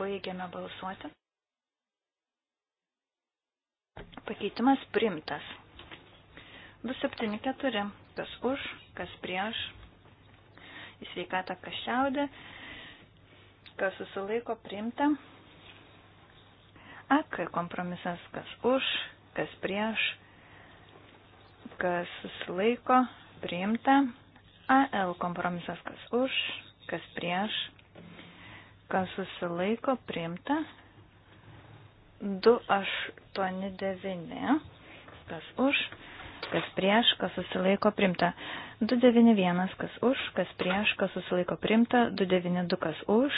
Baigiame balsuoti. Pakeitimas primtas. 274. Kas už, kas prieš. Į sveikatą kas šiaudė. Kas susilaiko priimta. AK kompromisas. Kas už, kas prieš. Kas susilaiko priimta. AL kompromisas. Kas už, kas prieš. Kas susilaiko priimta. 289. Kas už kas prieš, kas susilaiko primta. 291, kas už, kas prieš, kas susilaiko primta. 292, kas už,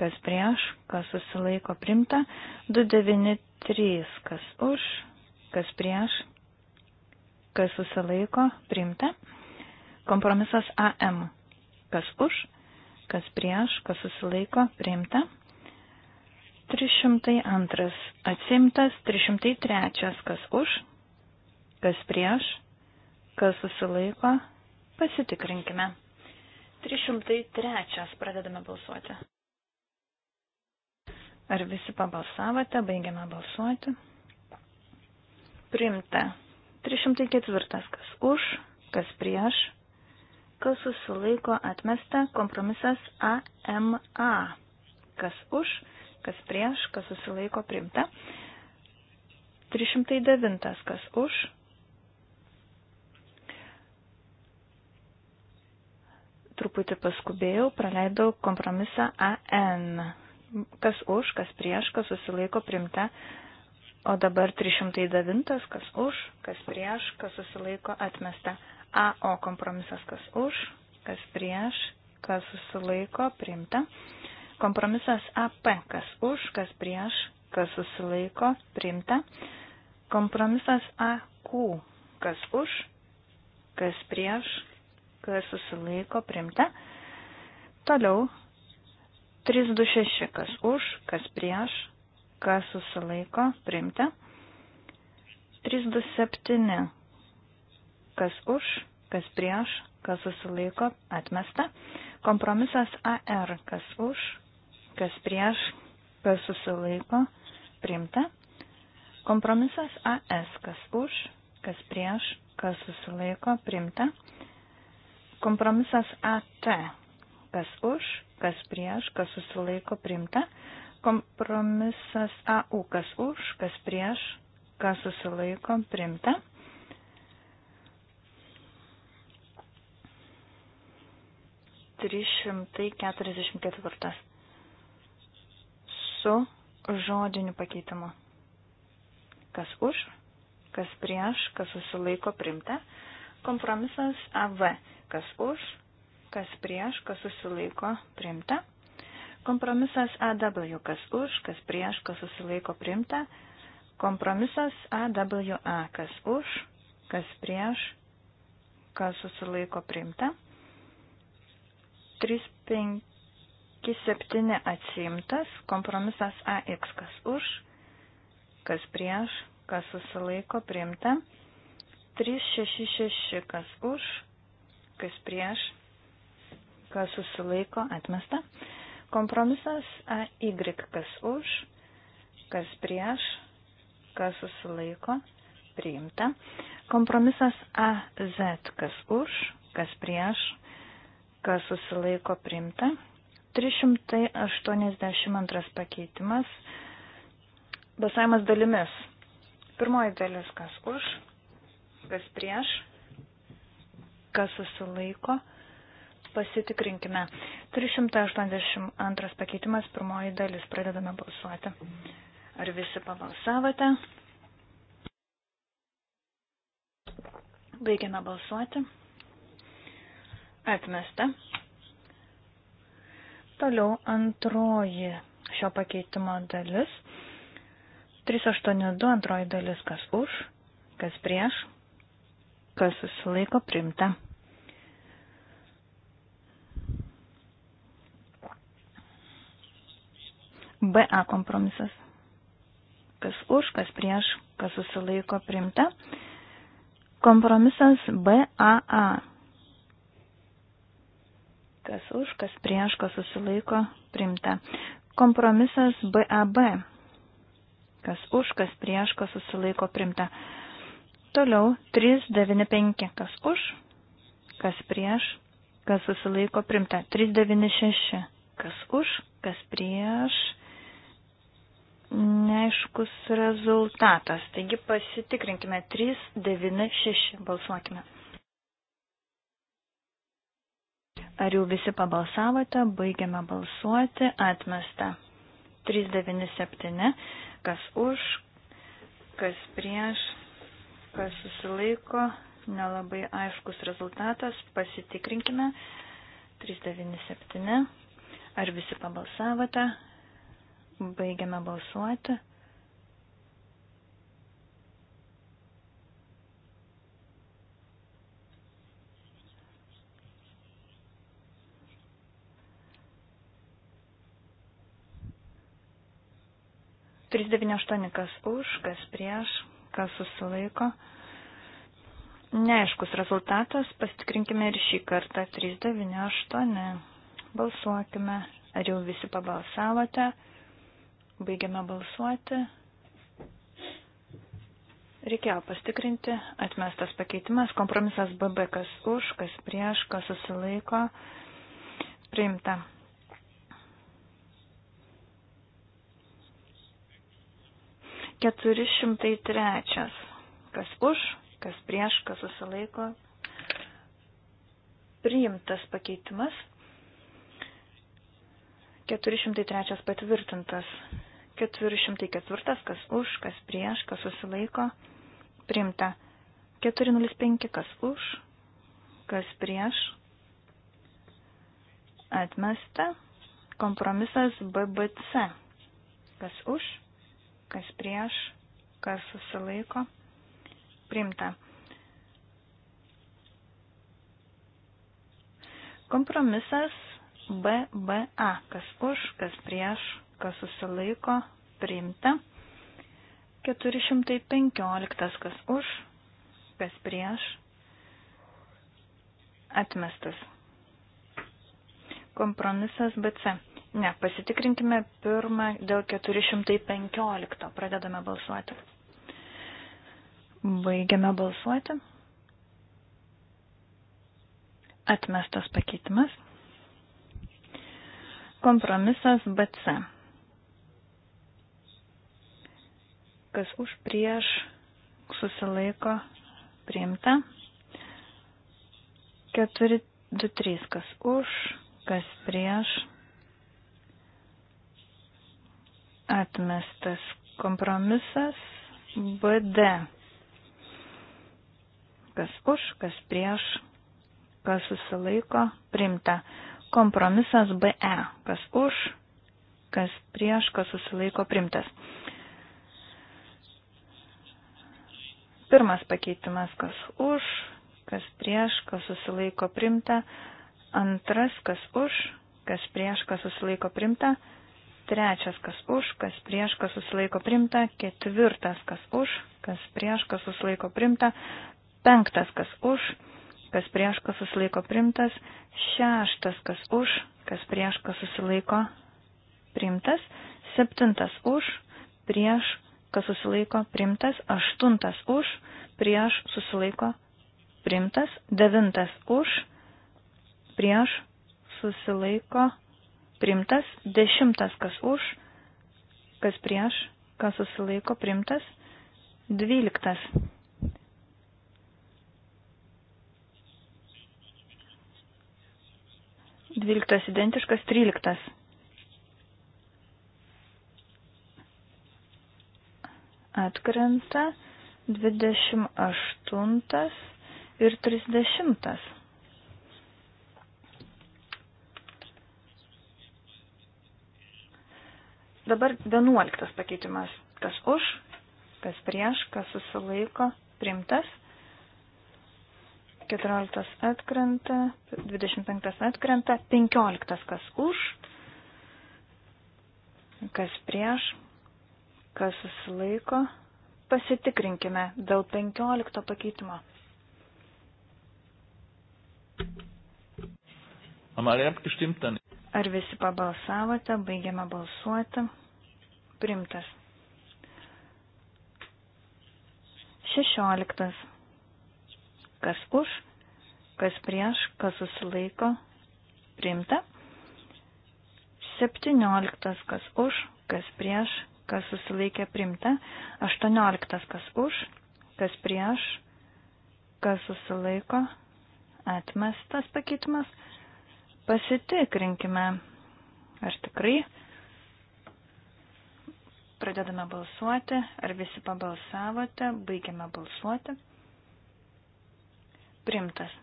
kas prieš, kas susilaiko primta. 293, kas už, kas prieš, kas susilaiko primta. Kompromisas AM, kas už, kas prieš, kas susilaiko primta. 302 atsimtas, 303 kas už, kas prieš, kas susilaiko, pasitikrinkime. 303 pradedame balsuoti. Ar visi pabalsavote, baigiame balsuoti? Primta. 304. Kas už, kas prieš, kas susilaiko atmesta kompromisas AMA. Kas už, kas prieš, kas susilaiko primta. 309. Kas už, truputį paskubėjau, praleidau kompromisą AN. Kas už, kas prieš, kas susilaiko primta. O dabar 309, kas už, kas prieš, kas susilaiko atmesta. AO kompromisas, kas už, kas prieš, kas susilaiko primta. Kompromisas AP, kas už, kas prieš, kas susilaiko primta. Kompromisas AQ, kas už, kas prieš, susilaiko primta. Toliau 326, kas už, kas prieš, kas susilaiko primta. 327, kas už, kas prieš, kas susilaiko atmesta. Kompromisas AR, kas už, kas prieš, kas susilaiko primta. Kompromisas AS, kas už, kas prieš, kas susilaiko primta. Kompromisas AT. Kas už, kas prieš, kas susilaiko priimta. Kompromisas AU. Kas už, kas prieš, kas susilaiko priimta. Trys šimtai keturiasdešimt ketvirtas. Su žodiniu pakeitimu. Kas už, kas prieš, kas susilaiko priimta. Kompromisas AV Kas už, kas prieš, kas susilaiko primta. Kompromisas AW, kas už, kas prieš, kas susilaiko primta. Kompromisas AWA, kas už, kas prieš, kas susilaiko primta. 357 atsimtas, kompromisas AX, kas už, kas prieš, kas susilaiko primta. 366, kas už, kas prieš, kas susilaiko, atmesta. Kompromisas AY, kas už, kas prieš, kas susilaiko, priimta. Kompromisas AZ, kas už, kas prieš, kas susilaiko, priimta. 382 pakeitimas. Balsavimas dalimis. Pirmoji dalis, kas už, kas prieš, kas susilaiko, pasitikrinkime. 382 pakeitimas, pirmoji dalis, pradedame balsuoti. Ar visi pabalsavote? Baigiame balsuoti. Atmesta. Toliau antroji šio pakeitimo dalis. 382 antroji dalis, kas už, kas prieš, kas susilaiko primta. BA kompromisas. Kas už, kas prieš, kas susilaiko primta. Kompromisas BAA. Kas už, kas prieš, kas susilaiko primta. Kompromisas BAB. Kas už, kas prieš, kas susilaiko primta. Toliau 395, kas už, kas prieš, kas susilaiko primta. 396, kas už, kas prieš, neaiškus rezultatas. Taigi pasitikrinkime 396, balsuokime. Ar jau visi pabalsavote, baigiame balsuoti, atmesta. 397, kas už, kas prieš, kas susilaiko, nelabai aiškus rezultatas, pasitikrinkime. 397. Ar visi pabalsavote? Baigiame balsuoti. Trys devyni aštuoni kas už, kas prieš kas susilaiko. Neaiškus rezultatas, pasitikrinkime ir šį kartą 398. Balsuokime, ar jau visi pabalsavote. Baigiame balsuoti. Reikėjo pastikrinti, atmestas pakeitimas, kompromisas BB, kas už, kas prieš, kas susilaiko, priimta. 403. Kas už, kas prieš, kas susilaiko. Priimtas pakeitimas. 403 patvirtintas. 404 kas už, kas prieš, kas susilaiko. Priimta. 405 kas už, kas prieš. Atmesta. Kompromisas BBC. Kas už, kas prieš, kas susilaiko, primta. Kompromisas BBA, kas už, kas prieš, kas susilaiko, primta. 415, kas už, kas prieš, atmestas. Kompromisas BC, Ne, pasitikrinkime pirmą dėl 415. Pradedame balsuoti. Baigiame balsuoti. Atmestas pakeitimas. Kompromisas BC. Kas už prieš susilaiko priimta. 4, 2, 3. Kas už, kas prieš atmestas. Kompromisas BD. Kas už, kas prieš, kas susilaiko, primta. Kompromisas BE. Kas už, kas prieš, kas susilaiko, primtas. Pirmas pakeitimas, kas už, kas prieš, kas susilaiko primta. Antras, kas už, kas prieš, kas susilaiko primta. Trečias, kas už, kas prieš, kas susilaiko primta. Ketvirtas, kas už, kas prieš, kas susilaiko primta. Penktas, kas už, kas prieš, kas susilaiko primtas. Šeštas, kas už, kas prieš, kas susilaiko primtas. Septintas už, prieš, kas susilaiko primtas. Aštuntas už, prieš, susilaiko primtas. Devintas už, prieš, susilaiko primtas primtas, dešimtas kas už, kas prieš, kas susilaiko primtas, dvyliktas. Dvyliktas identiškas, tryliktas. Atkrenta dvidešimt aštuntas ir trisdešimtas. Dabar vienuoliktas pakeitimas. Kas už, kas prieš, kas susilaiko, primtas. 14 atkrenta, 25 atkrenta, 15 kas už, kas prieš, kas susilaiko. Pasitikrinkime dėl 15 pakeitimo. Haben alle abgestimmt dann? Ar visi pabalsavote? Baigiame balsuoti. Primtas. Šešioliktas. Kas už, kas prieš, kas susilaiko? Primta. Septynioliktas. Kas už, kas prieš, kas susilaikė primta. Aštuonioliktas. Kas už, kas prieš, kas susilaiko? Atmestas pakeitimas. Pasitikrinkime, ar tikrai pradedame balsuoti, ar visi pabalsavote, baigiame balsuoti. Primtas.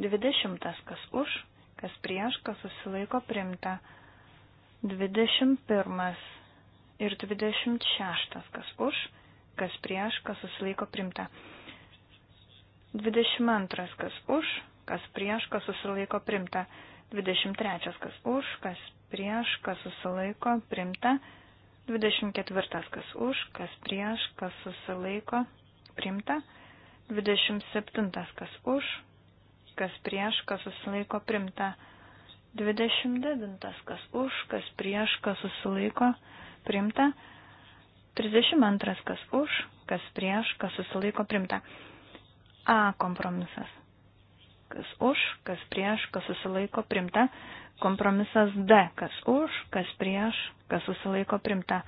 20. Kas už, kas prieš, kas susilaiko primta. 21. Ir 26. Kas už, kas prieš, kas susilaiko primta. 22. Kas už, kas prieš, kas susilaiko primta. 23. kas už, kas prieš, kas susilaiko primta. 24. kas už, kas prieš, kas susilaiko primta. 27. kas už, kas prieš, kas susilaiko primta. 29. kas už, kas prieš, kas susilaiko primta. 32. kas už, kas prieš, kas susilaiko primta. A kompromisas kas už, kas prieš, kas susilaiko primta. Kompromisas D, kas už, kas prieš, kas susilaiko primta.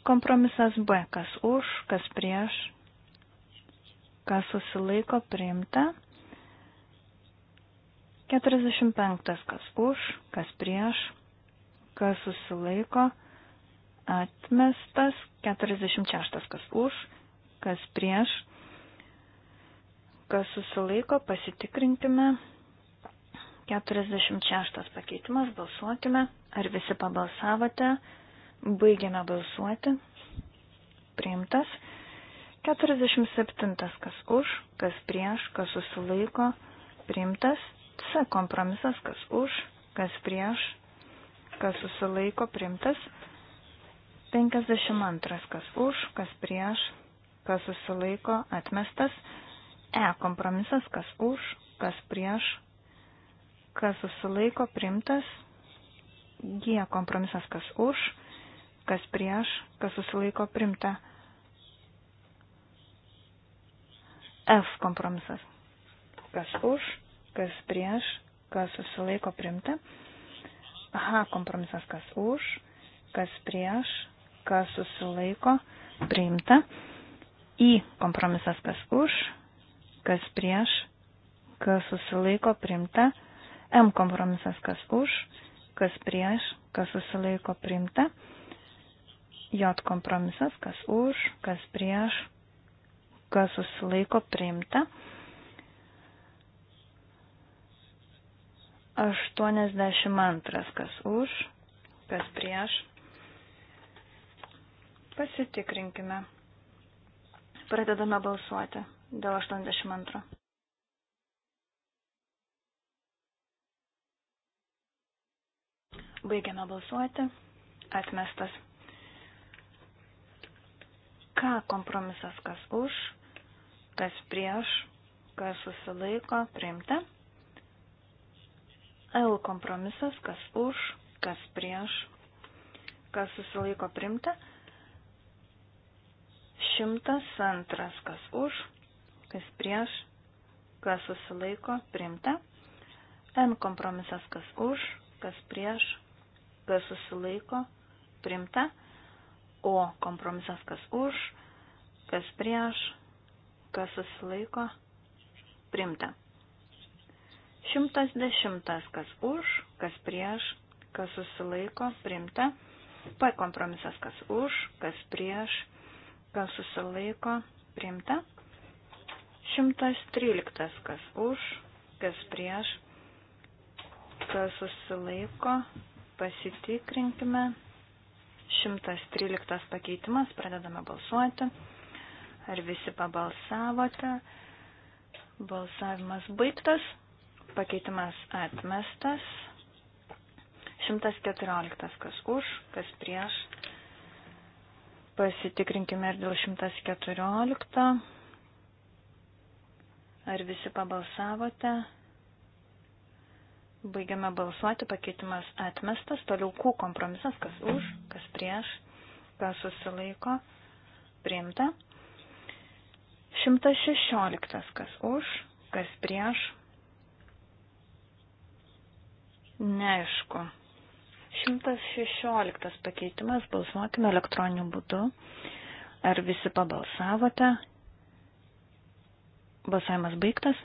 Kompromisas B, kas už, kas prieš, kas susilaiko primta. 45, kas už, kas prieš, kas susilaiko atmestas. 46, kas už, kas prieš, kas susilaiko, pasitikrinkime. 46 pakeitimas, balsuokime. Ar visi pabalsavote? Baigiame balsuoti. Priimtas. 47. Kas už, kas prieš, kas susilaiko. Priimtas. C. Kompromisas. Kas už, kas prieš, kas susilaiko. Priimtas. 52. Kas už, kas prieš, kas susilaiko. Atmestas. E kompromisas, kas už, kas prieš, kas susilaiko primtas. G kompromisas, kas už, kas prieš, kas susilaiko primta. F kompromisas, kas už, kas prieš, kas susilaiko primta. H kompromisas, kas už, kas prieš, kas susilaiko primta. I kompromisas, kas už, kas prieš, kas susilaiko primta, M kompromisas kas už, kas prieš, kas susilaiko primta, J kompromisas kas už, kas prieš, kas susilaiko primta. 82 kas už, kas prieš. Pasitikrinkime. Pradedame balsuoti dėl 82. Baigiame balsuoti. Atmestas. Ką kompromisas kas už, kas prieš, kas susilaiko, priimta. L kompromisas kas už, kas prieš, kas susilaiko, priimta. Šimtas antras kas už, kas prieš, kas susilaiko, priimta. N kompromisas, kas už, kas prieš, kas susilaiko, priimta. O kompromisas, kas už, kas prieš, kas susilaiko, priimta. 110. Kas už, kas prieš, kas susilaiko, priimta. P kompromisas, kas už, kas prieš, kas susilaiko, priimta. 113. Kas už, kas prieš, kas susilaiko, pasitikrinkime. 113 pakeitimas, pradedame balsuoti. Ar visi pabalsavote? Balsavimas baigtas, pakeitimas atmestas. 114 kas už, kas prieš. Pasitikrinkime ir dėl 114. Ar visi pabalsavote? Baigiame balsuoti, pakeitimas atmestas, toliau Q kompromisas, kas už, kas prieš, kas susilaiko, priimta. 116, kas už, kas prieš, neaišku. 116 pakeitimas, balsuokime elektroniniu būdu. Ar visi pabalsavote? Balsavimas baigtas.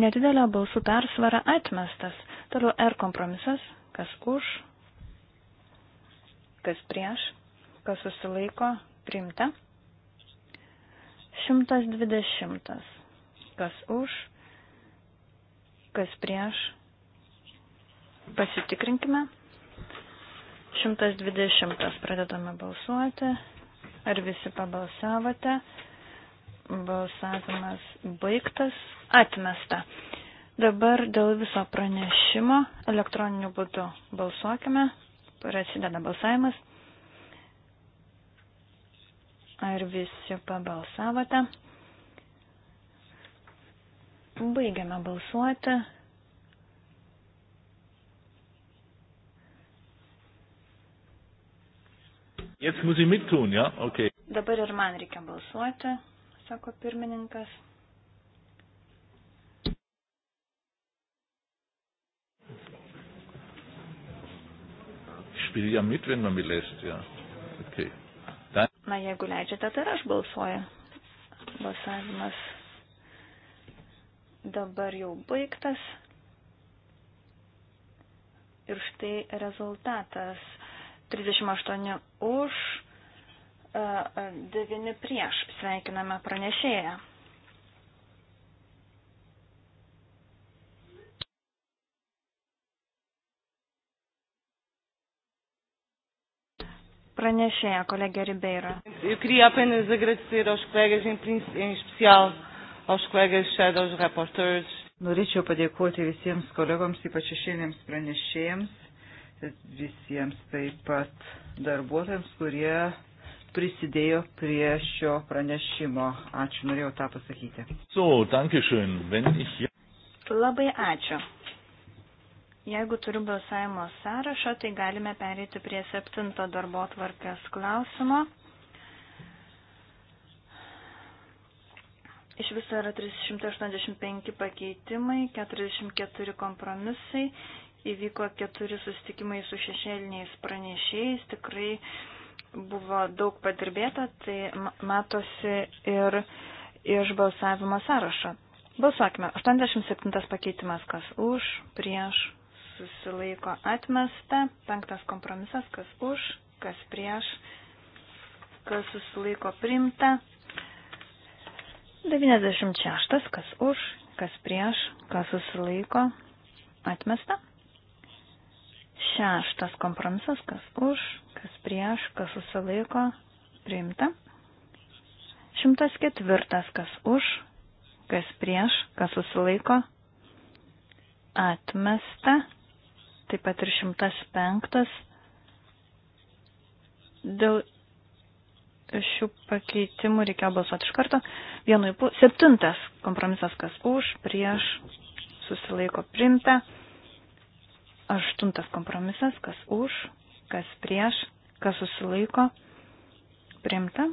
Nedidelio balsų persvara atmestas. Toliau R kompromisas. Kas už, kas prieš, kas susilaiko, priimta. 120. Kas už, kas prieš. Pasitikrinkime. 120. Pradedame balsuoti. Ar visi pabalsavote? Balsavimas baigtas, atmesta. Dabar dėl viso pranešimo elektroniniu būdu balsuokime. Prasideda balsavimas. Ar visi pabalsavote? Baigiame balsuoti. Jetzt muss ich mittun, ja? Okay. Dabar ir man reikia balsuoti sako pirmininkas. spiele ja mit, wenn man mich lässt, ja. Okay. Dann Na, jeigu leidžiate, tai ir aš balsuoju. Balsavimas dabar jau baigtas. Ir štai rezultatas. 38 už, 9 prieš. Sveikiname pranešėją. Pranešėja, kolegė Ribeira. Eu queria apenas agradecer aos colegas, em, em especial aos colegas shadows rapporteurs. Norėčiau padėkoti visiems kolegoms, ypač šešėlėms pranešėjams, visiems taip pat darbuotojams, kurie prisidėjo prie šio pranešimo. Ačiū, norėjau tą pasakyti. So, dankeschön, wenn ich... Labai ačiū. Jeigu turiu balsavimo sąrašą, tai galime pereiti prie septinto darbo tvarkės klausimo. Iš viso yra 385 pakeitimai, 44 kompromisai, įvyko keturi susitikimai su šešėliniais pranešėjais, tikrai uh, buvo daug padirbėta, tai matosi ir iš balsavimo sąrašo. Balsuokime. 87 pakeitimas, kas už, prieš, susilaiko atmesta. Penktas kompromisas, kas už, kas prieš, kas susilaiko primta. 96, kas už, kas prieš, kas susilaiko atmesta. Šeštas kompromisas, kas už, kas prieš, kas susilaiko, priimta. Šimtas ketvirtas, kas už, kas prieš, kas susilaiko, atmesta. Taip pat ir šimtas penktas. Dėl šių pakeitimų reikėjo balsuoti iš karto. Vienu įpū. Septintas kompromisas, kas už, prieš, susilaiko, priimta. Aštuntas kompromisas, kas už, kas prieš, kas susilaiko, priimta.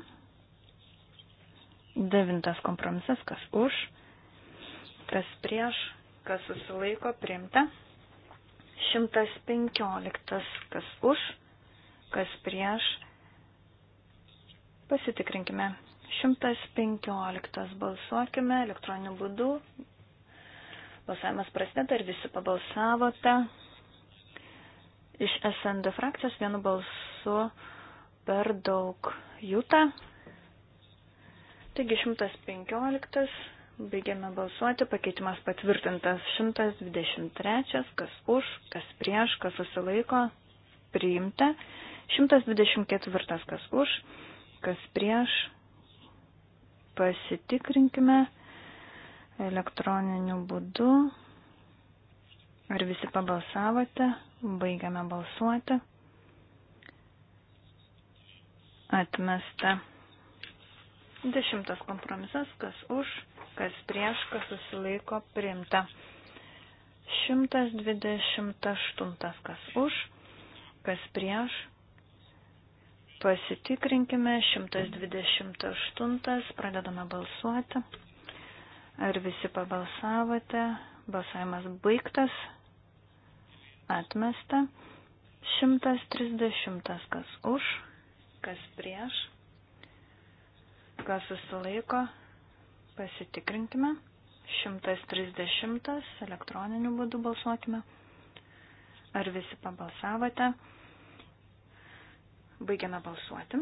Devintas kompromisas, kas už, kas prieš, kas susilaiko, priimta. Šimtas penkioliktas, kas už, kas prieš. Pasitikrinkime. Šimtas penkioliktas balsuokime elektroniniu būdu. Balsavimas prasideda ir visi pabalsavote iš SND frakcijos vienu balsu per daug jūta. Taigi 115, baigiame balsuoti, pakeitimas patvirtintas 123, kas už, kas prieš, kas susilaiko, priimta, 124, kas už, kas prieš, pasitikrinkime elektroniniu būdu. Ar visi pabalsavote? Baigiame balsuoti. Atmesta. Dešimtas kompromisas, kas už, kas prieš, kas susilaiko priimta. 128, kas už, kas prieš. Pasitikrinkime 128, pradedame balsuoti. Ar visi pabalsavote? Balsavimas baigtas atmesta. 130 kas už, kas prieš, kas susilaiko, pasitikrinkime. 130 elektroniniu būdu balsuokime. Ar visi pabalsavote? Baigiame balsuoti.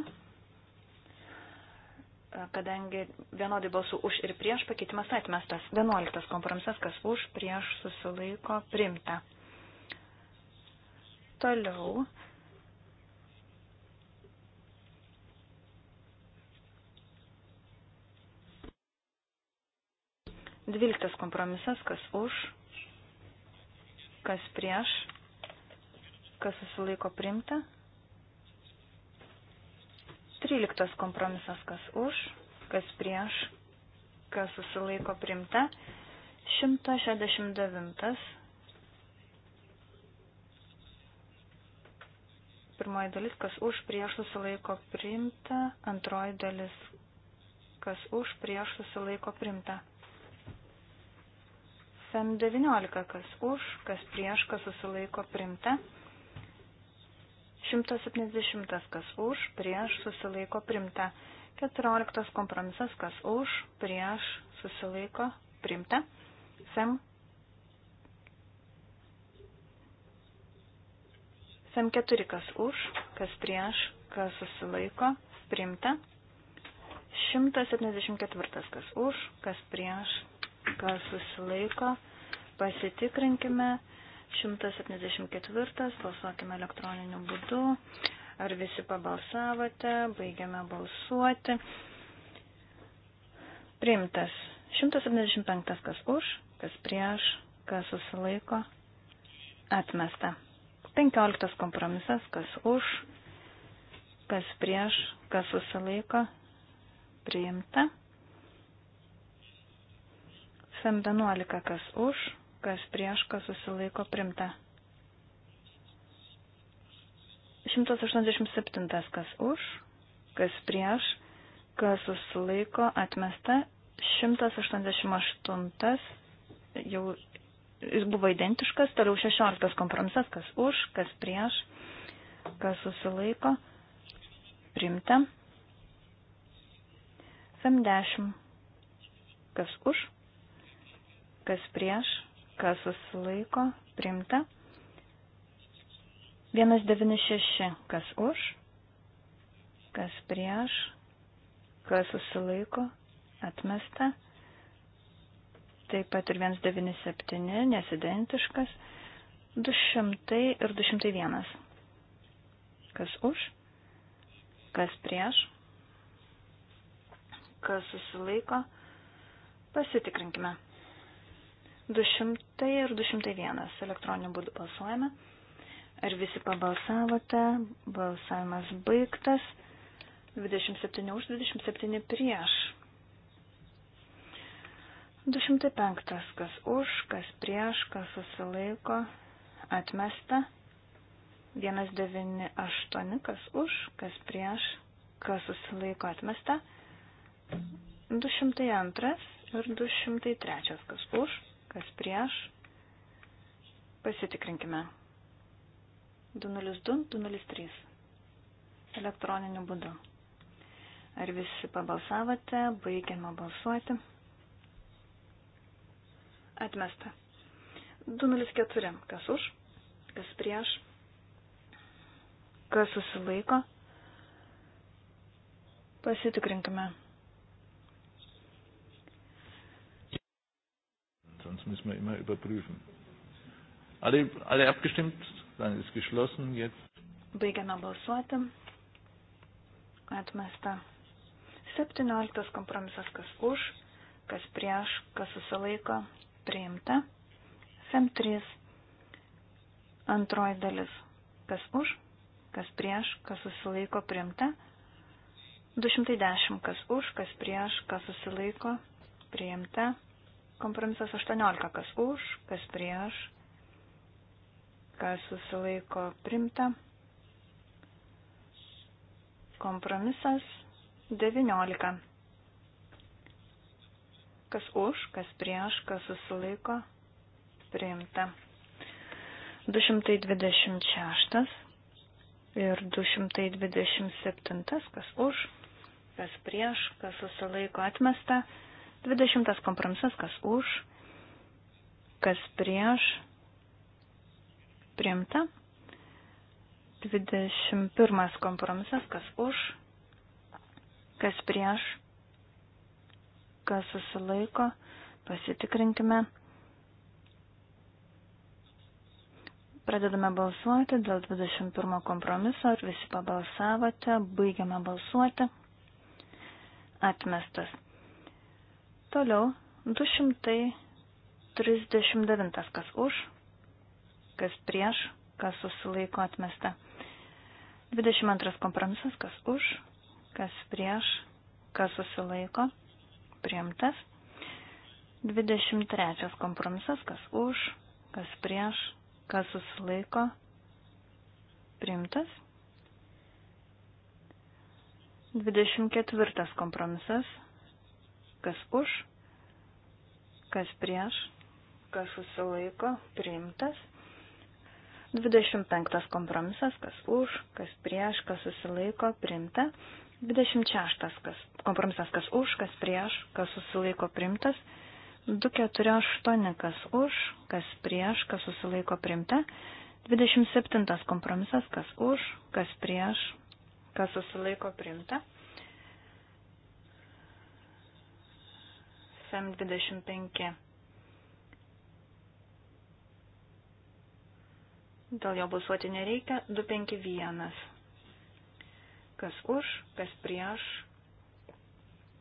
Kadangi vienodai balsų už ir prieš pakeitimas atmestas. 11 kompromisas, kas už, prieš, susilaiko, primta. Toliau. Dvyliktas kompromisas, kas už, kas prieš, kas susilaiko primta. Tryliktas kompromisas, kas už, kas prieš, kas susilaiko primta. 169 Pirmoji dalis, kas už prieš susilaiko primta. Antroji dalis, kas už prieš susilaiko primta. FEM 19, kas už, kas prieš, kas susilaiko primta. 170, kas už, prieš susilaiko primta. 14 kompromisas, kas už, prieš susilaiko primta. FEM 74 kas už, kas prieš, kas susilaiko, priimta. 174 kas už, kas prieš, kas susilaiko, pasitikrinkime. 174 balsuokime elektroniniu būdu. Ar visi pabalsavote, baigiame balsuoti. Priimtas 175 kas už, kas prieš, kas susilaiko, atmesta. 15 kompromisas, kas už, kas prieš, kas susilaiko, priimta. FEM 11, kas už, kas prieš, kas susilaiko, priimta. 187, kas už, kas prieš, kas susilaiko, atmesta. 188 jau jis buvo identiškas, toliau 16 kompromisas, kas už, kas prieš, kas susilaiko, primta. 70, kas už, kas prieš, kas susilaiko, primta. 196, kas už, kas prieš, kas susilaiko, atmesta taip pat ir 197, nes identiškas, 200 ir 201. Kas už, kas prieš, kas susilaiko, pasitikrinkime. 200 ir 201 elektroniniu būdu balsuojame. Ar visi pabalsavote? Balsavimas baigtas. 27 už, 27 prieš. 205. Kas už, kas prieš, kas susilaiko, atmesta. 198. Kas už, kas prieš, kas susilaiko, atmesta. 202 ir 203. Kas už, kas prieš. Pasitikrinkime. 202, 203. Elektroniniu būdu. Ar visi pabalsavote? Baigiame balsuoti. Atmesta. 204. Kas už? Kas prieš? Kas susilaiko? Pasitikrinkime. Sonst müssen wir immer überprüfen. Alle, alle abgestimmt? Dann ist geschlossen jetzt. Baigiame balsuoti. Atmesta. 17 kompromisas kas už, kas prieš, kas susilaiko, priimta. FEM 3 antroji dalis. Kas už, kas prieš, kas susilaiko priimta. 210. Kas už, kas prieš, kas susilaiko priimta. Kompromisas 18. Kas už, kas prieš, kas susilaiko priimta. Kompromisas 19 Kas už, kas prieš, kas susilaiko, priimta. 226 ir 227, kas už, kas prieš, kas susilaiko atmesta. 20 kompromisas, kas už, kas prieš, priimta. 21 kompromisas, kas už, kas prieš, kas susilaiko, pasitikrinkime. Pradedame balsuoti dėl 21 kompromiso, ar visi pabalsavote, baigiame balsuoti. Atmestas. Toliau 239, kas už, kas prieš, kas susilaiko atmesta. 22 kompromisas, kas už, kas prieš, kas susilaiko priimtas. 23 kompromisas, kas už, kas prieš, kas susilaiko, priimtas. 24 kompromisas, kas už, kas prieš, kas susilaiko, priimtas. 25 kompromisas, kas už, kas prieš, kas susilaiko, priimta. 26. Kas, kompromisas kas už, kas prieš, kas susilaiko primtas. 248. Kas už, kas prieš, kas susilaiko primta. 27. Kompromisas kas už, kas prieš, kas susilaiko primta. SEM 25. Dėl jo balsuoti nereikia. 251 kas už, kas prieš,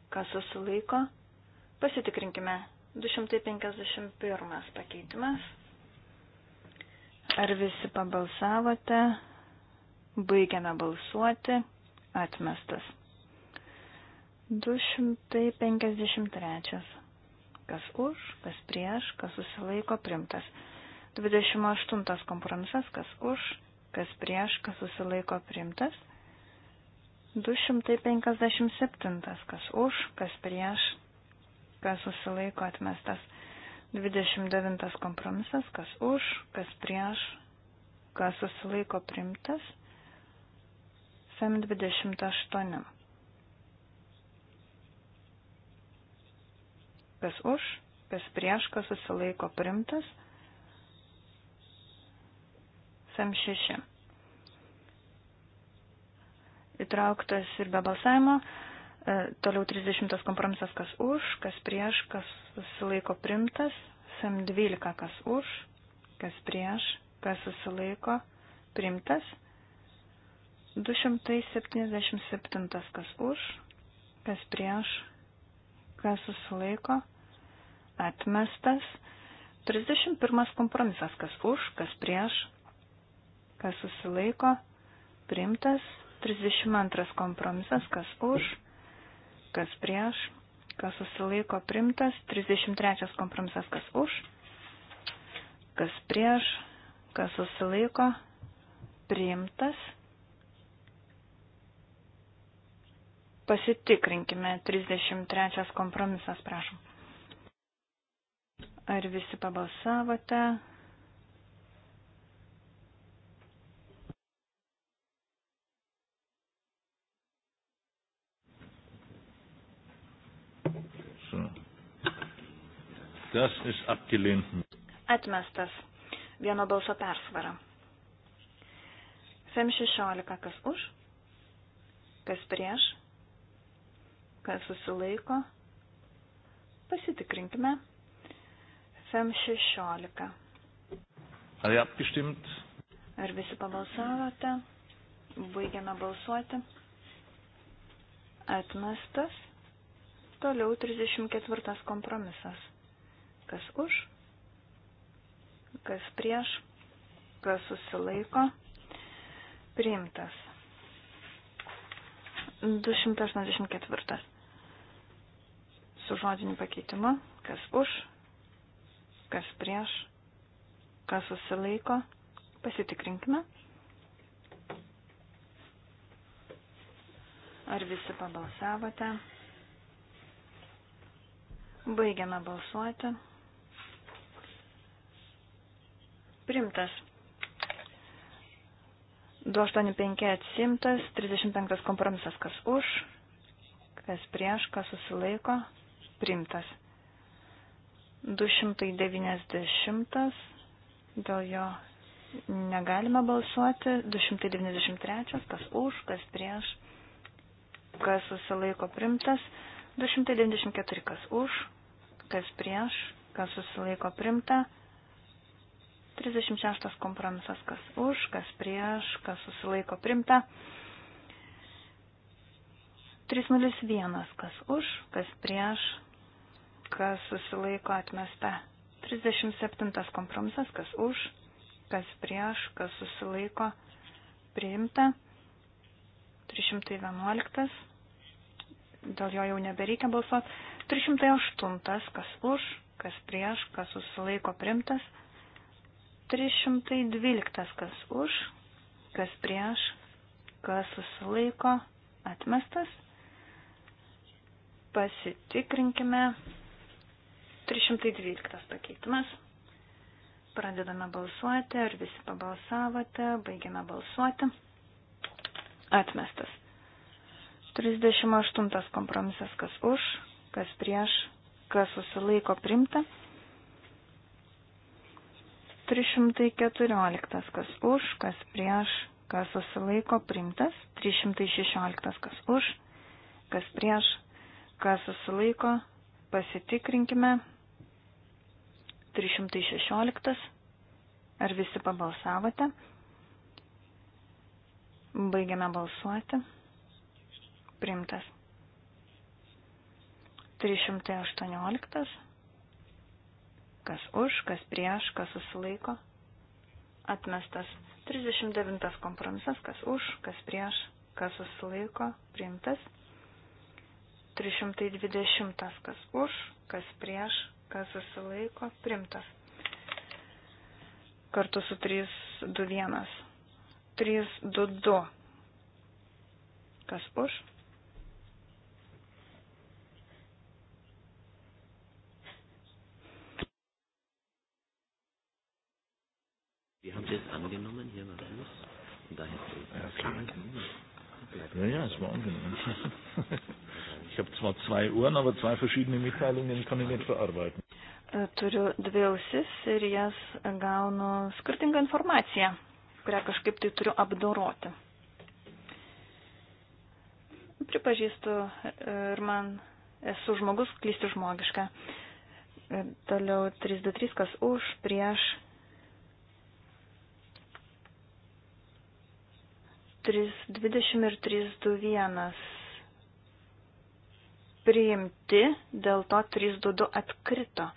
kas susilaiko. Pasitikrinkime. 251 pakeitimas. Ar visi pabalsavote? Baigiame balsuoti. Atmestas. 253. Kas už, kas prieš, kas susilaiko primtas. 28 kompromisas, kas už, kas prieš, kas susilaiko primtas. 257. Kas už, kas prieš, kas susilaiko atmestas. 29. Kompromisas. Kas už, kas prieš, kas susilaiko primtas. FEM 28. Kas už, kas prieš, kas susilaiko primtas. FEM 6 įtrauktas ir be balsavimo. E, toliau 30 kompromisas, kas už, kas prieš, kas susilaiko primtas. SEM 12, kas už, kas prieš, kas susilaiko primtas. 277, kas už, kas prieš, kas susilaiko atmestas. 31 kompromisas, kas už, kas prieš, kas susilaiko primtas. 32 kompromisas, kas už, kas prieš, kas susilaiko primtas. 33 kompromisas, kas už, kas prieš, kas susilaiko priimtas. Pasitikrinkime 33 kompromisas, prašom. Ar visi pabalsavote? Das ist abgelehnt. Atmestas. Vieno balso persvara. FEM 16. Kas už? Kas prieš? Kas susilaiko? Pasitikrinkime. FEM 16. Ar apgištimt? Ar visi pabalsavote? Baigiame balsuoti. Atmestas. Toliau 34 kompromisas. Kas už, kas prieš, kas susilaiko, priimtas. 284. Su žodiniu pakeitimu, kas už, kas prieš, kas susilaiko, pasitikrinkime. Ar visi pabalsavote? Baigiame balsuoti. primtas. 285 atsimtas, 35 kompromisas kas už, kas prieš, kas susilaiko, primtas. 290, dėl jo negalima balsuoti, 293, kas už, kas prieš, kas susilaiko primtas, 294, kas už, kas prieš, kas susilaiko primta, 36 kompromisas, kas už, kas prieš, kas susilaiko primta. 301, kas už, kas prieš, kas susilaiko atmesta. 37 kompromisas, kas už, kas prieš, kas susilaiko priimta. 311, dėl jo jau nebereikia balsuoti. 308, kas už, kas prieš, kas susilaiko primtas. 309, 412. Kas už, kas prieš, kas susilaiko, atmestas. Pasitikrinkime. 312 pakeitimas. Pradedame balsuoti, ar visi pabalsavote, baigiame balsuoti. Atmestas. 38 kompromisas, kas už, kas prieš, kas susilaiko primta. 314 kas už, kas prieš, kas susilaiko primtas, 316 kas už, kas prieš, kas susilaiko, pasitikrinkime, 316, ar visi pabalsavote, baigiame balsuoti, primtas, 318, Kas už, kas prieš, kas susilaiko. Atmestas. 39 kompromisas. Kas už, kas prieš, kas susilaiko. Priimtas. 320. Kas už, kas prieš, kas susilaiko. Priimtas. Kartu su 321. 322. Kas už, Wir haben es jetzt angenommen, hier mal Fuß. Und daher ja, klar. Ja, ja, es war angenommen. Ich habe zwar zwei Uhren, aber zwei verschiedene Mitteilungen kann ich nicht verarbeiten. Äh, turiu dvi ausis ir jas gaunu skirtingą informaciją, kurią kažkaip tai turiu apdoroti. Pripažįstu e, ir man esu žmogus, klysti žmogiška. E, toliau 323, kas už, prieš, 320 ir 321 priimti, dėl to 322 atkrito.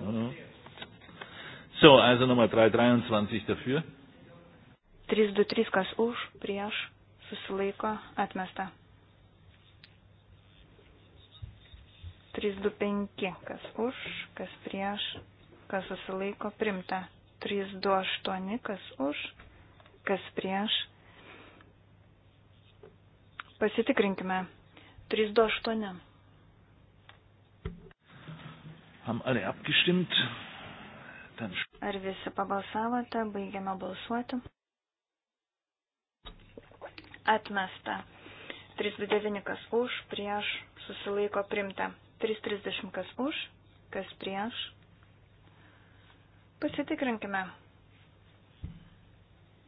Mhm. So, also nochmal 323 dafür. 323 kas už, prieš, susilaiko, atmesta. 325. Kas už, kas prieš, kas susilaiko primta. 328. Kas už, kas prieš. Pasitikrinkime. 328. Haben alle abgestimmt? Dann... Ar visi pabalsavote? Baigiame balsuoti. Atmesta. 329 kas už, prieš, susilaiko primta. 3.30 kas už, kas prieš. Pasitikrinkime.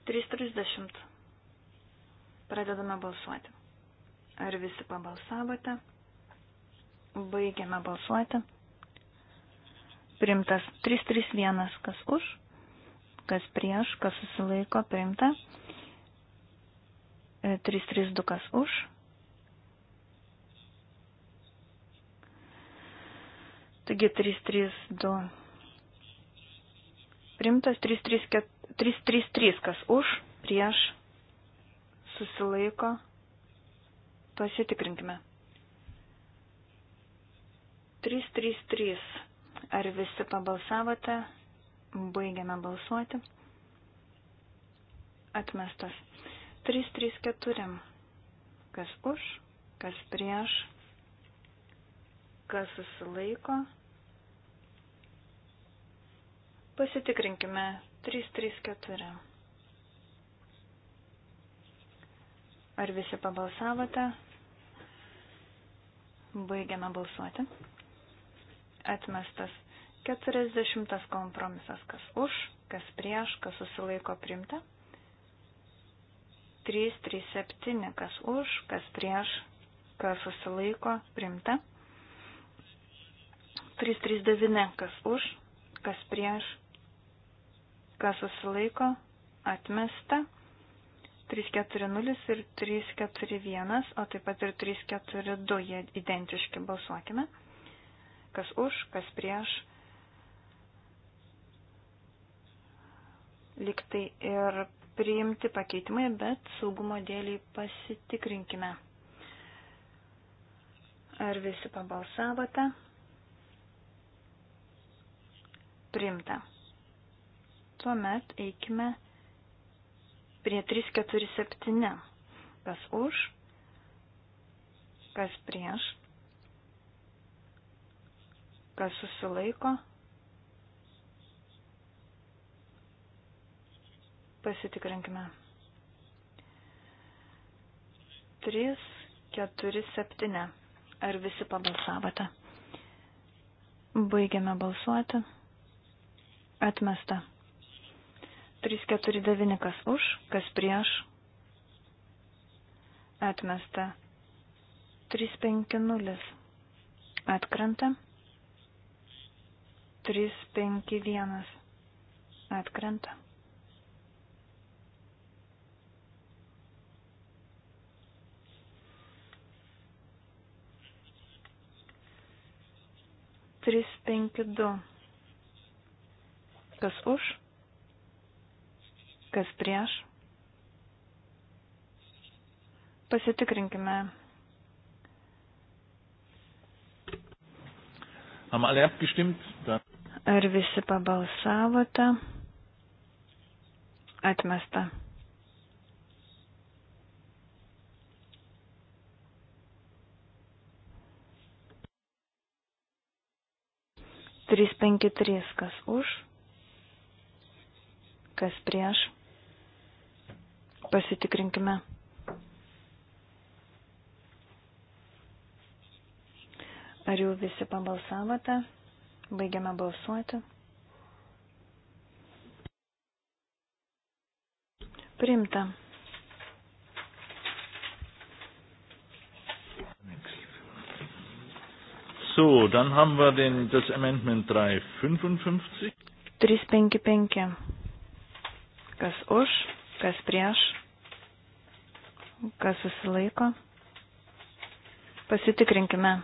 3.30. Pradedame balsuoti. Ar visi pabalsavote? Baigiame balsuoti. Primtas 331, kas už, kas prieš, kas susilaiko, primta. 332, kas už, Taigi 332. Primtas 333, kas už, prieš, susilaiko. Pasitikrinkime. 333. Ar visi pabalsavote? Baigiame balsuoti. Atmestas. 334. Kas už, kas prieš, kas susilaiko. Pasitikrinkime 334. Ar visi pabalsavote? Baigiame balsuoti. Atmestas 40 kompromisas, kas už, kas prieš, kas susilaiko primta. 337, kas už, kas prieš, kas susilaiko primta. 339, kas už, kas prieš, kas susilaiko, atmesta. 340 ir 341, o taip pat ir 342, jie identiški, balsuokime. Kas už, kas prieš. Liktai ir priimti pakeitimai, bet saugumo dėliai pasitikrinkime. Ar visi pabalsavote? primta. Tuomet eikime prie 347. Kas už, kas prieš, kas susilaiko. Pasitikrinkime. 3, 4, 7. Ar visi pabalsavote? Baigiame balsuoti. Atmesta. 349 kas už, kas prieš. Atmesta. 350. Atkrenta. 351. Atkrenta. Trys penki du. Kas už? Kas prieš? Pasitikrinkime. Ar visi pabalsavote? Atmesta. Trys penki trys, kas už? kas prieš. Pasitikrinkime. Ar jau visi pabalsavote? Baigiame balsuoti. Primta. So, dann haben wir den, das Amendment 355. 355. Kas už, kas prieš, kas susilaiko. Pasitikrinkime.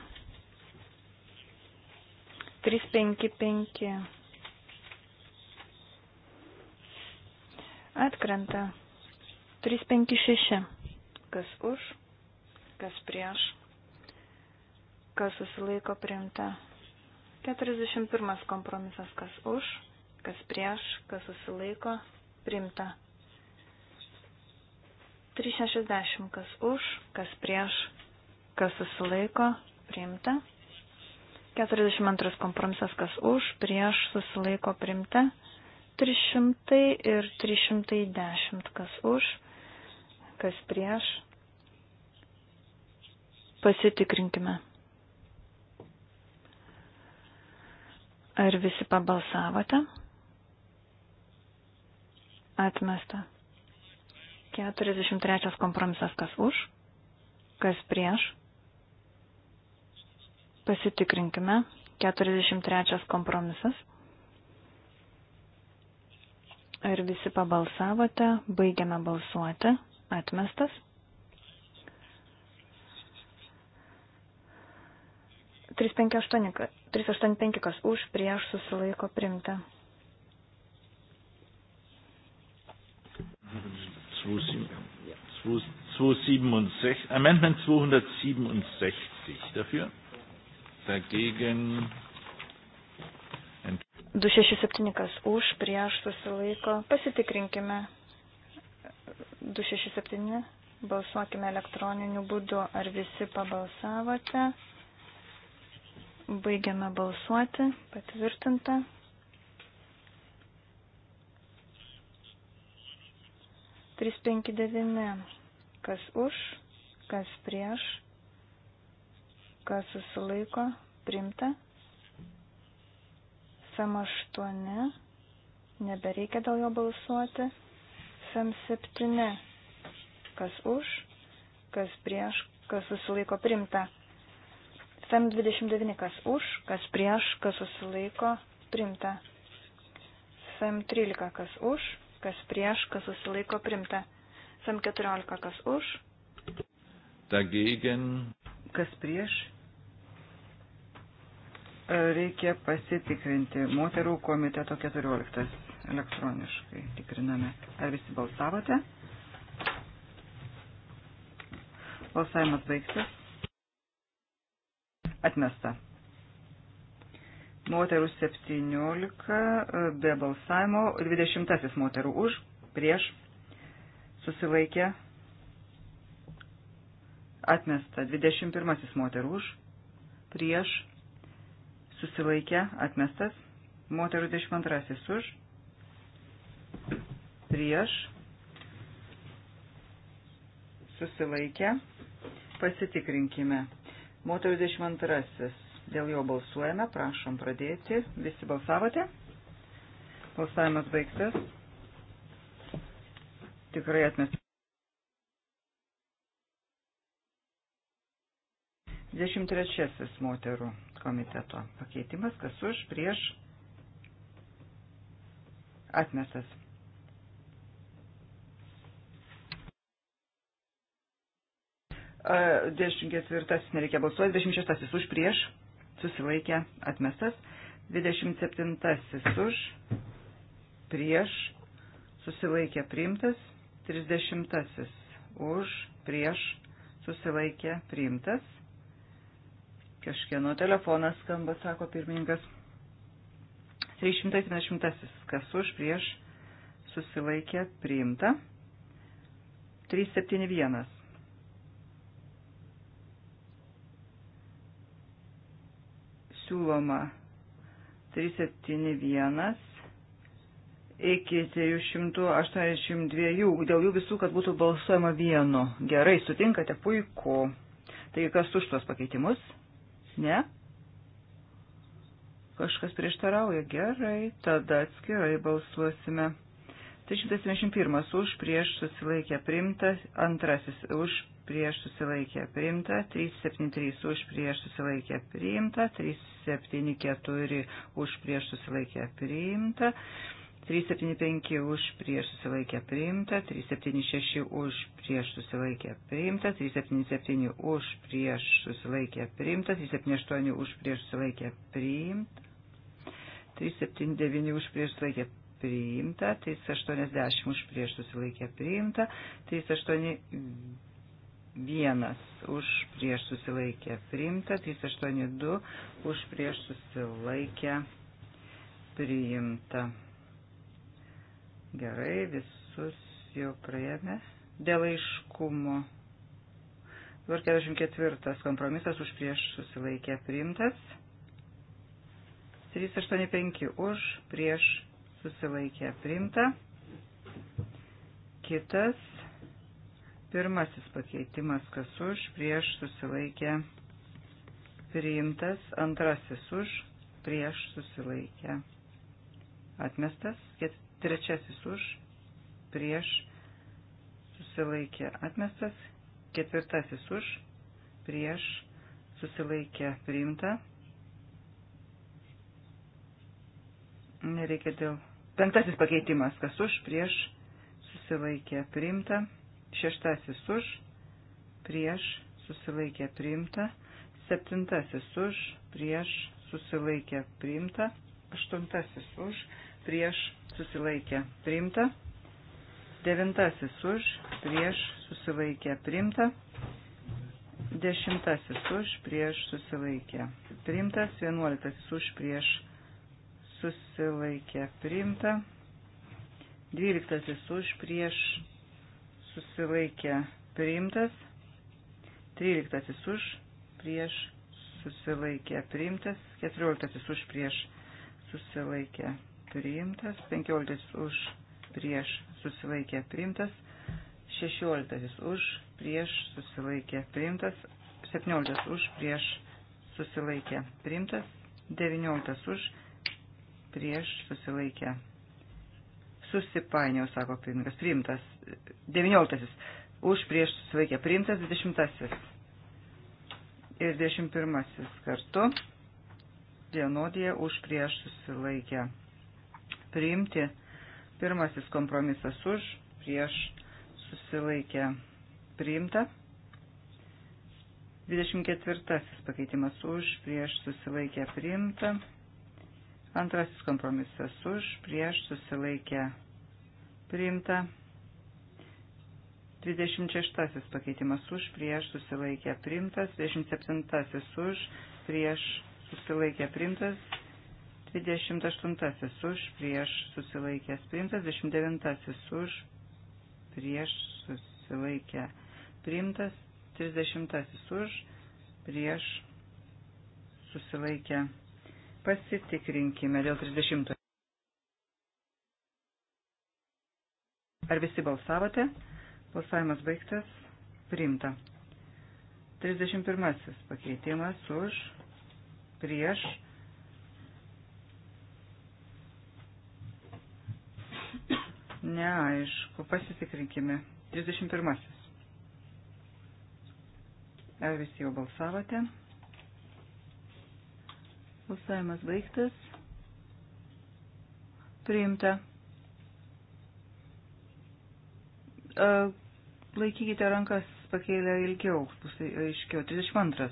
355. Atkrenta. 356. Kas už, kas prieš, kas susilaiko priimta. 41 kompromisas, kas už, kas prieš, kas susilaiko Primta. 360, kas už, kas prieš, kas susilaiko, priimta. 42 kompromisas, kas už, prieš, susilaiko, priimta. 300 ir 310, kas už, kas prieš. Pasitikrinkime. Ar visi pabalsavote? Atmesta. 43 kompromisas kas už, kas prieš. Pasitikrinkime. 43 kompromisas. Ar visi pabalsavote? Baigiame balsuoti. Atmestas. Trys penki aštuoni, trys aštuoni penki kas už, prieš susilaiko primta. 267, Amendment 267 dafür. Dagegen. 267 kas už, prieš susilaiko. Pasitikrinkime. 267. Balsuokime elektroniniu būdu. Ar visi pabalsavote? Baigiame balsuoti. Patvirtinta. 359. Kas už, kas prieš, kas susilaiko, primta. Sam 8. Nebereikia dėl jo balsuoti. Sam 7. Kas už, kas prieš, kas susilaiko, primta. Sam 29. Kas už, kas prieš, kas susilaiko, primta. Sam 13. Kas už, kas prieš, kas susilaiko primta. Sam 14, kas už. Dagegen. Kas prieš. Reikia pasitikrinti. Moterų komiteto 14 elektroniškai tikriname. Ar visi balsavote? Balsavimas baigtas. Atmesta moterų 17 e, be balsavimo, 20 moterų už, prieš, susilaikė, atmesta, 21 moterų už, prieš, susilaikė, atmestas, moterų 22 už, prieš, susilaikė, pasitikrinkime, moterų 22 Dėl jo balsuojame, prašom pradėti. Visi balsavote? Balsavimas baigtas. Tikrai atmestas. 23 moterų komiteto pakeitimas, kas už, prieš, atmestas. Dvidešimt ketvirtasis nereikia balsuoti, dvidešimt šeštasis už prieš, susilaikė atmestas, 27 už, prieš, susilaikė priimtas, 30 už, prieš, susilaikė priimtas. Kažkieno telefonas skamba, sako pirmininkas. 370 kas už, prieš, susilaikė priimta. 371 siūloma 371 iki 382, dėl jų visų, kad būtų balsuojama vienu. Gerai, sutinkate, puiku. Taigi kas už tuos pakeitimus? Ne? Kažkas prieštarauja. Gerai, tada atskirai balsuosime. 371 už prieš susilaikę primta, antrasis už prieš susilaikę primta, 373 už prieš susilaikę primta, 374 už prieš susilaikę primta, 375 už prieš susilaikę primta, 376 už prieš susilaikę primta, 377 už prieš susilaikę primta, 378 už prieš susilaikę primta. 379 už prieš susilaikę priimta, 380 už prieš susilaikė priimta, 381 už prieš susilaikė priimta, 382 už prieš susilaikė priimta. Gerai, visus jau praėjome. Dėl aiškumo. Dabar 44 kompromisas už prieš susilaikė priimtas. 385 už prieš susilaikė priimta. Kitas, pirmasis pakeitimas, kas už, prieš susilaikė priimtas, antrasis už, prieš susilaikė atmestas, trečiasis už, prieš susilaikė atmestas, ketvirtasis už, prieš susilaikė priimta. Nereikia dėl. Penktasis pakeitimas, kas už, prieš, susilaikė, priimta. Šeštasis už, prieš, susilaikė, priimta. Septintasis už, prieš, susilaikė, priimta. Aštuntasis už, prieš, susilaikė, priimta. Devintasis už, prieš, susilaikė, priimta. Dešimtasis už, prieš, susilaikė. Priimtas. Vienuoliktasis už, prieš, susilaikė priimta. Dvyliktasis už prieš susilaikė priimtas. Tryliktasis už prieš susilaikė priimtas. Keturioliktasis už prieš susilaikė priimtas. Penkioliktasis už prieš susilaikė priimtas. Šešioliktasis už prieš susilaikė priimtas. Septynioliktas už prieš susilaikė priimtas. Devynioliktas už prieš prieš susilaikę. Susipainiau, sako pirmininkas, priimtas. 19. Už prieš susilaikę priimtas 20. Ir 21. kartu. Dienodėje už prieš susilaikę. Priimti. Pirmasis kompromisas už prieš susilaikę. Priimta. 24 pakeitimas už, prieš susilaikę priimta. Antrasis kompromisas už, prieš susilaikę priimta. 26 pakeitimas už, prieš susilaikę priimtas. 27 už, prieš susilaikę priimtas. 28 už, prieš susilaikęs priimtas. 29 už, prieš susilaikę priimtas. 30 už, prieš susilaikę priimtas Pasitikrinkime dėl 30. Ar visi balsavote? Balsavimas baigtas. Priimta. 31. Pakeitimas už, prieš. Neaišku, pasitikrinkime. 31. Ar visi jau balsavote? Balsavimas baigtas. Priimta. Laikykite rankas pakėlę ilgiau, pusai aiškiau. 32.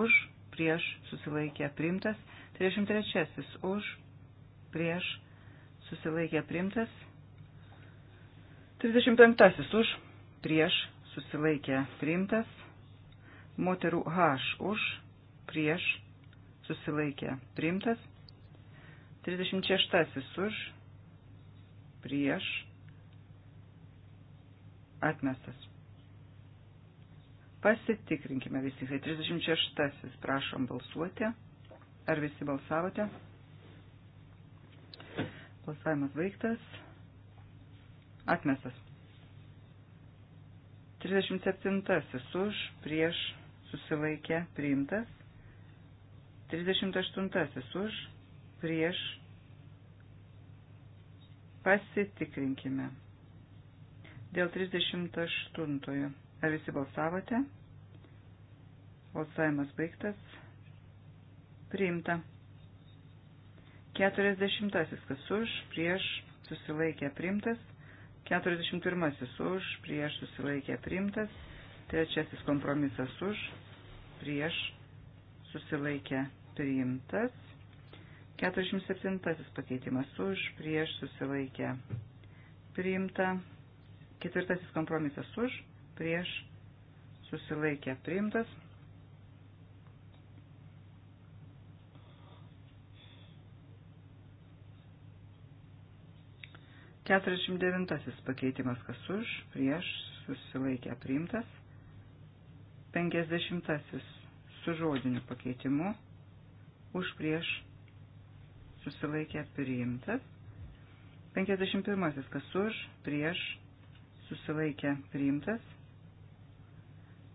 Už, prieš, susilaikė, primtas. 33. Už, prieš, susilaikė, primtas. 35. Už, prieš, susilaikė, primtas. Moterų H už, prieš, susilaikė priimtas. 36 už, prieš, atmestas. Pasitikrinkime vis tik. 36. Tai prašom balsuoti. Ar visi balsavote? Balsavimas baigtas. Atmestas. 37. Už, prieš, susilaikė, priimtas. 38 už, prieš, pasitikrinkime. Dėl 38. Ar visi balsavote? Balsavimas baigtas. Priimta. 40. Kas už, prieš, susilaikė priimtas. 41. Už, prieš, susilaikė priimtas. Trečiasis kompromisas už, prieš, susilaikė priimtas priimtas. 47 pakeitimas už, prieš susilaikę priimta. Ketvirtasis kompromisas už, prieš susilaikę priimtas. Keturiasdešimt devintasis pakeitimas kas už, prieš, susilaikę priimtas. Penkiasdešimtasis su žodiniu pakeitimu už prieš susilaikė priimtas. 51. Kas už prieš susilaikė priimtas.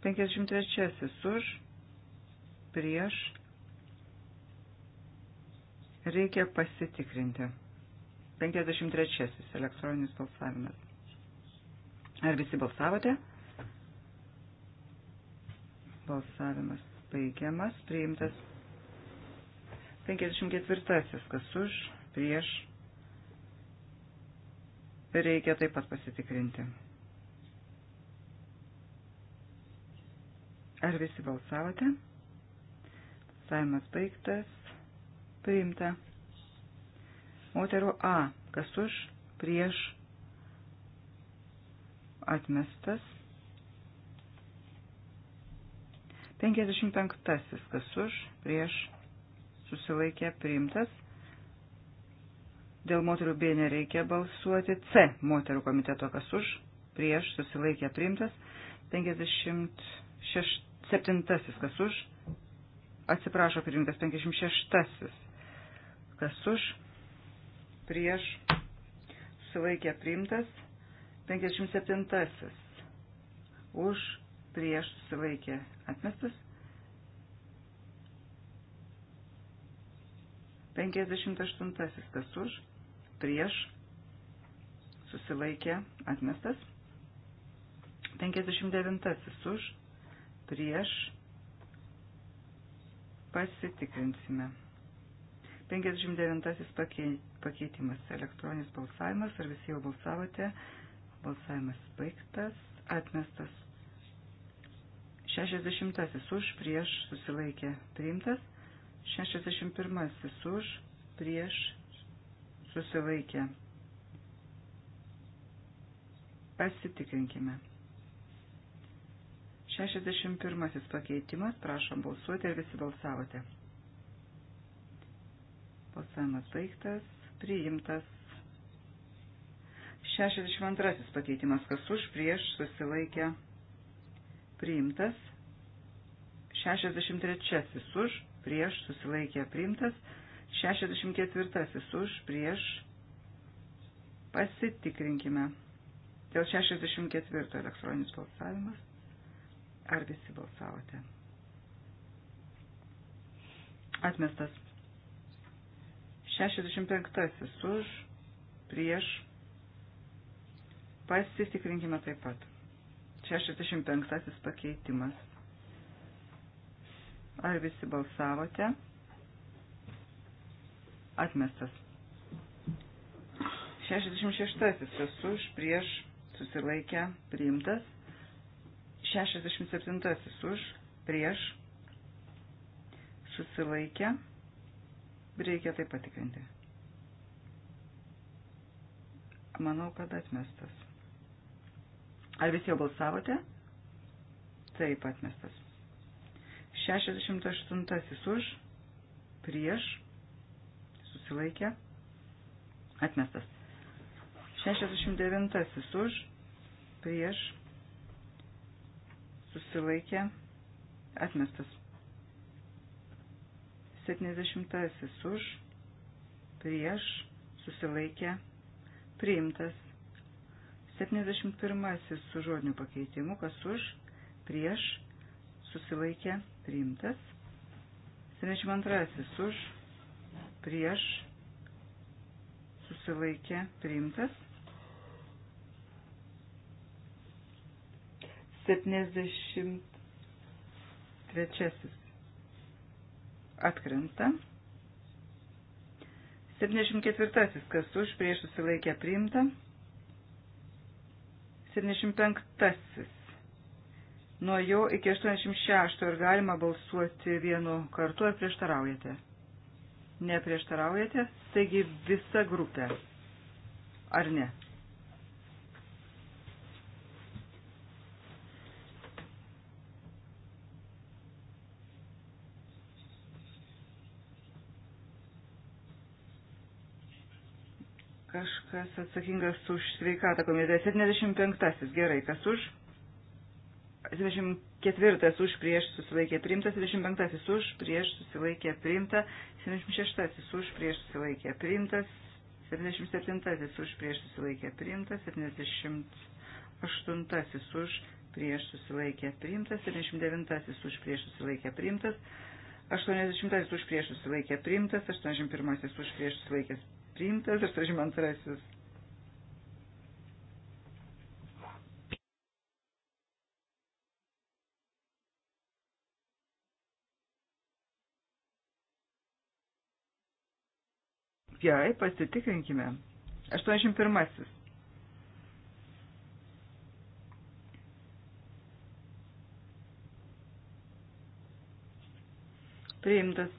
53. Už prieš reikia pasitikrinti. 53. Elektroninis balsavimas. Ar visi balsavote? Balsavimas baigiamas, priimtas 54. Kas už, prieš. Reikia taip pat pasitikrinti. Ar visi balsavote? Saimas baigtas. Priimta. Moterų A. Kas už, prieš. Atmestas. 55. Kas už, prieš susilaikė priimtas. Dėl moterų B nereikia balsuoti. C. Moterų komiteto kas už, prieš, susilaikė priimtas. 57. kas už. Atsiprašo, priimtas 56. kas už, prieš, susilaikė priimtas. 57. už, prieš, susilaikė atmestas. 58 kas už, prieš, susilaikė, atmestas. 59 už, prieš, pasitikrinsime. 59 pakeitimas elektroninis balsavimas, ar visi jau balsavote, balsavimas baigtas, atmestas. 60 už, prieš, susilaikė, priimtas. 61 už, prieš, susilaikė. Pasitikrinkime. 61 pakeitimas, prašom balsuoti, ar visi balsavote. Balsavimas baigtas, priimtas. 62 pakeitimas, kas už, prieš, susilaikė, priimtas. 63 už, prieš, susilaikė priimtas. 64 už, prieš, pasitikrinkime. Dėl 64 elektroninis balsavimas. Ar visi balsavote? Atmestas. 65 už, prieš, pasitikrinkime taip pat. 65 pakeitimas. Ar visi balsavote? Atmestas. 66. Kas už, prieš, susilaikę, priimtas. 67. Už, prieš, susilaikę. Reikia tai patikrinti. Manau, kad atmestas. Ar visi jau balsavote? Taip, atmestas. 68 už, prieš, susilaikė, atmestas. 69 už, prieš, susilaikė, atmestas. 70 už, prieš, susilaikė, priimtas. 71 su žodiniu pakeitimu, kas už, prieš, susilaikė, atmestas priimtas. 72 už, prieš, susilaikė, priimtas. 73 atkrenta. 74 kas už, prieš susilaikė, priimta. 75 nuo jo iki 86 ir galima balsuoti vienu kartu, ar prieštaraujate? Neprieštaraujate, taigi visa grupė, ar ne? kažkas atsakingas už sveikatą komitete. 75. Gerai, kas už? 74 už prieš susilaikė priimta, 75 už prieš susilaikė priimta, 76 už prieš susilaikė priimtas, 77 už prieš susilaikė priimtas, 78 už prieš susilaikė priimtas, 79 už prieš susilaikė priimtas, 80 už prieš susilaikė priimtas, 81 už prieš susilaikė priimtas, 82 Gerai, pasitikrinkime. 81. Priimtas.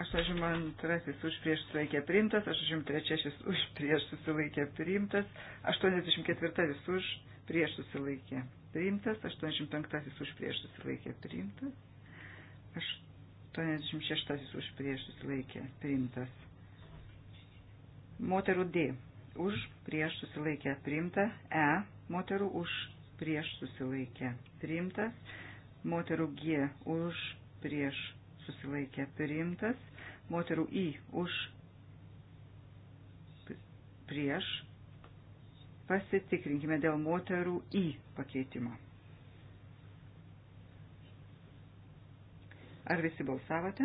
Aš antrasis už prieš susilaikė priimtas, aš trečiasis už prieš susilaikė priimtas, 84 už prieš susilaikė priimtas, 85 už prieš susilaikė priimtas. 86 už prieš susilaikė priimtas. Moterų D. Už prieš susilaikė priimta. E. Moterų už prieš susilaikė priimtas. Moterų G. Už prieš susilaikė priimtas. Moterų I. Už prieš. Pasitikrinkime dėl moterų I pakeitimo. Ar visi balsavote?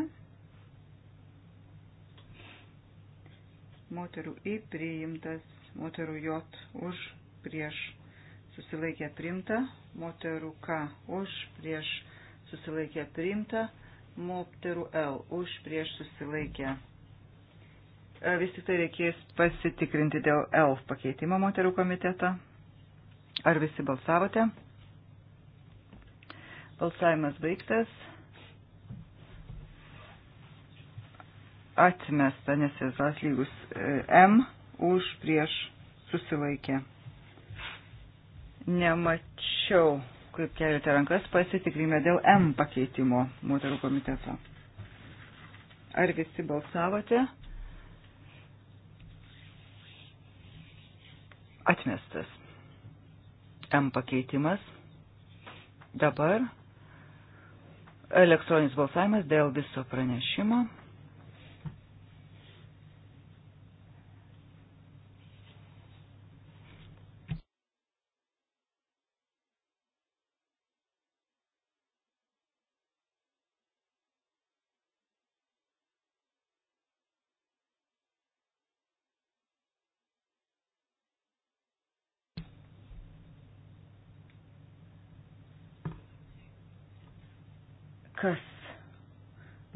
Moterų į priimtas, moterų J už prieš susilaikę priimta, moterų K už prieš susilaikę priimta, moterų L už prieš susilaikę. Vis tik tai reikės pasitikrinti dėl L pakeitimo moterų komiteto. Ar visi balsavote? Balsavimas baigtas. atmesta, nes rezultatas lygus e, M už prieš susilaikė. Nemačiau, kaip keliate rankas, pasitikrime dėl M pakeitimo moterų komiteto. Ar visi balsavote? Atmestas. M pakeitimas. Dabar elektroninis balsavimas dėl viso pranešimo.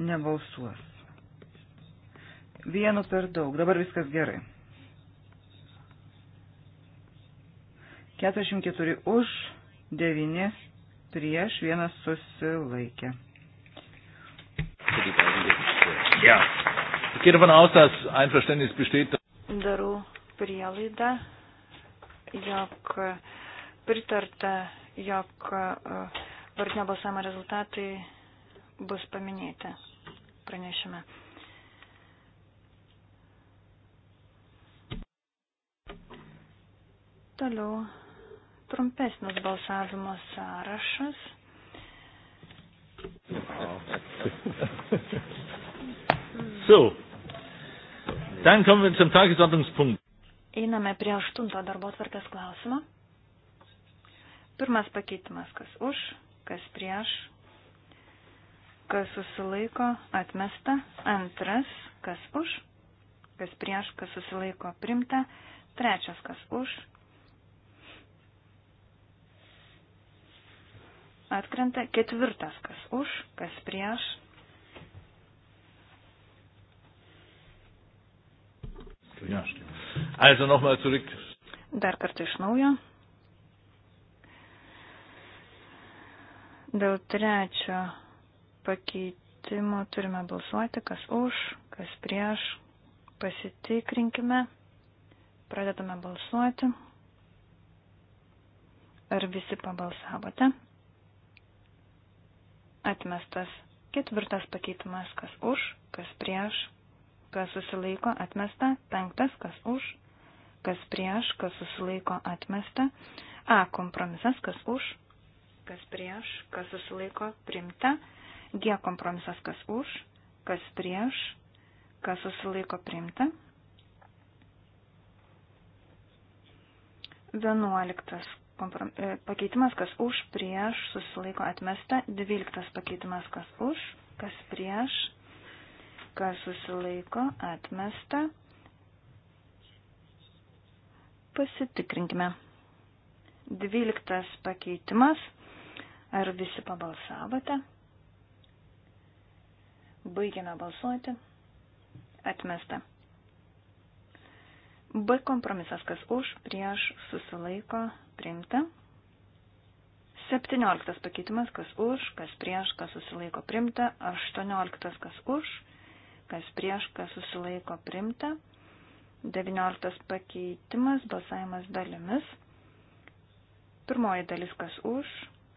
nebalsuos. Vienu per daug. Dabar viskas gerai. 44 už, 9 prieš, vienas susilaikė. Ja. Ich gehe davon aus, dass Einverständnis besteht. Darau prielaidą, jog pritarta, jog uh, vardinio balsavimo rezultatai bus paminėti pranešime. Toliau trumpesnis balsavimo sąrašas. So, dann kommen wir zum Tagesordnungspunkt. Einame prie aštunto darbo tvarkės klausimo. Pirmas pakeitimas, kas už, kas prieš, kas susilaiko, atmesta. Antras, kas už, kas prieš, kas susilaiko, primta. Trečias, kas už. Atkrenta. Ketvirtas, kas už, kas prieš. Also nochmal zurück. Dar kartą iš naujo. Dėl trečio pakeitimų turime balsuoti, kas už, kas prieš. Pasitikrinkime. Pradedame balsuoti. Ar visi pabalsavote? Atmestas ketvirtas pakeitimas, kas už, kas prieš, kas susilaiko atmesta, penktas, kas už, kas prieš, kas susilaiko atmesta, A kompromisas, kas už, kas prieš, kas susilaiko primta, G kompromisas kas už, kas prieš, kas susilaiko priimta. 11 komprom... E, pakeitimas kas už, prieš, susilaiko atmesta. 12 pakeitimas kas už, kas prieš, kas susilaiko atmesta. Pasitikrinkime. 12 pakeitimas. Ar visi pabalsavote? Baigiame balsuoti. Atmesta. B kompromisas, kas už, prieš, susilaiko, priimta. 17 pakeitimas, kas už, kas prieš, kas susilaiko, priimta. 18 kas už, kas prieš, kas susilaiko, priimta. 19 pakeitimas, balsavimas dalimis. Pirmoji dalis, kas už,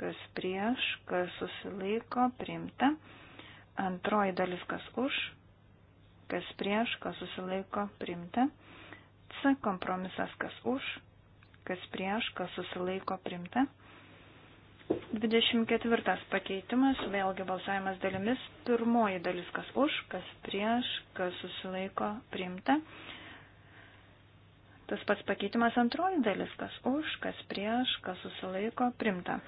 kas prieš, kas susilaiko, priimta. Antroji dalis kas už, kas prieš, kas susilaiko primta. C kompromisas kas už, kas prieš, kas susilaiko primta. 24 pakeitimas, vėlgi balsavimas dalimis, pirmoji dalis kas už, kas prieš, kas susilaiko priimta. Tas pats pakeitimas antroji dalis kas už, kas prieš, kas susilaiko priimta.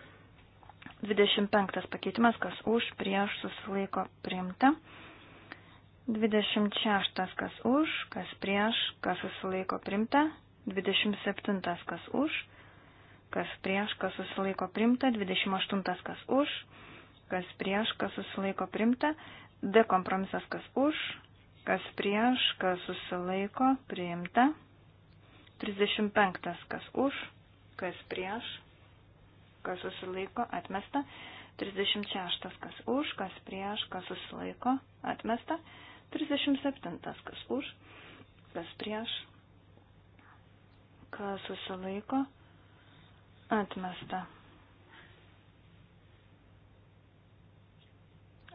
25 pakeitimas, kas už, prieš, susilaiko priimta. 26 kas už, kas prieš, kas susilaiko priimta. 27 kas už, kas prieš, kas susilaiko priimta. 28 kas už, kas prieš, kas susilaiko priimta. D kompromisas kas už, kas prieš, kas susilaiko priimta. 35 kas už, kas prieš, kas susilaiko, atmesta. 36, kas už, kas prieš, kas susilaiko, atmesta. 37, kas už, kas prieš, kas susilaiko, atmesta.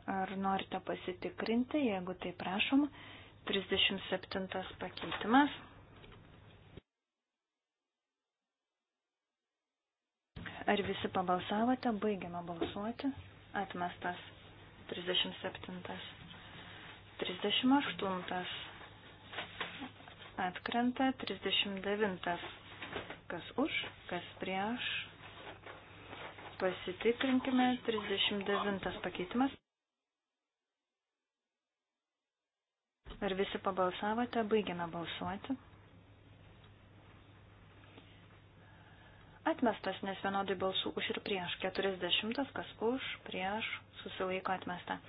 Ar norite pasitikrinti, jeigu tai prašom, 37 pakeitimas. Ar visi pabalsavote? Baigiame balsuoti. Atmestas. 37. 38. Atkrenta. 39. Kas už, kas prieš. Pasitikrinkime. 39 pakeitimas. Ar visi pabalsavote? Baigiame balsuoti. atmestas, nes vienodai balsų už ir prieš. 40, kas už, prieš, susilaiko atmesta.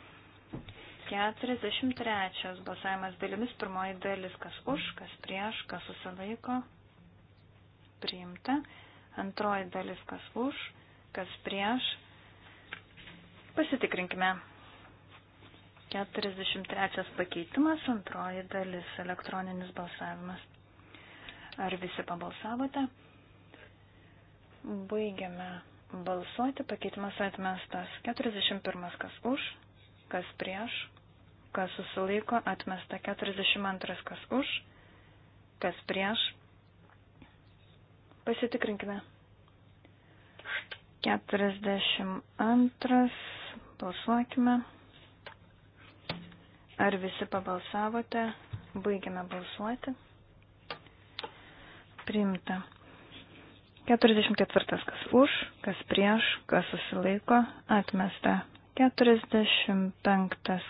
43 balsavimas dalimis, pirmoji dalis, kas už, kas prieš, kas susilaiko, priimta. Antroji dalis, kas už, kas prieš. Pasitikrinkime. 43 pakeitimas, antroji dalis, elektroninis balsavimas. Ar visi pabalsavote? Baigiame balsuoti. Pakeitimas atmestas. 41. Kas už, kas prieš, kas susilaiko. Atmesta. 42. Kas už, kas prieš. Pasitikrinkime. 42. Balsuokime. Ar visi pabalsavote? Baigiame balsuoti. Priimta. 44. Kas už, kas prieš, kas susilaiko, atmesta. 45.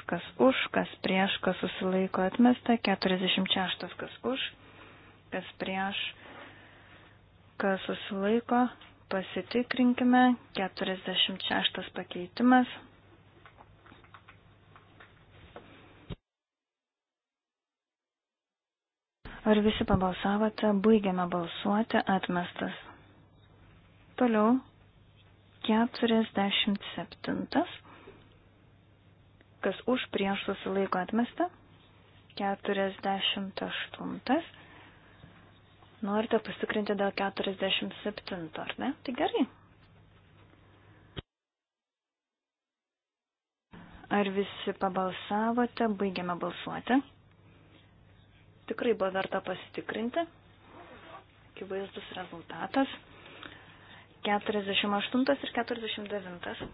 Kas už, kas prieš, kas susilaiko, atmesta. 46. Kas už, kas prieš, kas susilaiko, pasitikrinkime. 46. Pakeitimas. Ar visi pabalsavote, baigiame balsuoti, atmestas. Toliau 47. Kas už prieš susilaiko atmesta? 48. Norite pasikrinti dėl 47, ar ne? Tai gerai. Ar visi pabalsavote? Baigiame balsuoti. Tikrai buvo verta pasitikrinti. Akivaizdus rezultatas. 48 ir 49.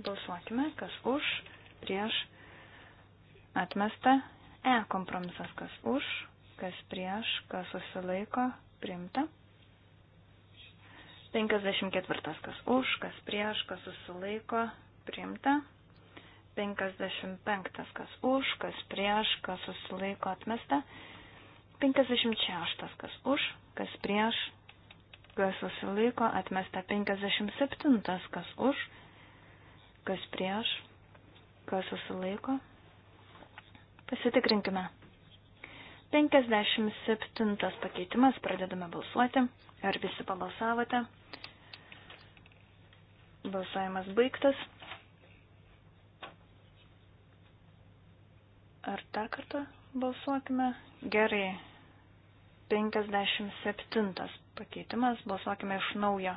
Balsuokime, kas už, prieš, atmesta, E kompromisas, kas už, kas prieš, kas susilaiko, priimta. 54. kas už, kas prieš, kas susilaiko, priimta. 55. kas už, kas prieš, kas susilaiko, atmesta. 56. kas už, kas prieš, kas susilaiko, atmesta 57, kas už, kas prieš, kas susilaiko. Pasitikrinkime. 57 pakeitimas, pradedame balsuoti. Ar visi pabalsavote? Balsavimas baigtas. Ar tą kartą balsuokime? Gerai. 57 pakeitimas, balsuokime iš naujo.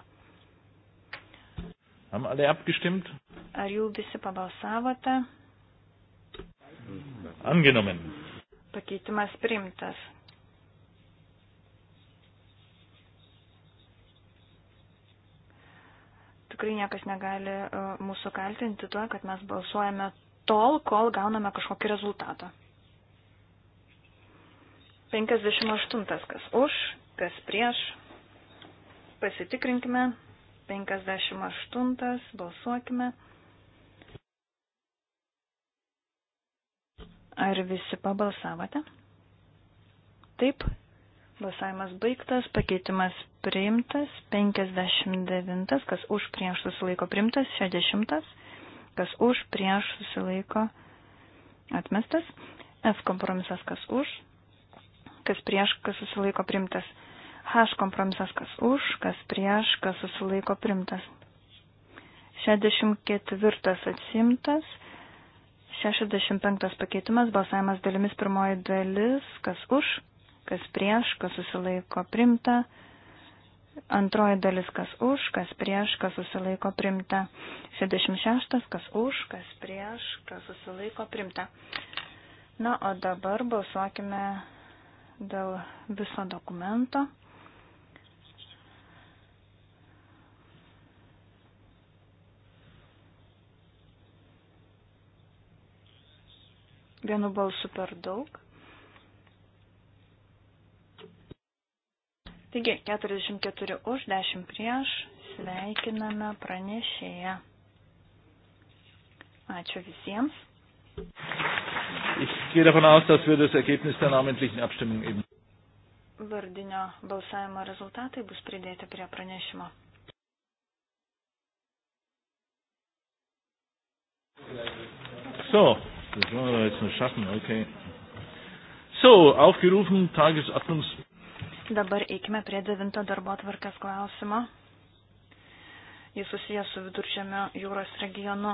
Ar jau visi pabalsavote? Angenomen. Pakeitimas priimtas. Tikrai niekas negali e, mūsų kaltinti tuo, kad mes balsuojame tol, kol gauname kažkokį rezultatą. 58. Kas už, kas prieš, pasitikrinkime. 58 balsuokime. Ar visi pabalsavote? Taip. Balsavimas baigtas, pakeitimas priimtas, 59, kas už prieš susilaiko priimtas, 60, kas už prieš susilaiko atmestas, F kompromisas, kas už, kas prieš, kas susilaiko priimtas, H kompromisas kas už, kas prieš, kas susilaiko primtas. 64 atsimtas, 65 pakeitimas, balsavimas dalimis pirmoji dalis, kas už, kas prieš, kas susilaiko primta. Antroji dalis, kas už, kas prieš, kas susilaiko primta. 66, kas už, kas prieš, kas susilaiko primta. Na, o dabar balsuokime dėl viso dokumento. Vienu balsu per daug. Taigi, 44 už, 10 prieš, sveikiname pranešėją. Ačiū visiems. Ich gehe davon aus, dass wir das Ergebnis der namentlichen Abstimmung eben. Vardinio balsavimo rezultatai bus pridėti prie pranešimo. So, Das wollen wir jetzt noch schaffen, okay. So, aufgerufen, Tagesordnungs. Dabar eikime prie devinto darbo atvarkės klausimo. Jis susijęs su viduržėmio jūros regionu.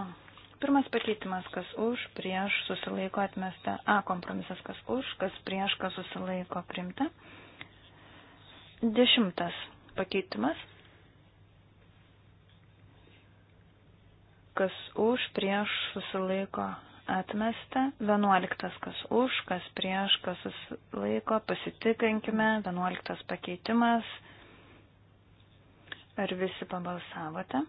Pirmas pakeitimas, kas už, prieš, susilaiko atmesta. A kompromisas, kas už, kas prieš, kas susilaiko primta. Dešimtas pakeitimas. Kas už, prieš, susilaiko atmesta, 11 kas už, kas prieš, kas susilaiko, pasitikrinkime, 11 pakeitimas. Ar visi pabalsavote?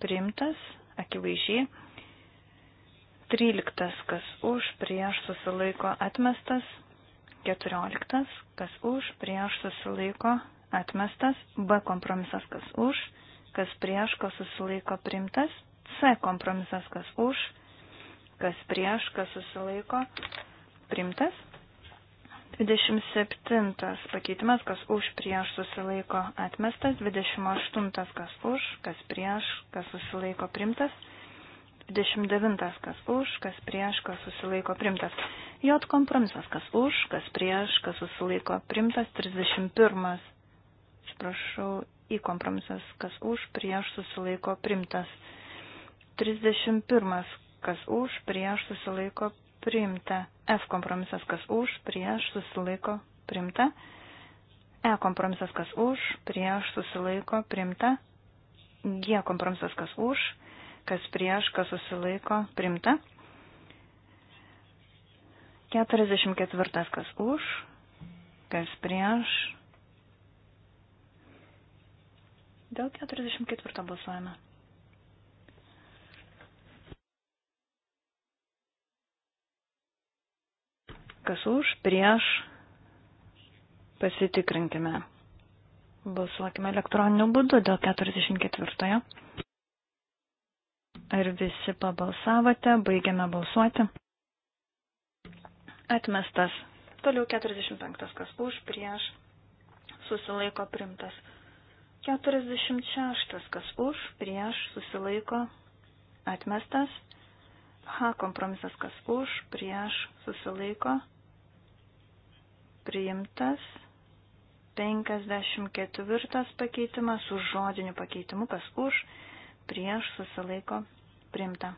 Primtas, akivaizdžiai. 13 kas už, prieš susilaiko atmestas, 14 kas už, prieš susilaiko atmestas, B kompromisas kas už, kas prieš, kas susilaiko primtas, C kompromisas, kas už, kas prieš, kas susilaiko, primtas. 27 pakeitimas, kas už, prieš, susilaiko, atmestas. 28 kas už, kas prieš, kas susilaiko, primtas. 29 kas už, kas prieš, kas susilaiko, primtas. J kompromisas, kas už, kas prieš, kas susilaiko, primtas. 31 atsiprašau, į kompromisas, kas už, prieš susilaiko primtas. 31. Kas už, prieš susilaiko priimta. F kompromisas, kas už, prieš susilaiko priimta. E kompromisas, kas už, prieš susilaiko priimta. G kompromisas, kas už, kas prieš, kas susilaiko priimta. 44. Kas už, kas prieš. Dėl 44 balsuojame. Kas už, prieš, pasitikrinkime. Balsuokime elektroniniu būdu dėl 44. Ar visi pabalsavote, baigiame balsuoti? Atmestas. Toliau 45. Kas už, prieš, susilaiko primtas. 46. Kas už, prieš, susilaiko atmestas. H kompromisas kas už, prieš, susilaiko, priimtas. 54 pakeitimas su žodiniu pakeitimu, kas už, prieš, susilaiko, priimta.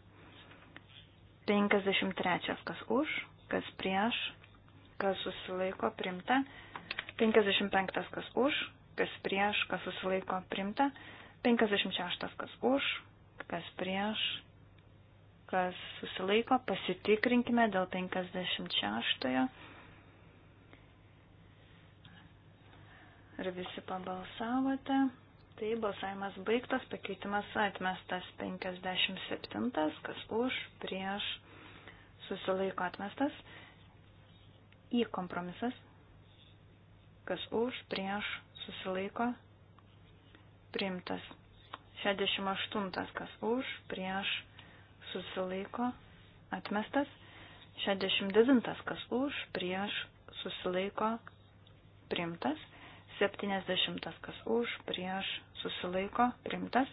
53 kas už, kas prieš, kas susilaiko, priimta. 55 kas už, kas prieš, kas susilaiko, priimta. 56 kas už, kas prieš, kas susilaiko, pasitikrinkime dėl 56. Ar visi pabalsavote? Tai balsavimas baigtas, pakeitimas atmestas 57, kas už, prieš, susilaiko atmestas. Į kompromisas, kas už, prieš, susilaiko, priimtas. 68, kas už, prieš, susilaiko atmestas. 69 kas už, prieš susilaiko primtas. 70 kas už, prieš susilaiko primtas.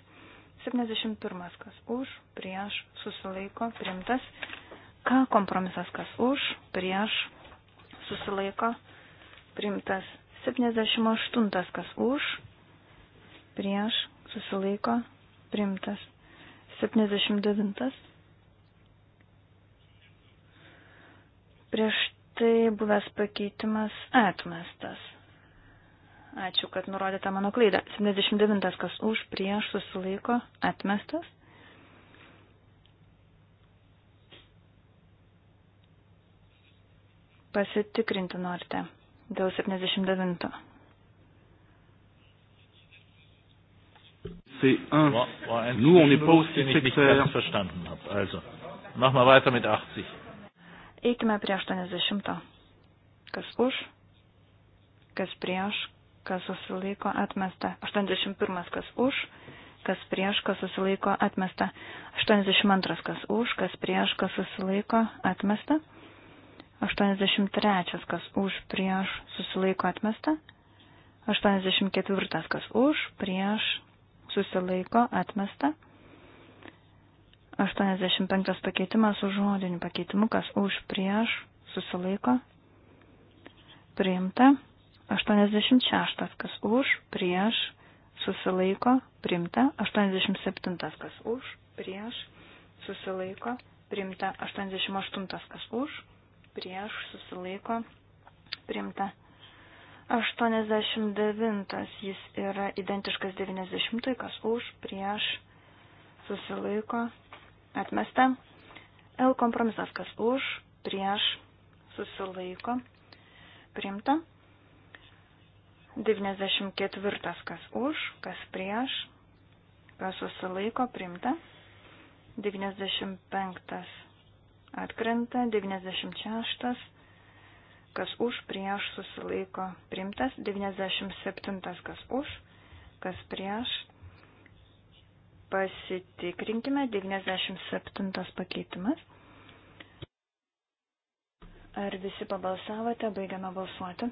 71 kas už, prieš susilaiko primtas. K kompromisas kas už, prieš susilaiko primtas. 78 kas už, prieš susilaiko primtas. 79 Prieš tai buvęs pakeitimas atmestas. Ačiū, kad nurodėte mano klaidą. 79. kas už, prieš, susilaiko, atmestas. Pasitikrinti norite dėl 79. C'est un. Nous, on n'est pas aussi sectaires. Verstanden habe. Also, machen wir weiter mit 80. Eikime prie 80. Kas už, kas prieš, kas susilaiko atmesta. 81. Kas už, kas prieš, kas susilaiko atmesta. 82. Kas už, kas prieš, kas susilaiko atmesta. 83. Kas už, prieš, susilaiko atmesta. 84. Kas už, prieš, susilaiko atmesta. 85 pakeitimas už žodinių pakeitimų, kas už prieš susilaiko priimta. 86 kas už prieš susilaiko priimta. 87 kas už prieš susilaiko priimta. 88 kas už prieš susilaiko priimta. 89 jis yra identiškas 90, kas už prieš susilaiko priimta atmesta. L kompromisas, kas už, prieš, susilaiko, priimta. 94, kas už, kas prieš, kas susilaiko, priimta. 95 atkrenta, 96, kas už, prieš, susilaiko, priimtas. 97, kas už, kas prieš, Pasitikrinkime 97 pakeitimas. Ar visi pabalsavote, baigiame balsuoti?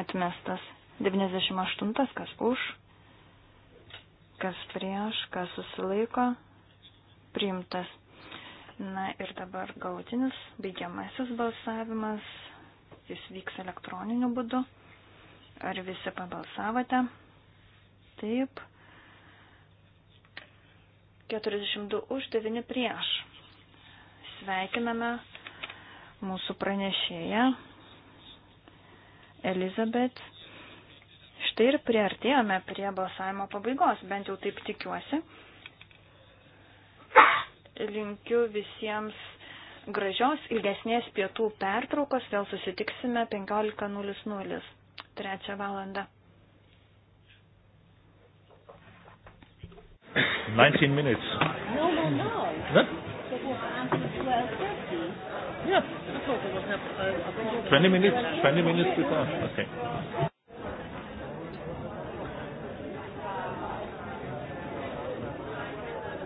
Atmestas 98, kas už, kas prieš, kas susilaiko, priimtas. Na ir dabar gautinis baigiamasis balsavimas, jis vyks elektroniniu būdu. Ar visi pabalsavote? Taip. 42 už, 9 prieš. Sveikiname mūsų pranešėją Elizabet. Štai ir priartėjome prie balsavimo pabaigos, bent jau taip tikiuosi. Linkiu visiems gražios ilgesnės pietų pertraukos, vėl susitiksime 15.00 trečią valandą. 19 minutes. No, no, no. Huh? It was until 12.30. Yeah. I thought it was not, uh, 20 minutes, 20 minutes before. Okay.